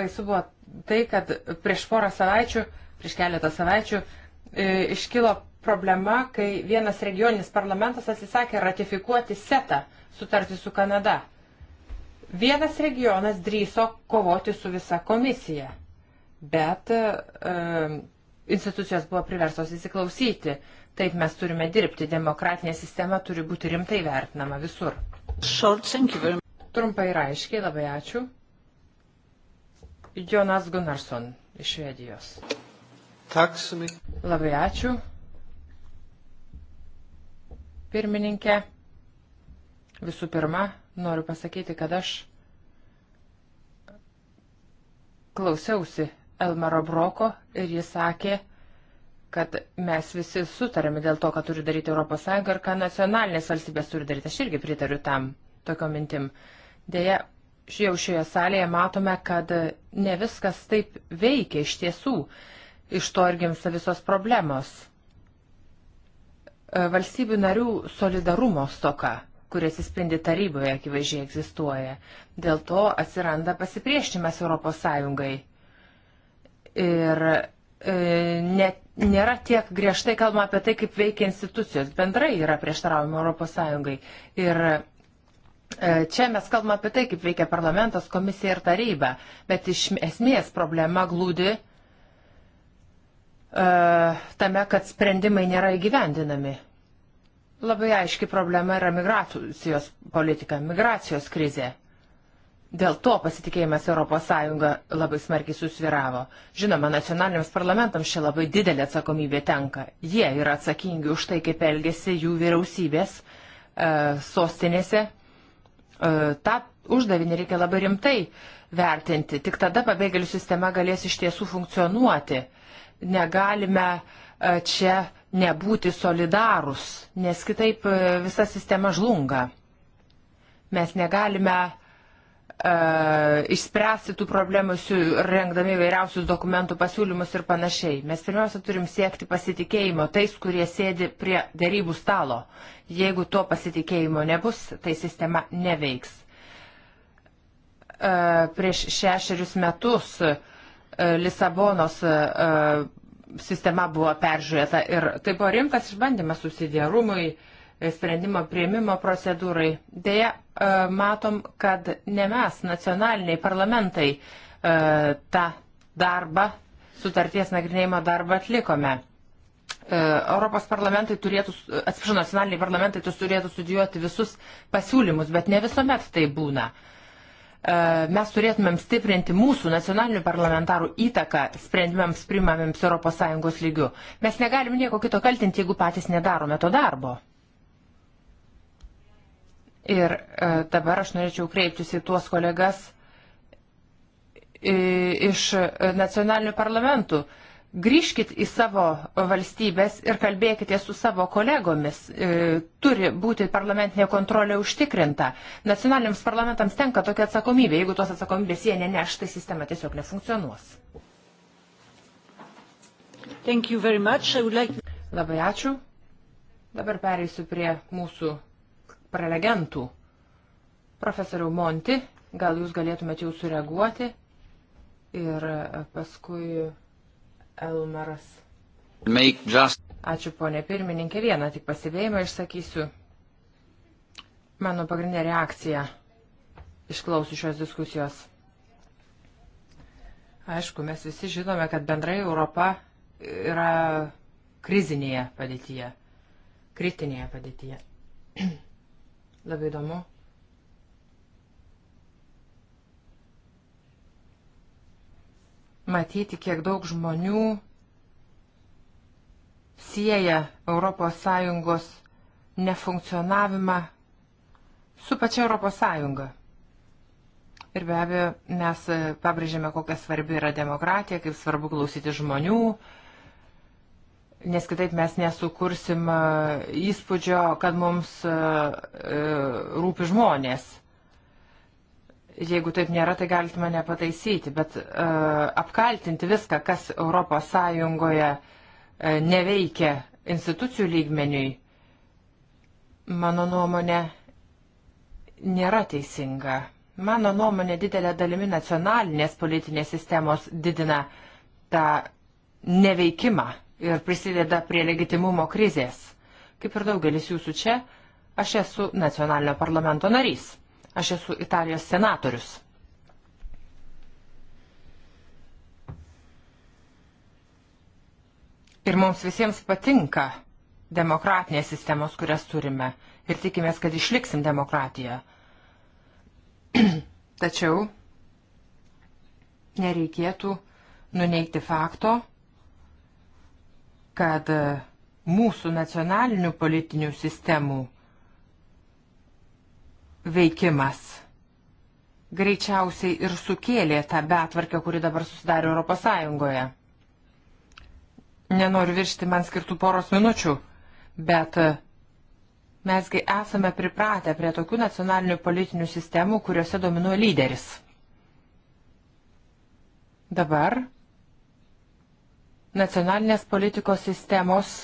Baisu buvo tai, kad prieš porą savaičių, prieš keletą savaičių E, iškilo problema, kai vienas regioninis parlamentas atsisakė ratifikuoti setą sutartį su Kanada. Vienas regionas drįso kovoti su visa komisija, bet e, institucijos buvo priversos įsiklausyti. Taip mes turime dirbti. Demokratinė sistema turi būti rimtai vertinama visur. Short, Trumpai ir aiškiai, labai ačiū. Jonas Gunnarsson iš Švedijos. Taksumi. Labai ačiū. Pirmininkė, visų pirma, noriu pasakyti, kad aš klausiausi Elmaro Broko ir jis sakė, kad mes visi sutarėme dėl to, ką turi daryti ES ir ką nacionalinės valstybės turi daryti. Aš irgi pritariu tam tokio mintim. Deja, jau šioje salėje matome, kad ne viskas taip veikia iš tiesų. Iš to ir gimsta visos problemos. E, valstybių narių solidarumo stoka, kuris įspindi taryboje, akivaizdžiai egzistuoja. Dėl to atsiranda pasipriešinimas ES. Ir e, net nėra tiek griežtai kalbama apie tai, kaip veikia institucijos. Bendrai yra prieštaravimo Europos Sąjungai. Ir e, čia mes kalbame apie tai, kaip veikia parlamentas, komisija ir taryba. Bet iš esmės problema glūdi E, tame, kad sprendimai nėra įgyvendinami. Labai aiški problema yra migracijos politika, migracijos krizė. Dėl to pasitikėjimas ES labai smarkiai susviravo. Žinoma, nacionaliniams parlamentams čia labai didelė atsakomybė tenka. Jie yra atsakingi už tai, kaip elgesi jų vyriausybės e, sostinėse. E, tą uždavinį reikia labai rimtai vertinti. Tik tada pabėgėlių sistema galės iš tiesų funkcionuoti. E, negalime e, čia nebūti solidarus, nes kitaip e, visa sistema žlunga. Mes negalime uh, išspręsti tų problemų, rengdami vairiausius dokumentų pasiūlymus ir panašiai. Mes pirmiausia turim siekti pasitikėjimo tais, kurie sėdi prie darybų stalo. Jeigu to pasitikėjimo nebus, tai sistema neveiks. Uh, prieš šešerius metus uh, E, Lisabonos e, e, sistema buvo peržiūrėta ir tai buvo rimtas išbandymas susidiarumui, sprendimo prieimimo procedūrai. Deja, matom, kad ne mes, nacionaliniai parlamentai, tą darbą, sutarties nagrinėjimo darbą atlikome. Europos parlamentai turėtų, atsiprašau, nacionaliniai parlamentai turėtų studijuoti visus pasiūlymus, bet ne visuomet tai būna. Uh, E, mes turėtumėm stiprinti mūsų nacionalinių parlamentarų įtaką sprendimams primamiems ES lygių. Mes negalim nieko kito kaltinti, jeigu patys nedarome to darbo. Ir e, dabar aš norėčiau kreiptis į tuos kolegas iš nacionalinių parlamentų. Grįžkit į savo valstybės ir kalbėkite su savo kolegomis. E, turi būti parlamentinė kontrolė užtikrinta. Nacionaliniams parlamentams tenka tokia atsakomybė. Jeigu tos atsakomybės jie neneš, tai sistema tiesiog nefunkcionuos. Like... Labai ačiū. Dabar pereisiu prie mūsų prelegentų. Profesoriau Monti, gal jūs galėtumėte jau sureaguoti ir e, paskui Elmaras. Just... Ačiū, ponė pirmininkė. Vieną tik pasibėjimą išsakysiu. Mano pagrindinė reakcija išklausiu šios diskusijos. Aišku, mes visi žinome, kad bendrai Europa yra krizinėje padėtyje, kritinėje padėtyje. Labai įdomu, matyti, kiek daug žmonių sieja ES nefunkcionavimą su pačia ES. Ir be abejo, mes pabrėžėme, kokia svarbi yra demokratija, kaip svarbu klausyti žmonių, nes kitaip mes nesukursim e, įspūdžio, kad mums e, e, rūpi žmonės. Jeigu taip nėra, tai galite mane pataisyti, bet uh, apkaltinti viską, kas ES uh, e, neveikia institucijų lygmeniui, mano nuomonė, nėra teisinga. Mano nuomonė didelė dalimi nacionalinės politinės sistemos didina tą neveikimą ir prisideda prie legitimumo krizės. Kaip ir daugelis jūsų čia, aš esu nacionalinio parlamento narys. Aš esu Italijos senatorius. Ir mums visiems patinka demokratinės sistemos, kurias turime. Ir tikimės, kad išliksim demokratiją. Tačiau nereikėtų nuneikti fakto, kad mūsų nacionalinių politinių sistemų veikimas greičiausiai ir sukėlė tą betvarkę, kuri dabar susidarė Europos Sąjungoje. Nenoriu viršti man skirtų poros minučių, bet e, mesgi esame pripratę prie tokių nacionalinių politinių sistemų, kuriuose dominuoja lyderis. Dabar nacionalinės politikos sistemos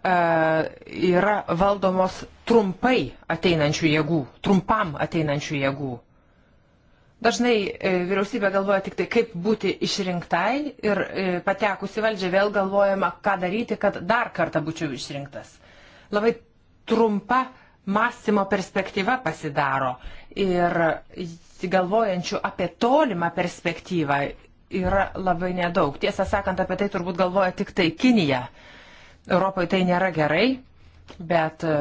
E, yra valdomos trumpai ateinančių jėgų, trumpam ateinančių jėgų. Dažnai e, vyriausybė galvoja tik tai, kaip būti išrinktai ir e, patekusi valdžia vėl galvojama, ką daryti, kad dar kartą būčiau išrinktas. Labai trumpa mąstymo perspektyva pasidaro ir galvojančių apie tolimą perspektyvą yra labai nedaug. Tiesą sakant, apie tai turbūt galvoja tik tai Kinija. Uh, Europoje tai nėra gerai, bet e,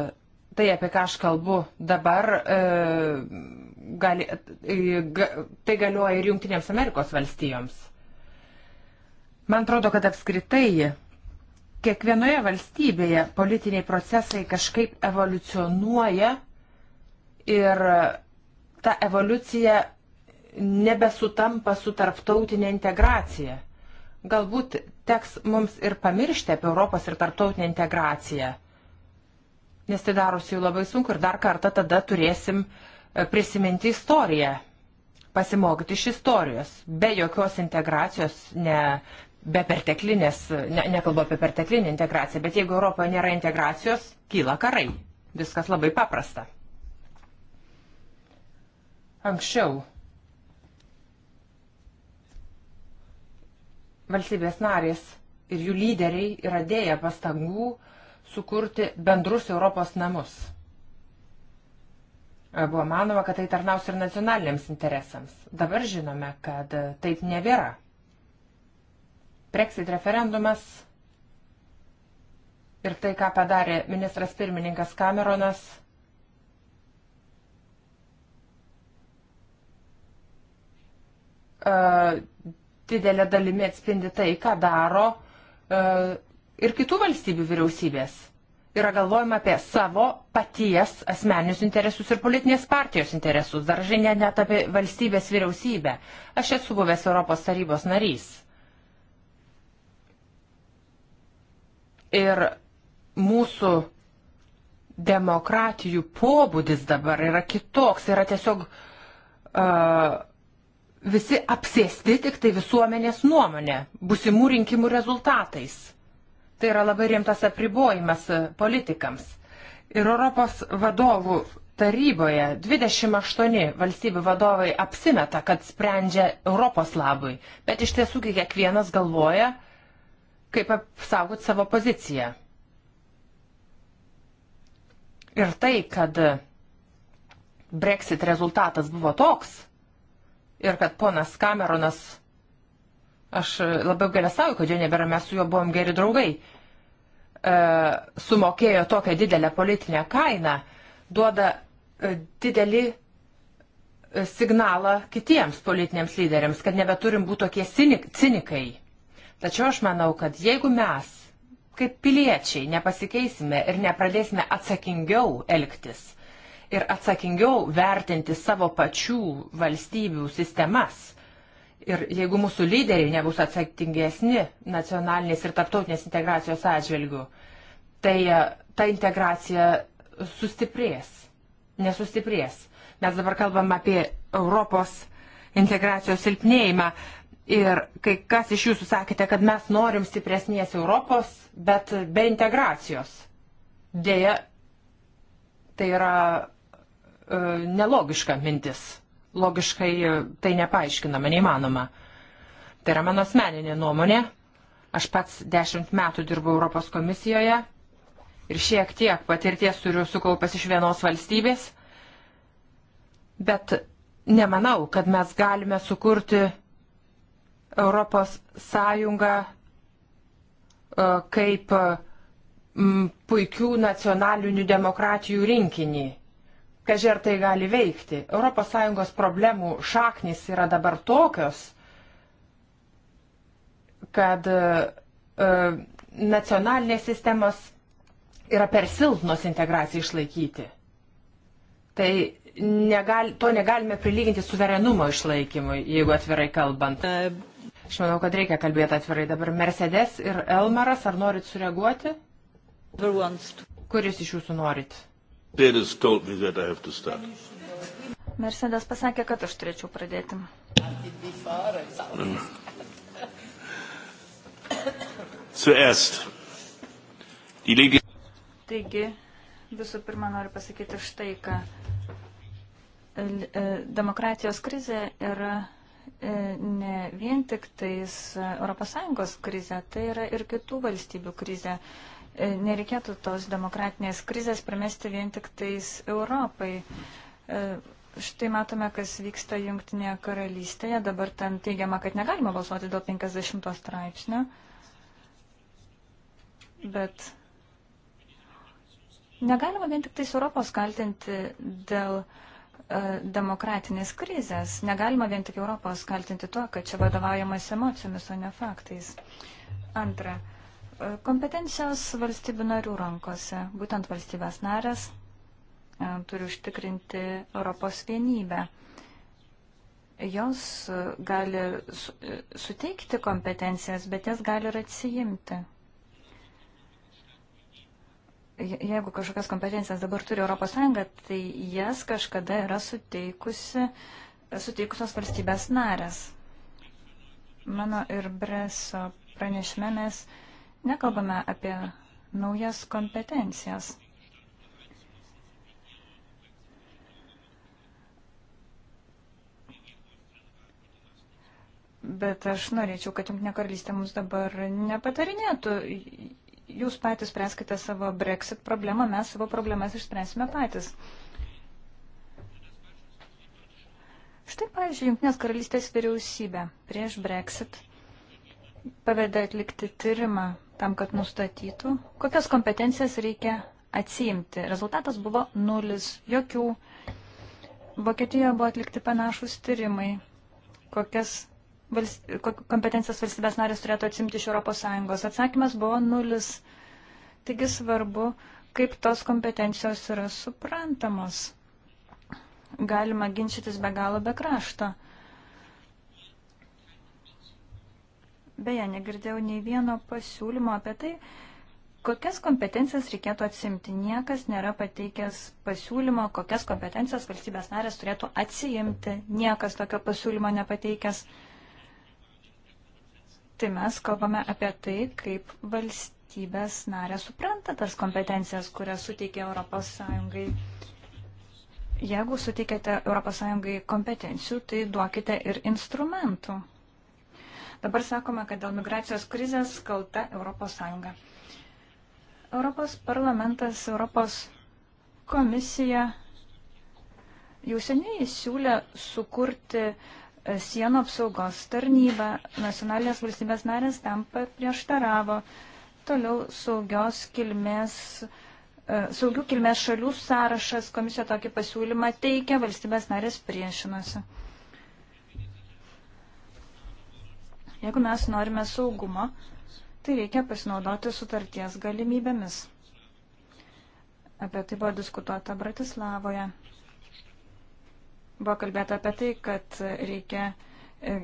tai, apie ką aš kalbu dabar, e, gali, e, tai galioja ir Junktinėms Amerikos valstijoms. Man atrodo, kad apskritai kiekvienoje valstybėje politiniai procesai kažkaip evoliucionuoja ir ta evoliucija nebesutampa su tarptautinė integracija. Galbūt teks mums ir pamiršti apie Europos ir tarptautinę integraciją, nes tai darosi jau labai sunku ir dar kartą tada turėsim e, prisiminti istoriją, pasimokyti iš istorijos. Be jokios integracijos, ne, be perteklinės, ne, nekalbu apie perteklinę integraciją, bet jeigu Europoje nėra integracijos, kyla karai. Viskas labai paprasta. Anksčiau valstybės narės ir jų lyderiai yra dėję pastangų sukurti bendrus Europos namus. E, buvo manoma, kad tai tarnaus ir nacionaliniams interesams. Dabar žinome, kad taip nebėra. Brexit referendumas ir tai, ką padarė ministras pirmininkas Cameronas, uh, didelė dalimi atspindi tai, ką daro e, ir kitų valstybių vyriausybės. Yra galvojama apie savo paties asmeninius interesus ir politinės partijos interesus, dar žinia net apie valstybės vyriausybę. Aš esu buvęs Europos tarybos narys. Ir mūsų demokratijų pobūdis dabar yra kitoks, yra tiesiog uh, visi apsėsti tik tai visuomenės nuomonė, busimų rinkimų rezultatais. Tai yra labai rimtas apribojimas e, politikams. Ir Europos vadovų taryboje 28 valstybių vadovai apsimeta, kad sprendžia Europos labui, bet iš tiesų kiekvienas galvoja, kaip apsaugoti savo poziciją. Ir tai, kad Brexit rezultatas buvo toks, ir kad ponas Cameronas, aš labai galėsau, kad jo nebėra, mes su juo buvom geri draugai, e, sumokėjo tokią didelę politinę kainą, duoda e, didelį e, signalą kitiems politiniams lyderiams, kad nebeturim būti tokie cinik, cinikai. Tačiau aš manau, kad jeigu mes, kaip piliečiai, nepasikeisime ir nepradėsime atsakingiau elgtis, ir atsakingiau vertinti savo pačių valstybių sistemas. Ir jeigu mūsų lyderiai nebus atsakingesni nacionalinės ir tarptautinės integracijos atžvilgių, tai e, ta integracija sustiprės, nesustiprės. Mes dabar kalbam apie Europos integracijos silpnėjimą. Ir kai kas iš jūsų sakėte, kad mes norim stipresnės Europos, bet be integracijos. Deja, tai yra E, nelogiška mintis. Logiškai e, tai nepaaiškinama, neįmanoma. Tai yra mano asmeninė nuomonė. Aš pats dešimt metų dirbau Europos komisijoje ir šiek tiek patirties turiu sukaupęs iš vienos valstybės. Bet nemanau, kad mes galime sukurti Europos Sąjungą e, kaip puikių nacionalinių demokratijų rinkinį. Kažiai ar tai gali veikti. ES problemų šaknis yra dabar tokios, kad e, nacionalinės sistemos yra per silpnos integracijai išlaikyti. Tai negal, to negalime prilyginti suverenumo išlaikymui, jeigu atvirai kalbant. Aš manau, kad reikia kalbėti atvirai. Dabar Mercedes ir Elmaras, ar norit sureaguoti? Kuris iš jūsų norit? Mercedes pasakė, kad aš turėčiau pradėti. Taigi, visų pirma, noriu pasakyti štai, kad e, demokratijos krizė yra e, ne vien tik tais ES krizė, tai yra ir kitų valstybių krizė. Nereikėtų tos demokratinės krizės primesti vien tik tais Europai. E, štai matome, kas vyksta Junktinėje karalystėje. Dabar ten teigiama, kad negalima balsuoti dėl 50 straipsnio. Bet negalima vien tik tais Europos kaltinti dėl e, demokratinės krizės. Negalima vien tik Europos kaltinti tuo, kad čia vadovaujamas emocijomis, o ne faktais. Antra, Kompetencijos valstybių narių rankose, būtent valstybės narės e, turi užtikrinti Europos vienybę. Jos gali e, suteikti kompetencijas, bet jas gali ir atsijimti. Jeigu kažkokias kompetencijas dabar turi ES, tai jas kažkada yra suteikusi, suteikusios valstybės narės. Mano ir Breso pranešme mes uh, Nekalbame apie naujas kompetencijas. Bet aš norėčiau, kad Junktinė karalystė mums dabar nepatarinėtų. Jūs patys spręskite savo Brexit problemą, mes savo problemas išspręsime patys. Štai, pavyzdžiui, Junktinės karalystės vyriausybė prieš Brexit pavedė atlikti tyrimą tam, kad nustatytų, kokias kompetencijas reikia atsiimti. Rezultatas buvo nulis, jokių. Vokietijoje buvo atlikti panašus tyrimai, kokias vals, kompetencijas valstybės narės turėtų atsimti iš ES. Atsakymas buvo nulis. Taigi svarbu, kaip tos kompetencijos yra suprantamos. Galima ginčytis be galo be krašto. Beje, negirdėjau nei vieno pasiūlymo apie tai, kokias kompetencijas reikėtų atsimti. Niekas nėra pateikęs pasiūlymo, kokias kompetencijas valstybės narės turėtų atsiimti. Niekas tokio pasiūlymo nepateikęs. Tai mes kalbame apie tai, kaip valstybės narė supranta tas kompetencijas, kurias suteikia Europos Sąjungai. Jeigu suteikėte Europos Sąjungai kompetencijų, tai duokite ir instrumentų. Dabar sakoma, kad dėl migracijos krizės kalta ES. Europos parlamentas, Europos komisija jau seniai siūlė sukurti e, sienų apsaugos tarnybą. Nacionalinės valstybės narės tam prieštaravo. Toliau saugios kilmės e, saugių kilmės šalių sąrašas, komisija tokį pasiūlymą teikia, valstybės narės priešinasi. Jeigu mes norime saugumo, tai reikia pasinaudoti sutarties galimybėmis. Apie tai buvo diskutuota Bratislavoje. Buvo kalbėta apie tai, kad reikia e,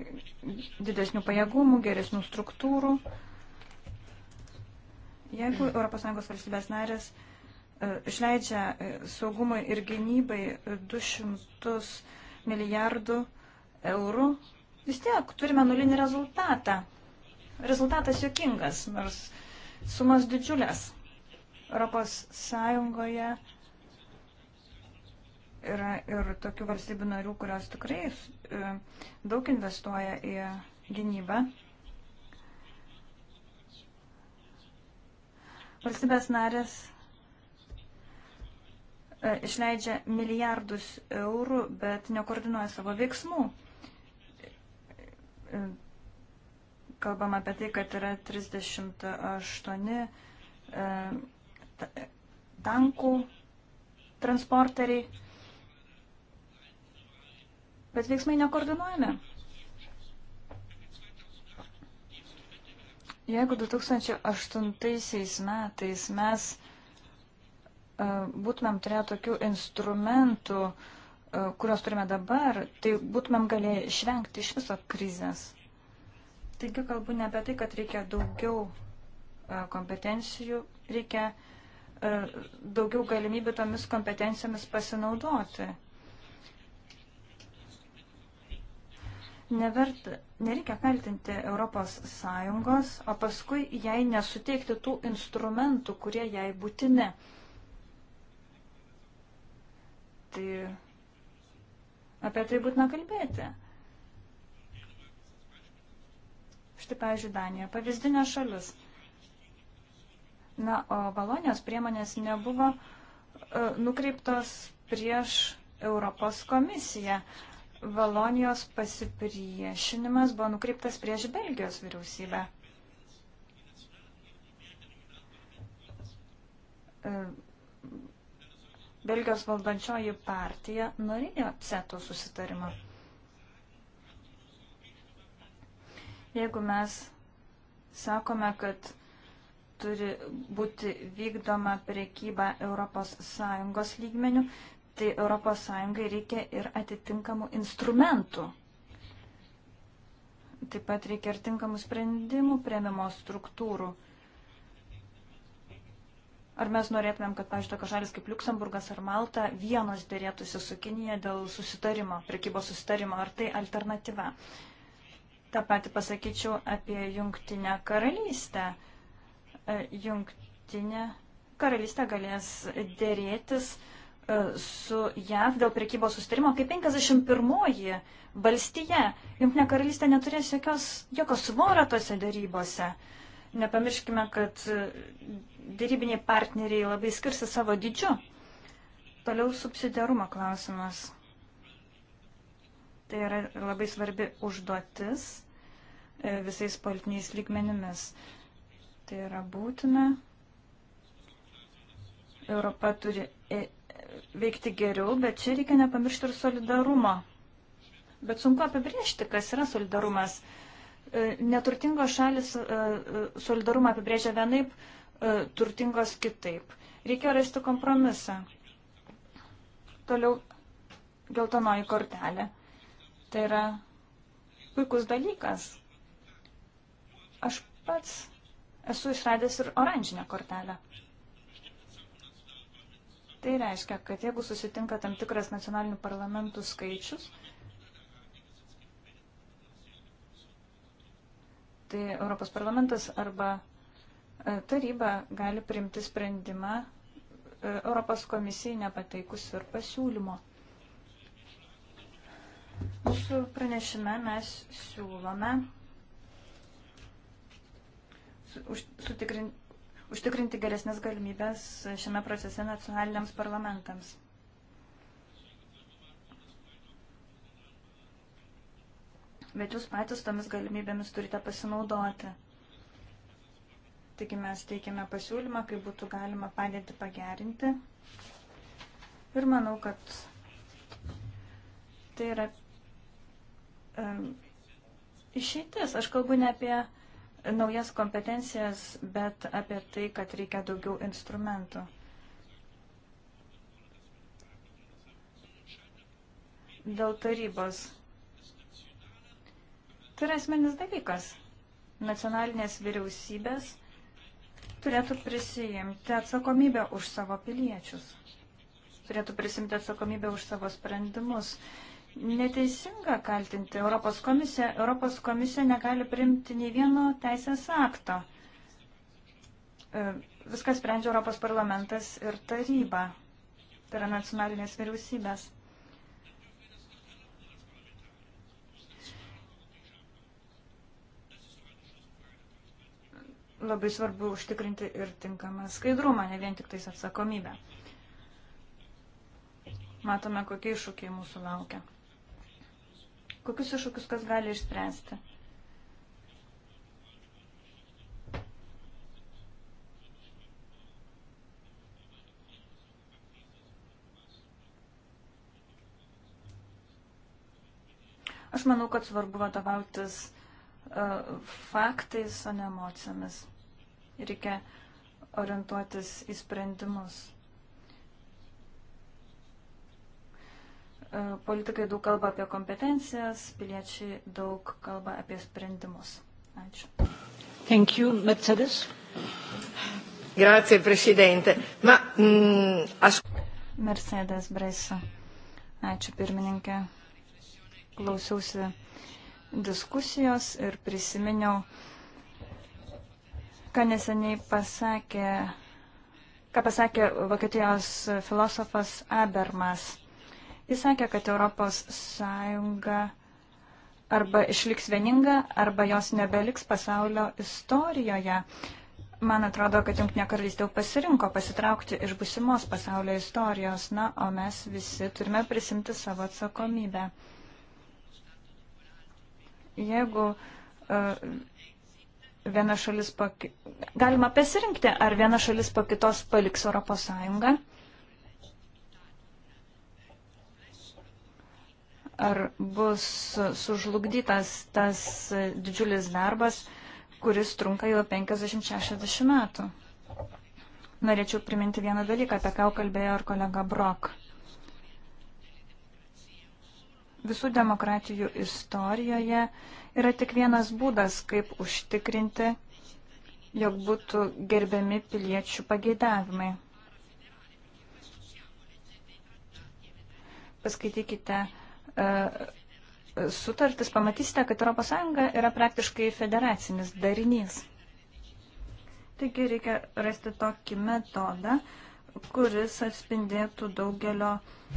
didesnių pajėgumų, geresnių struktūrų. Jeigu ES valstybės narės e, išleidžia e, saugumui ir gynybai 200 milijardų eurų, vis tiek turime nulinį rezultatą. Rezultatas jokingas, nors sumas didžiulės. Europos Sąjungoje yra ir tokių valstybių narių, kurios tikrai e, daug investuoja į gynybą. Valstybės narės e, išleidžia milijardus eurų, bet nekoordinuoja savo veiksmų kalbam apie tai, kad yra 38 e, tankų transporteriai, bet veiksmai nekoordinuojami. Jeigu 2008 metais mes e, būtumėm turėję tokių instrumentų, uh, E, kurios turime dabar, tai būtumėm galėję išvengti iš viso krizės. Taigi kalbu ne apie tai, kad reikia daugiau e, kompetencijų, reikia e, daugiau galimybių tomis kompetencijomis pasinaudoti. Nevert, nereikia kaltinti Europos Sąjungos, o paskui jai nesuteikti tų instrumentų, kurie jai būtini. Tai Apie tai būtina kalbėti. Štai, pavyzdžiui, Danija, pavyzdinė šalis. Na, o Valonijos priemonės nebuvo uh, nukreiptos prieš Europos komisiją. Valonijos pasipriešinimas buvo nukreiptas prieš Belgijos vyriausybę. Uh, Belgijos valdančioji partija norėjo CETO susitarimą. Jeigu mes sakome, kad turi būti vykdoma prekyba ES lygmenių, tai ES reikia ir atitinkamų instrumentų. Taip pat reikia ir tinkamų sprendimų prieimimo struktūrų. Ar mes norėtumėm, kad, pavyzdžiui, tokios šalis kaip Luksemburgas ar Malta vienos dėrėtųsi su Kinija dėl susitarimo, prekybos susitarimo, ar tai alternatyva? Ta pati pasakyčiau apie jungtinę karalystę. E, Jungtinė karalystė galės dėrėtis e, su JAV dėl prekybos sustarimo kaip 51-oji valstija. Junktinė karalystė neturės jokios, jokios svorio tose darybose. Nepamirškime, kad dėrybiniai partneriai labai skirsi savo dydžiu. Toliau subsidiarumo klausimas. Tai yra labai svarbi užduotis e, visais politiniais lygmenimis. Tai yra būtina. Europa turi e, veikti geriau, bet čia reikia nepamiršti ir solidarumo. Bet sunku apibriežti, kas yra solidarumas. E, neturtingos šalis solidarumą apibrėžia vienaip, E, turtingos kitaip. Reikia rasti kompromisą. Toliau geltonoji kortelė. Tai yra puikus dalykas. Aš pats esu išradęs ir oranžinę kortelę. Tai reiškia, kad jeigu susitinka tam tikras nacionalinių parlamentų skaičius, tai Europos parlamentas arba Taryba gali priimti sprendimą e, Europos komisijai nepateikus ir pasiūlymo. Mūsų pranešime mes siūlome užtikrinti geresnės galimybės šiame procese nacionaliniams parlamentams. Bet jūs patys tomis galimybėmis turite pasinaudoti. Taigi mes teikiame pasiūlymą, kaip būtų galima padėti pagerinti. Ir manau, kad tai yra um, išeitis. Aš kalbu ne apie naujas kompetencijas, bet apie tai, kad reikia daugiau instrumentų. Dėl tarybos. Tai yra esmenis dalykas. Nacionalinės vyriausybės turėtų prisijimti atsakomybę už savo piliečius, turėtų prisimti atsakomybę už savo sprendimus. Neteisinga kaltinti Europos komisiją. Europos komisija negali priimti nei vieno teisės akto. E, Viskas sprendžia Europos parlamentas ir taryba, tai yra nacionalinės vyriausybės. labai svarbu užtikrinti ir tinkamą skaidrumą, ne vien tik tais atsakomybę. Matome, kokie iššūkiai mūsų laukia. Kokius iššūkius kas gali išspręsti? Aš manau, kad svarbu vadovautis uh, faktais, o ne emocijomis. Reikia orientuotis į sprendimus. E, politikai daug kalba apie kompetencijas, piliečiai daug kalba apie sprendimus. Ačiū. Thank you, Mercedes. Grazie, Presidente. Ma, mm, as... Mercedes Bresa. Ačiū, pirmininkė. Klausiausi diskusijos ir prisiminiau uh, ką neseniai pasakė, ką pasakė Vokietijos filosofas Abermas. Jis sakė, kad Europos Sąjunga arba išliks vieninga, arba jos nebeliks pasaulio istorijoje. Man atrodo, kad Junktinė karalystė jau pasirinko pasitraukti iš busimos pasaulio istorijos, na, o mes visi turime prisimti savo atsakomybę. Jeigu uh, viena šalis po, galima pasirinkti, ar viena šalis po kitos paliks Europos Sąjungą, ar bus sužlugdytas tas didžiulis darbas, kuris trunka jau 50-60 metų. Norėčiau priminti vieną dalyką, apie ką kalbėjo ir kolega Brok visų demokratijų istorijoje yra tik vienas būdas, kaip užtikrinti, jog būtų gerbiami piliečių pageidavimai. Paskaitykite uh, sutartis, pamatysite, kad ES yra praktiškai federacinis darinys. Taigi reikia rasti tokį metodą, kuris atspindėtų daugelio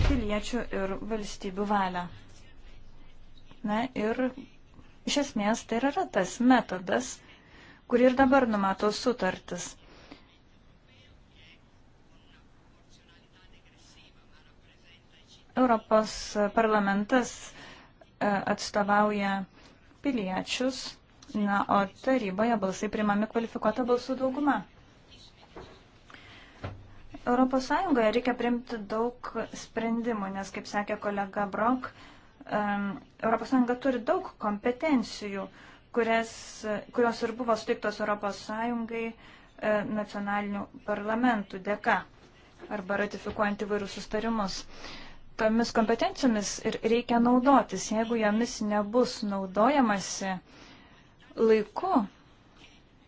piliečių ir valstybių valią. Na ir iš esmės tai yra tas metodas, kurį ir dabar numato sutartis. Europos parlamentas e, atstovauja piliečius, na, o taryboje balsai primami kvalifikuota balsų dauguma. Europos Sąjungoje reikia priimti daug sprendimų, nes, kaip sakė kolega Brok, ES turi daug kompetencijų, kurias, kurios ir buvo suteiktos ES e, nacionalinių parlamentų dėka arba ratifikuojant įvairius sustarimus. Tomis kompetencijomis ir reikia naudotis. Jeigu jomis nebus naudojamasi laiku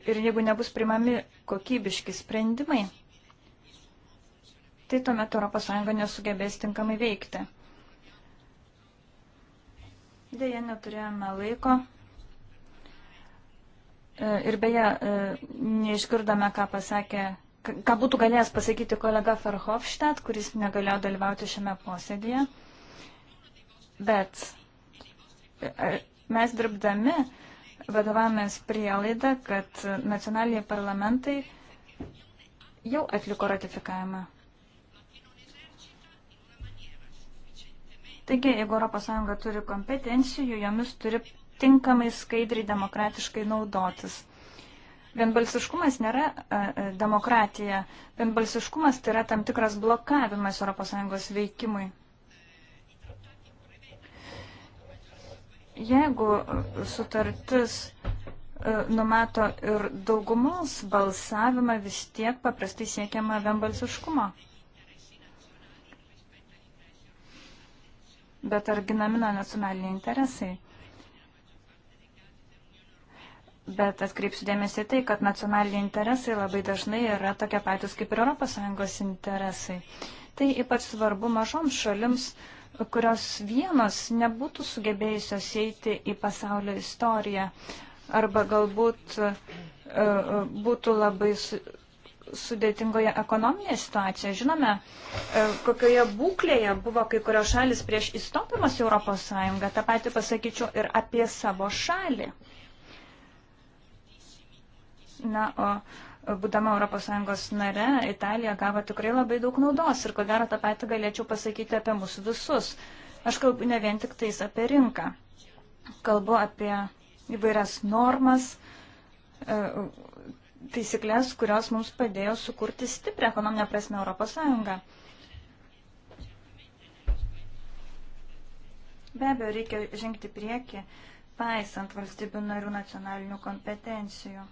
ir jeigu nebus primami kokybiški sprendimai, tai tuomet ES nesugebės tinkamai veikti. Dėja, neturėjome laiko. E, ir beje, e, neišgirdome, ką pasakė, ką būtų galėjęs pasakyti kolega Ferhofstadt, kuris negalėjo dalyvauti šiame posėdėje. Bet e, mes dirbdami vadovavomės prielaidą, kad nacionaliniai parlamentai jau atliko ratifikavimą. Taigi, jeigu ES turi kompetencijų, jomis turi tinkamai, skaidriai, demokratiškai naudotis. Vienbalsiškumas nėra e, e, demokratija. Vienbalsiškumas tai yra tam tikras blokavimas ES veikimui. Jeigu e, sutartis numato ir daugumos balsavimą, vis tiek paprastai siekiama vienbalsiškumo. bet ar ginamina nacionaliniai interesai? Bet atkreipsiu dėmesį tai, kad nacionaliniai interesai labai dažnai yra tokie patys kaip ir ES interesai. Tai ypač svarbu mažoms šalims, kurios vienos nebūtų sugebėjusios eiti į pasaulio istoriją arba galbūt e, e, būtų labai sudėtingoje ekonominėje situacijoje. Žinome, e, kokioje būklėje buvo kai kurios šalis prieš įstopimas į Europos Sąjungą. Ta pati pasakyčiau ir apie savo šalį. Na, o būdama Europos Sąjungos nare, Italija gavo tikrai labai daug naudos ir ko gero tą patį galėčiau pasakyti apie mūsų visus. Aš kalbu ne vien tik tais apie rinką. Kalbu apie įvairias normas, e, taisyklės, kurios mums padėjo sukurti stiprią ekonominę prasme Europos Sąjungą. Be abejo, reikia žengti prieki, paisant valstybių narių nacionalinių kompetencijų.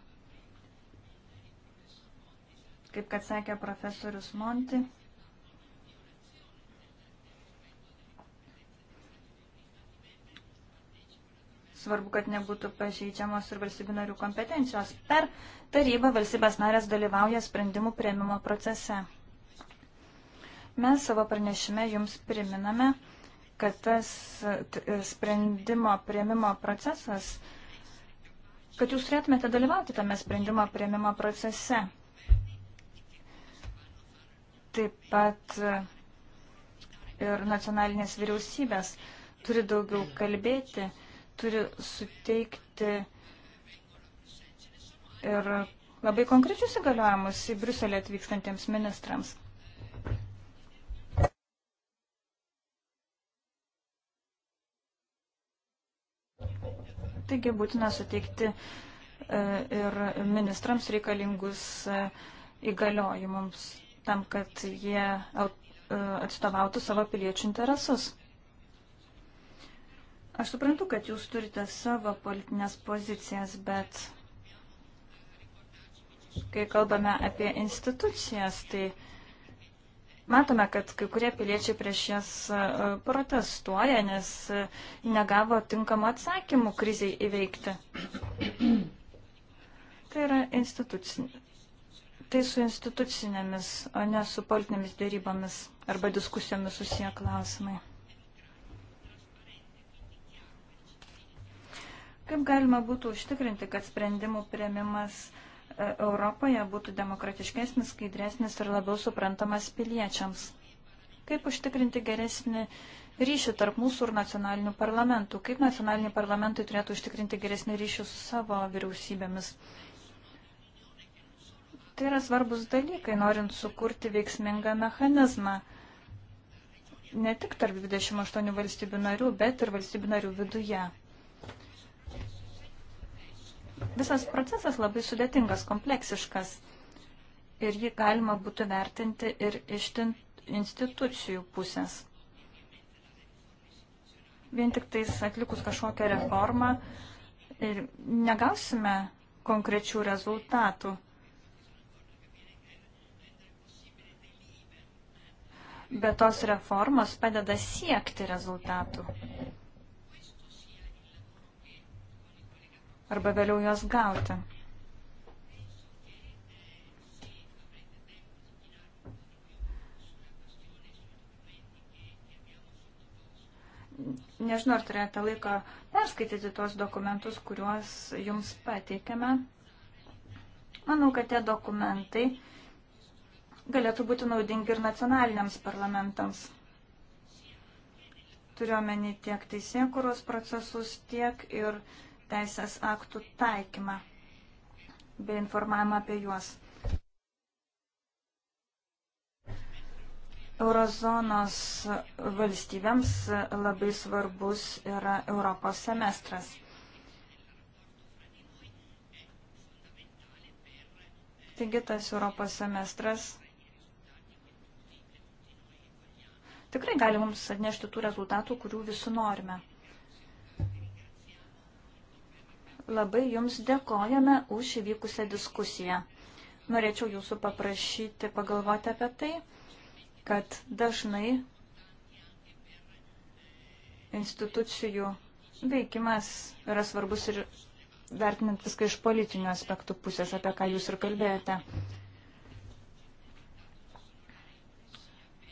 Kaip kad sakė profesorius Monti, Svarbu, kad nebūtų pažeidžiamos ir valstybių narių kompetencijos. Per tarybą valstybės narės dalyvauja sprendimų prieimimo procese. Mes savo pranešime jums priminame, kad tas sprendimo prieimimo procesas, kad jūs turėtumėte dalyvauti tame sprendimo prieimimo procese. Taip pat ir nacionalinės vyriausybės turi daugiau kalbėti turi suteikti ir labai konkrečius įgaliojimus į Bruselį atvykstantiems ministrams. Taigi būtina suteikti e, ir ministrams reikalingus e, įgaliojimams tam, kad jie e, atstovautų savo piliečių interesus. Aš suprantu, kad jūs turite savo politinės pozicijas, bet kai kalbame apie institucijas, tai matome, kad kai kurie piliečiai prieš jas e, protestuoja, nes e, negavo tinkamų atsakymų kriziai įveikti. Tai yra institucinė. Tai su institucinėmis, o ne su politinėmis dėrybomis arba diskusijomis susiję klausimai. Kaip galima būtų užtikrinti, kad sprendimų prieimimas e, Europoje būtų demokratiškesnis, skaidresnis ir labiau suprantamas piliečiams? Kaip užtikrinti geresnį ryšį tarp mūsų ir nacionalinių parlamentų? Kaip nacionaliniai parlamentai turėtų užtikrinti geresnį ryšį su savo vyriausybėmis? Tai yra svarbus dalykai, norint sukurti veiksmingą mechanizmą. Ne tik tarp 28 valstybių narių, bet ir valstybių narių viduje. Visas procesas labai sudėtingas, kompleksiškas ir jį galima būtų vertinti ir iš institucijų pusės. Vien tik tais atlikus kažkokią reformą ir negausime konkrečių rezultatų. Bet tos reformos padeda siekti rezultatų. arba vėliau jos gauti. Nežinau, ar turėjote laiko perskaityti tuos dokumentus, kuriuos jums pateikėme. Manau, kad tie dokumentai galėtų būti naudingi ir nacionaliniams parlamentams turiuomenį tiek teisėkuros procesus, tiek ir teisės aktų taikymą bei informavimą apie juos. Eurozonos valstybėms labai svarbus yra Europos semestras. Taigi tas Europos semestras tikrai gali mums atnešti tų rezultatų, kurių visų norime. Labai Jums dėkojame už įvykusią diskusiją. Norėčiau Jūsų paprašyti pagalvoti apie tai, kad dažnai institucijų veikimas yra svarbus ir vertinant viską iš politinių aspektų pusės, apie ką jūs ir kalbėjote.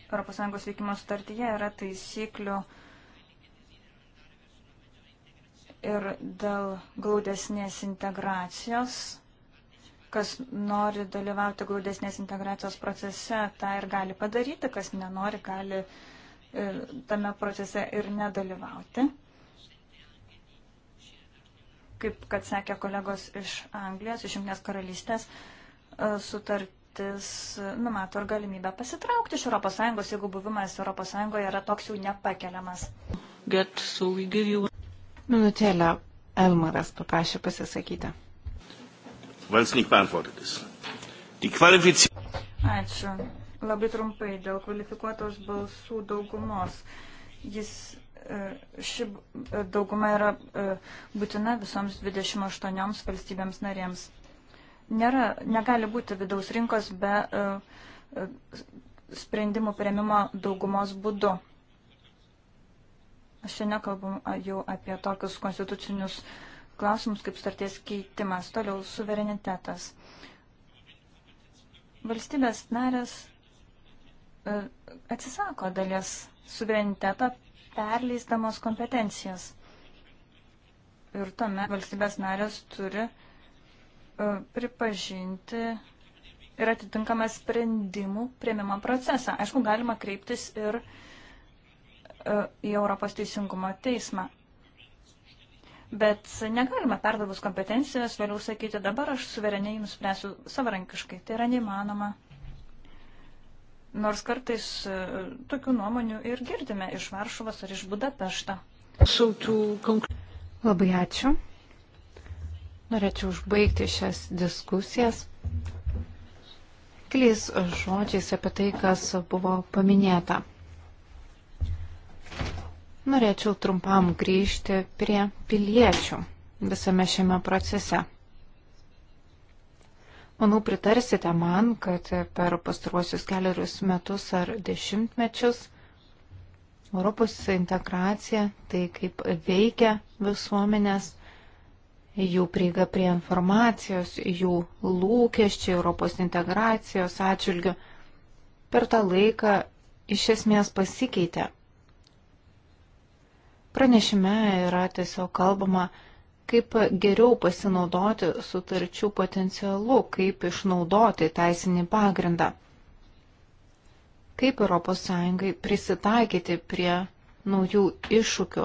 ES veikimo sutartyje yra taisyklių ir dėl glaudesnės integracijos. Kas nori dalyvauti glaudesnės integracijos procese, tą ir gali padaryti, kas nenori, gali e, tame procese ir nedalyvauti. Kaip, kad sakė kolegos iš Anglijos, iš Jungtinės karalystės, e, sutartis numato ir galimybę pasitraukti iš ES, jeigu buvimas ES yra toks jau nepakeliamas. Get, so Minutėlę Elmaras paprašė pasisakyti. Ačiū. Labai trumpai dėl kvalifikuotos balsų daugumos. Jis, e, ši e, dauguma yra e, būtina visoms 28 valstybėms narėms. Nėra, negali būti vidaus rinkos be sprendimų prieimimo daugumos būdu. Aš čia nekalbam jau apie tokius konstitucinius klausimus kaip starties keitimas, toliau suverenitetas. Valstybės narės e, atsisako dalies suverenitetą perleisdamos kompetencijas. Ir tuomet valstybės narės turi e, pripažinti ir atitinkamą sprendimų prieimimo procesą. Aišku, galima kreiptis ir uh, E, į Europos teisingumo teismą. Bet negalima perdavus kompetencijas vėliau sakyti, dabar aš suvereniai jums spręsiu savarankiškai. Tai yra neįmanoma. Nors kartais e, tokių nuomonių ir girdime iš Varšuvos ar iš Budapešto. Labai ačiū. Norėčiau užbaigti šias diskusijas keliais žodžiais apie tai, kas buvo paminėta. Norėčiau trumpam grįžti prie piliečių visame šiame procese. Manau, pritarsite man, kad per pastaruosius keliarius metus ar dešimtmečius Europos integracija, tai kaip veikia visuomenės, jų prieiga prie informacijos, jų lūkesčiai Europos integracijos atžvilgių, per tą laiką iš esmės pasikeitė. Pranešime yra tiesiog kalbama, kaip geriau pasinaudoti sutarčių potencialu, kaip išnaudoti teisinį pagrindą, kaip ES prisitaikyti prie naujų iššūkių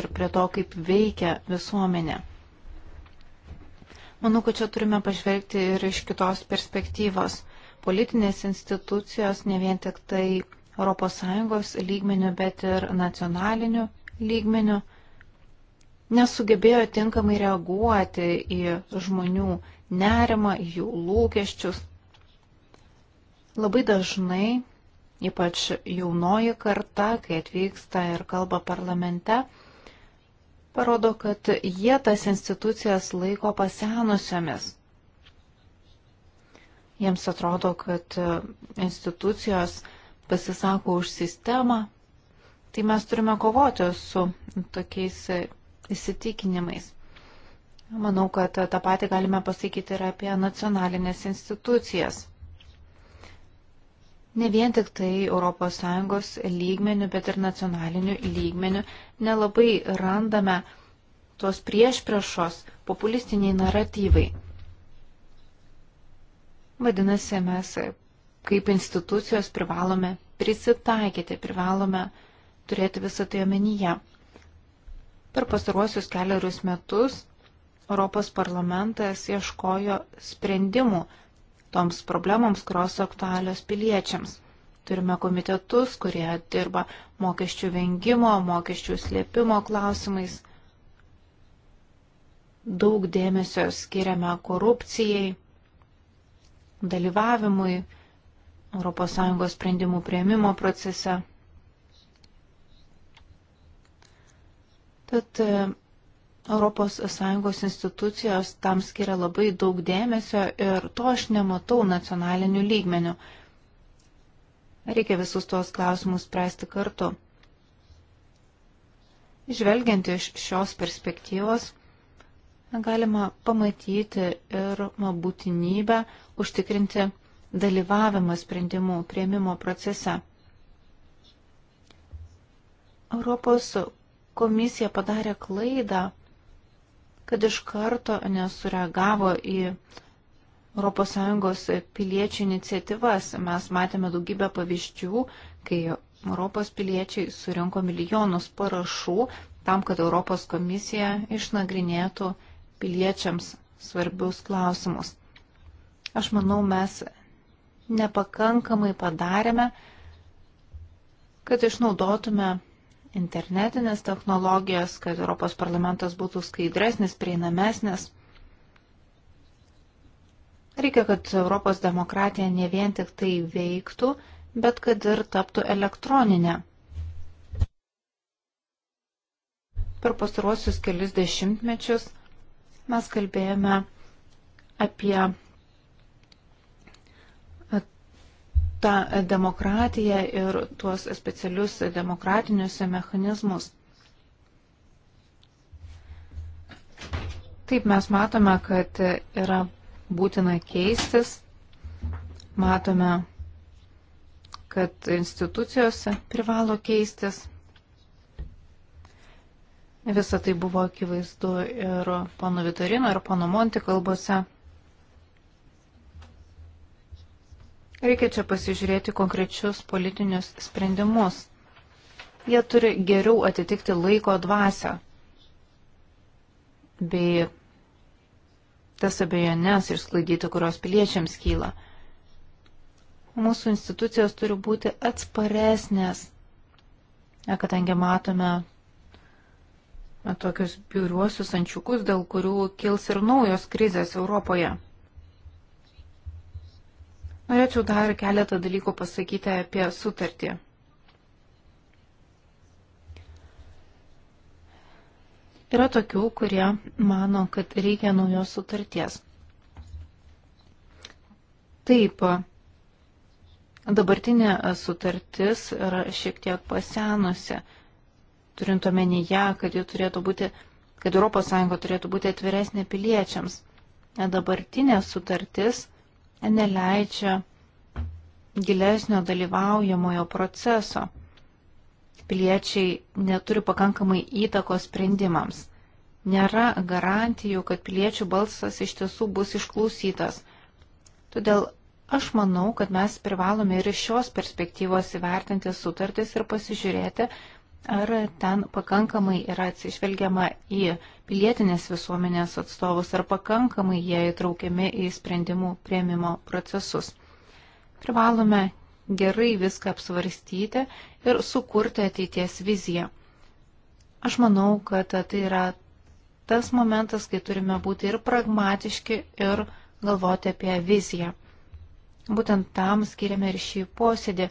ir prie to, kaip veikia visuomenė. Manau, kad čia turime pažvelgti ir iš kitos perspektyvos. Politinės institucijos ne vien tik tai ES lygmenių, bet ir nacionalinių lygmeniu nesugebėjo tinkamai reaguoti į žmonių nerimą, į jų lūkesčius. Labai dažnai, ypač jaunoji karta, kai atvyksta ir kalba parlamente, parodo, kad jie tas institucijas laiko pasenusiamis. Jiems atrodo, kad institucijos pasisako už sistemą, Tai mes turime kovoti su tokiais įsitikinimais. Manau, kad tą patį galime pasakyti ir apie nacionalinės institucijas. Ne vien tik tai ES lygmenių, bet ir nacionalinių lygmenių nelabai randame tos priešpriešos populistiniai naratyvai. Vadinasi, mes kaip institucijos privalome prisitaikyti, privalome uh, turėti visą tai omenyje. Per pastaruosius keliarius metus Europos parlamentas ieškojo sprendimų toms problemams, kurios aktualios piliečiams. Turime komitetus, kurie dirba mokesčių vengimo, mokesčių slėpimo klausimais. Daug dėmesio skiriame korupcijai, dalyvavimui ES sprendimų prieimimo procese. Tad ES institucijos tam skiria labai daug dėmesio ir to aš nematau nacionaliniu lygmeniu. Reikia visus tuos klausimus spręsti kartu. Žvelgiant iš šios perspektyvos, galima pamatyti ir būtinybę užtikrinti dalyvavimą sprendimų prieimimo procese. Europos komisija padarė klaidą, kad iš karto nesureagavo į ES piliečių iniciatyvas. Mes matėme daugybę pavyzdžių, kai Europos piliečiai surinko milijonus parašų tam, kad Europos komisija išnagrinėtų piliečiams svarbius klausimus. Aš manau, mes nepakankamai padarėme, kad išnaudotume internetinės technologijas, kad Europos parlamentas būtų skaidresnis, prieinamesnis. Reikia, kad Europos demokratija ne vien tik tai veiktų, bet kad ir taptų elektroninė. Per pastaruosius kelius dešimtmečius mes kalbėjome apie tą demokratiją ir tuos specialius demokratinius mechanizmus. Taip mes matome, kad yra būtina keistis, matome, kad institucijos privalo keistis. Visą tai buvo akivaizdu ir pono Vitorino, ir pono Monti kalbose. Reikia čia pasižiūrėti konkrečius politinius sprendimus. Jie turi geriau atitikti laiko dvasę bei tas abejonės išsklaidyti, kurios piliečiams kyla. Mūsų institucijos turi būti atsparesnės, kadangi matome tokius biuriuosius ančiukus, dėl kurių kils ir naujos krizės Europoje. Norėčiau dar keletą dalykų pasakyti apie sutartį. Yra tokių, kurie mano, kad reikia naujos sutarties. Taip, dabartinė sutartis yra šiek tiek pasenusi, turint omenyje, kad, turėtų būti, kad ES turėtų būti atviresnė piliečiams. Dabartinė sutartis neleidžia gilesnio dalyvaujamojo proceso. Piliečiai neturi pakankamai įtakos sprendimams. Nėra garantijų, kad piliečių balsas iš tiesų bus išklausytas. Todėl aš manau, kad mes privalome ir iš šios perspektyvos įvertinti sutartis ir pasižiūrėti, Ar ten pakankamai yra atsižvelgiama į pilietinės visuomenės atstovus, ar pakankamai jie įtraukiami į sprendimų prieimimo procesus? Privalome gerai viską apsvarstyti ir sukurti ateities viziją. Aš manau, kad tai yra tas momentas, kai turime būti ir pragmatiški, ir galvoti apie viziją. Būtent tam skiriame ir šį posėdį,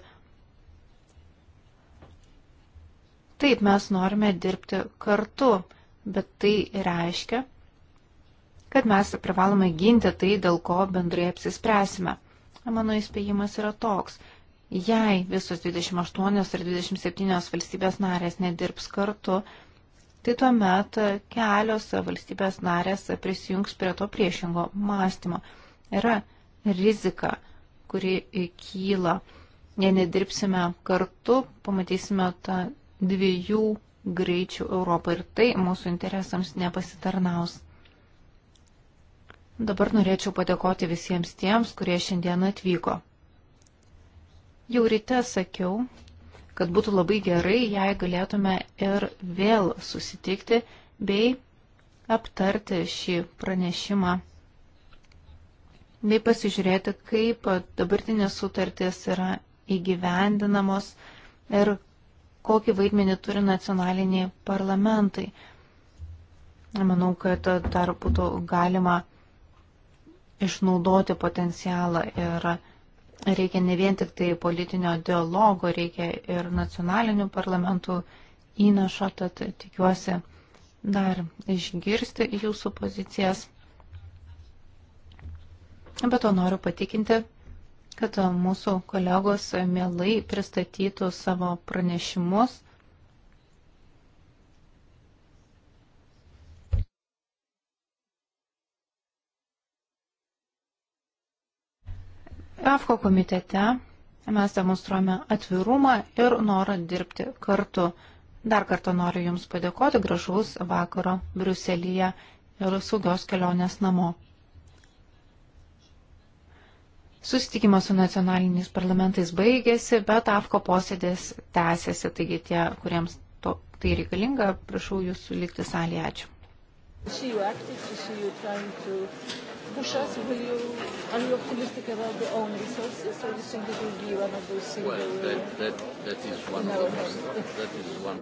Taip, mes norime dirbti kartu, bet tai reiškia, kad mes privalome ginti tai, dėl ko bendrai apsispręsime. Mano įspėjimas yra toks. Jei visos 28 ar 27 valstybės narės nedirbs kartu, tai tuomet kelios valstybės narės prisijungs prie to priešingo mąstymo. Yra rizika, kuri kyla. Jei nedirbsime kartu, pamatysime tą dviejų greičių Europą ir tai mūsų interesams nepasitarnaus. Dabar norėčiau padėkoti visiems tiems, kurie šiandien atvyko. Jau ryte sakiau, kad būtų labai gerai, jei galėtume ir vėl susitikti bei aptarti šį pranešimą bei pasižiūrėti, kaip dabartinės sutartys yra įgyvendinamos ir kokį vaidmenį turi nacionaliniai parlamentai. Manau, kad dar būtų galima išnaudoti potencialą ir reikia ne vien tik tai politinio dialogo, reikia ir nacionalinių parlamentų įnašo, tad tikiuosi dar išgirsti jūsų pozicijas. Bet to noriu patikinti, kad e, mūsų kolegos e, mielai pristatytų savo pranešimus. AFKO komitete mes demonstruojame atvirumą ir norą dirbti kartu. Dar kartą noriu Jums padėkoti gražaus vakaro Briuselyje ir saugios kelionės namo. Susitikimas su nacionaliniais parlamentais baigėsi, bet AFKO posėdės tęsiasi, taigi tie, kuriems to, tai reikalinga, prašau jūsų likti salėje. Ačiū. See you active, to see you trying to push us. Will you, are you optimistic about the own resources, or do you think it will be one of those single? Well, that, that, that is one. No, of, that is one.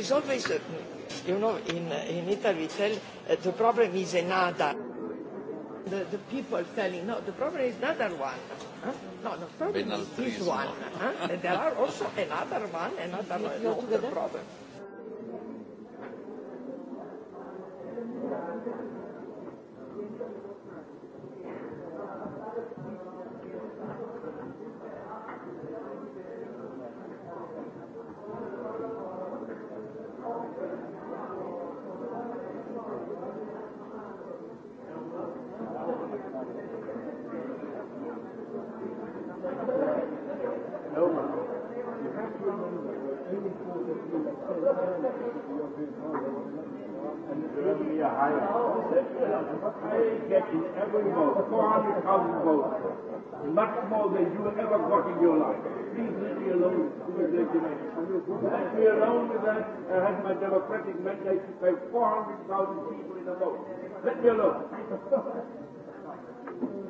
is always, you know, in, in Italy we tell uh, the problem is another. The, the people telling, no, the problem is another one. Huh? No, the problem is this one. Huh? and there are also another one, another one, not the problem. maximo, maximo that you ever got in your life. Please leave me alone with that demand. Let me alone with that. I have my democratic mandate to pay 400,000 people in a vote. Let me alone.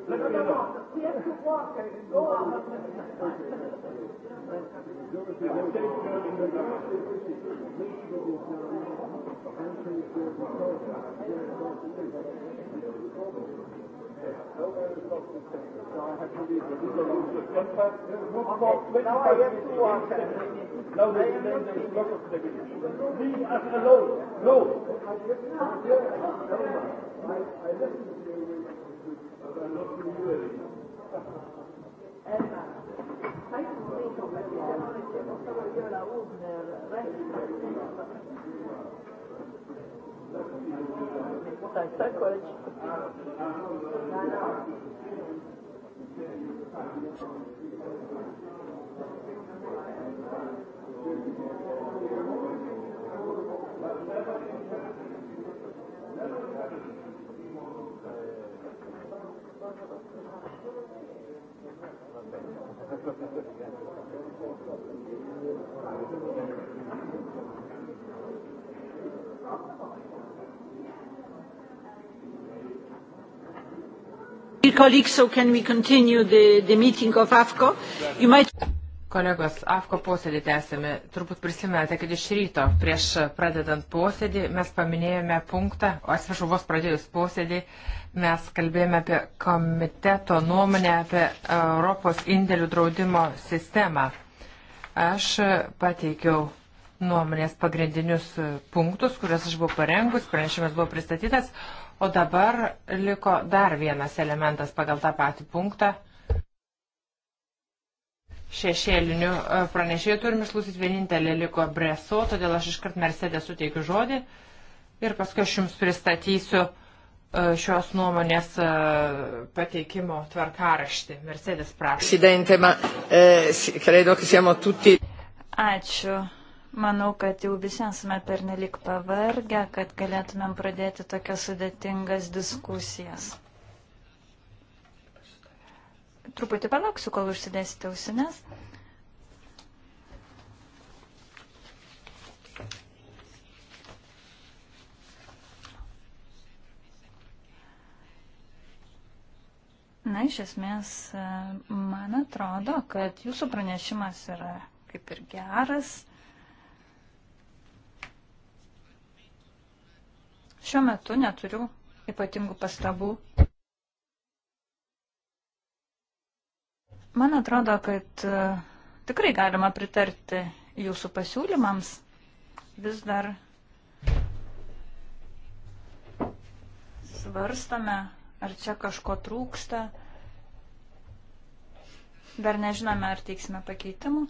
Let me alone. He has to walk and go out. Thank you. No, they, they, they block us the Leave us alone. No. I listen to you with, but I'm not to you anymore. Emma, sai che non vedo, perché non stavo io la Ubner, resto, Dai, sta ancora 5 Va bene. colleagues, so can we continue the, the meeting of AFCO? You might... Kolegos, AFCO posėdį tęsėme. Turbūt prisimenate, kad iš ryto prieš pradedant posėdį mes paminėjome punktą, o atsiprašau, vos pradėjus posėdį, mes kalbėjome apie komiteto nuomonę apie Europos indėlių draudimo sistemą. Aš pateikiau nuomonės pagrindinius punktus, kuriuos aš buvau parengus, pranešimas buvo pristatytas, O dabar liko dar vienas elementas pagal tą patį punktą. Šešėlinių e, pranešėjų turim išklausyti vienintelį liko Breso, todėl aš iškart Mercedė suteikiu žodį ir paskui aš jums pristatysiu e, šios nuomonės e, pateikimo tvarkaraštį. Mercedes prašo. Eh, Ačiū. Manau, kad jau visi esame pernelik pavargę, kad galėtumėm pradėti tokias sudėtingas diskusijas. Truputį palauksiu, kol užsidėsite ausines. Na, iš esmės, man atrodo, kad jūsų pranešimas yra kaip ir geras. Šiuo metu neturiu ypatingų pastabų. Man atrodo, kad e, tikrai galima pritarti jūsų pasiūlymams. Vis dar svarstame, ar čia kažko trūksta. Dar nežinome, ar teiksime pakeitimų.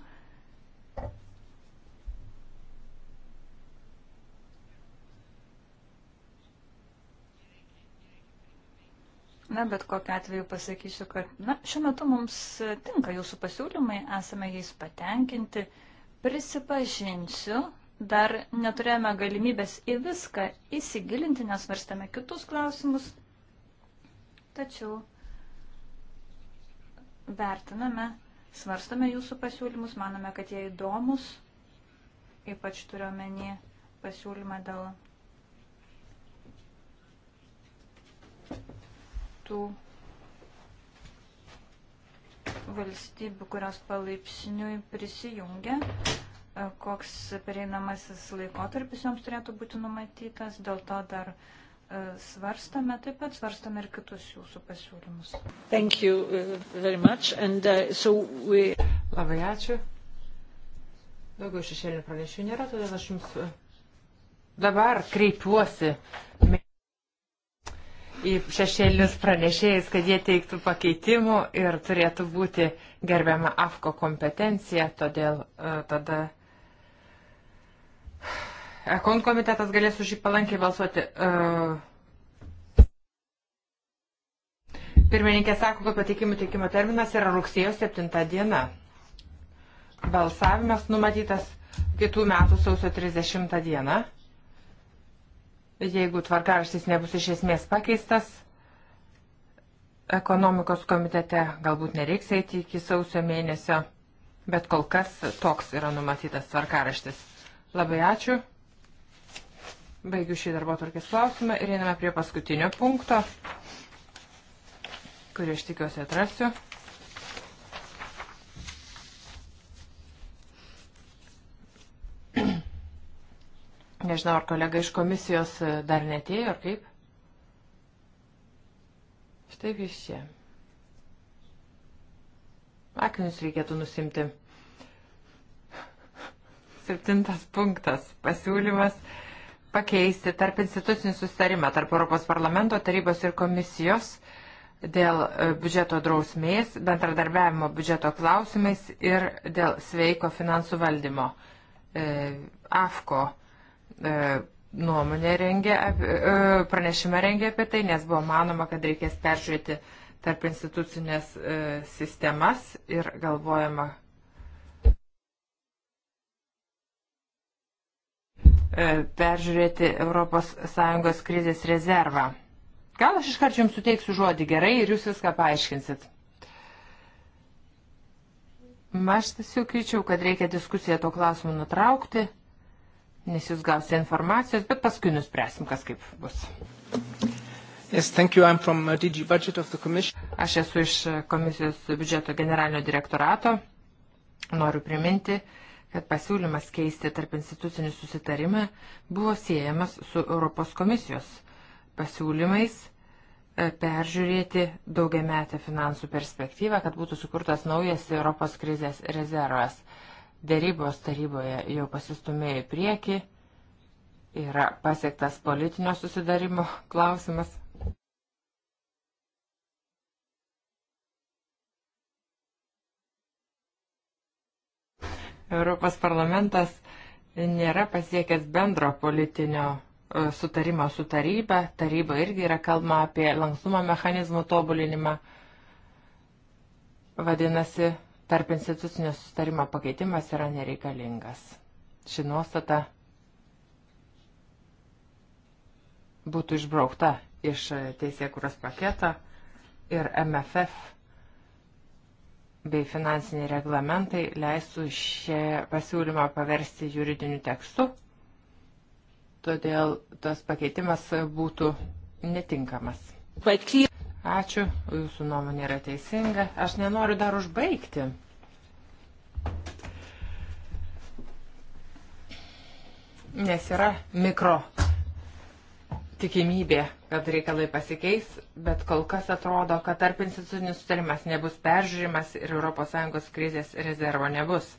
Na, bet kokiu atveju pasakysiu, kad na, šiuo metu mums tinka jūsų pasiūlymai, esame jais patenkinti. Prisipažinsiu, dar neturėjome galimybės į viską įsigilinti, nes varstame kitus klausimus. Tačiau vertiname, svarstame jūsų pasiūlymus, manome, kad jie įdomus, ypač turiuomenį pasiūlymą dėl tų valstybių, kurios palaipsniui prisijungia, e, koks pereinamasis laikotarpis joms turėtų būti numatytas, dėl to dar e, svarstame, taip pat svarstame ir kitus jūsų pasiūlymus. Thank you uh, very much. And, uh, so we... Labai ačiū. Daugiau šešėlinių pranešimų nėra, todėl aš jums e, dabar kreipiuosi į šešėlinius pranešėjus, kad jie teiktų pakeitimų ir turėtų būti gerbiama AFKO kompetencija, todėl uh, tada Ekon komitetas galės už jį palankiai balsuoti. Uh, pirmininkė sako, kad pateikimų teikimo terminas yra rugsėjo 7 diena. Balsavimas numatytas kitų metų sausio 30 dieną jeigu tvarkaraštis nebus iš esmės pakeistas, ekonomikos komitete galbūt nereiks eiti iki sausio mėnesio, bet kol kas toks yra numatytas tvarkaraštis. Labai ačiū. Baigiu šį darbo tvarkės klausimą ir einame prie paskutinio punkto, kurį aš tikiuosi atrasiu. Nežinau, ar kolega iš komisijos e, dar netėjo, ar kaip. Štai jis čia. Akinius reikėtų nusimti. Septintas punktas. Pasiūlymas pakeisti tarp institucinį sustarimą tarp Europos parlamento tarybos ir komisijos dėl e, biudžeto drausmės, bendradarbiavimo biudžeto klausimais ir dėl sveiko finansų valdymo. E, AFKO E, nuomonę rengė, e, e, pranešimą rengė apie tai, nes buvo manoma, kad reikės peržiūrėti tarp institucinės sistemas ir galvojama. peržiūrėti ES krizės rezervą. Gal aš iškart jums suteiksiu žodį gerai ir jūs viską paaiškinsit. Aš tiesiog kryčiau, kad reikia diskusiją to klausimu nutraukti nes jūs gausite informacijos, bet paskui nuspręsim, kas kaip bus. Yes, thank you. I'm from uh, DG Budget of the Commission. Aš esu iš uh, komisijos biudžeto generalinio direktorato. Noriu priminti, kad pasiūlymas keisti tarp institucinį susitarimą buvo siejamas su Europos komisijos pasiūlymais e, peržiūrėti daugiametę finansų perspektyvą, kad būtų sukurtas naujas Europos krizės rezervas. Dėrybos taryboje jau pasistumėjo į priekį, yra pasiektas politinio susidarimo klausimas. Europos parlamentas nėra pasiekęs bendro politinio e, sutarimo su taryba. Taryba irgi yra kalba apie lankstumo mechanizmų tobulinimą. Vadinasi, tarp institucinio sustarimo pakeitimas yra nereikalingas. Ši nuostata būtų išbraukta iš teisėkuros paketo ir MFF bei finansiniai reglamentai leistų šią pasiūlymą paversti juridiniu tekstu, todėl tas pakeitimas būtų netinkamas. Ačiū, jūsų nuomonė yra teisinga. Aš nenoriu dar užbaigti. Nes yra mikro tikimybė, kad reikalai pasikeis, bet kol kas atrodo, kad tarp institucinis sutarimas nebus peržiūrimas ir ES krizės rezervo nebus.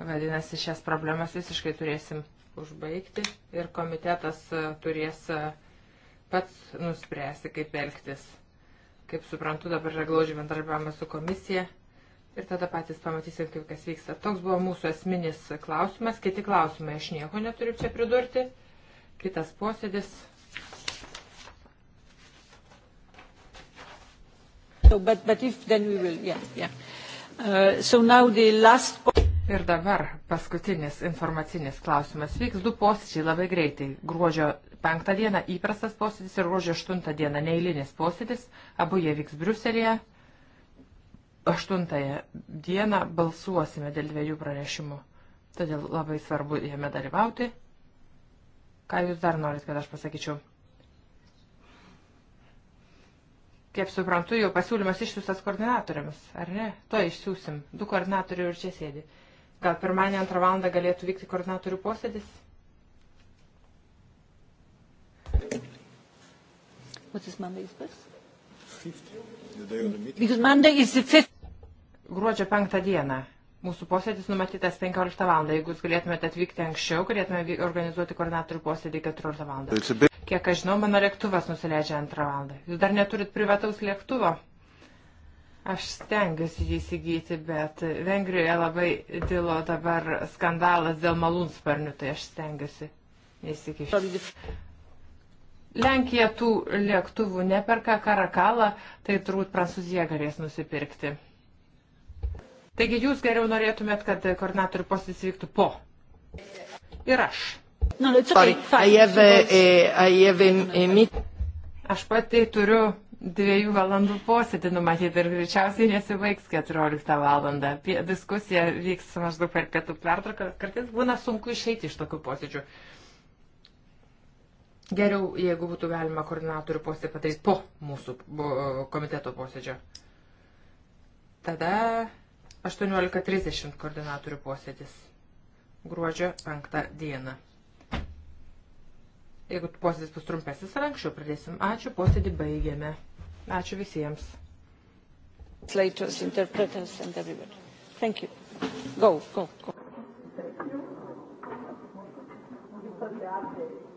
Vadinasi, šias problemas visiškai turėsim užbaigti ir komitetas turės pats nuspręsti, kaip elgtis. Kaip suprantu, dabar yra glaudžiai bendradarbiavimas su komisija ir tada patys pamatysim, kaip kas vyksta. Toks buvo mūsų esminis klausimas. Kiti klausimai aš nieko neturiu čia pridurti. Kitas posėdis. So, but, but if, then we will, yeah, yeah. Uh, so now the last... Ir dabar paskutinis informacinis klausimas. Vyks du posėdžiai labai greitai. Gruodžio 5 dieną įprastas posėdis ir gruodžio 8 dieną neįlinis posėdis. Abu jie vyks Briuselėje. 8 dieną balsuosime dėl dviejų pranešimų. Todėl labai svarbu jame dalyvauti. Ką jūs dar norit, kad aš pasakyčiau? Kaip suprantu, jau pasiūlymas išsiųstas koordinatoriams, ar ne? To išsiųsim. Du koordinatoriai ir čia sėdi. Gal pirmąjį antrą valandą galėtų vykti koordinatorių posėdis? What is Monday is this? Fifth. The day of the meeting. Because Monday is the fifth. Gruodžio penktą dieną. Mūsų posėdis numatytas 15 val. Jeigu jūs galėtumėte atvykti anksčiau, galėtume organizuoti koordinatorių posėdį 14 val. Kiek aš žinau, mano lėktuvas nusileidžia 2 val. Jūs dar neturit privataus lėktuvo? Aš stengiuosi jį įsigyti, bet Vengrijoje labai dilo dabar skandalas dėl malūnsparnių, tai aš stengiuosi įsikišti. Lenkija tų lėktuvų neperka karakalą, tai turbūt Prancūzija galės nusipirkti. Taigi jūs geriau norėtumėt, kad koordinatorių posėdis vyktų po. Ir aš. No, no, okay. Sorry, aš pati turiu dviejų valandų posėdį numatyti ir greičiausiai nesibaigs 14 valandą. Diskusija vyks maždaug per pietų pertrauką. Kartais būna sunku išeiti iš tokių posėdžių. Geriau, jeigu būtų galima koordinatorių posėdį padaryti po mūsų komiteto posėdžio. Tada 18.30 koordinatorių posėdis gruodžio 5 dieną. Jeigu posėdis bus trumpesnis ar anksčiau pradėsim. Ačiū, posėdį baigėme. Ačiū visiems. Translators, interpreters and everybody. Thank you. Go, go, go. Gracias.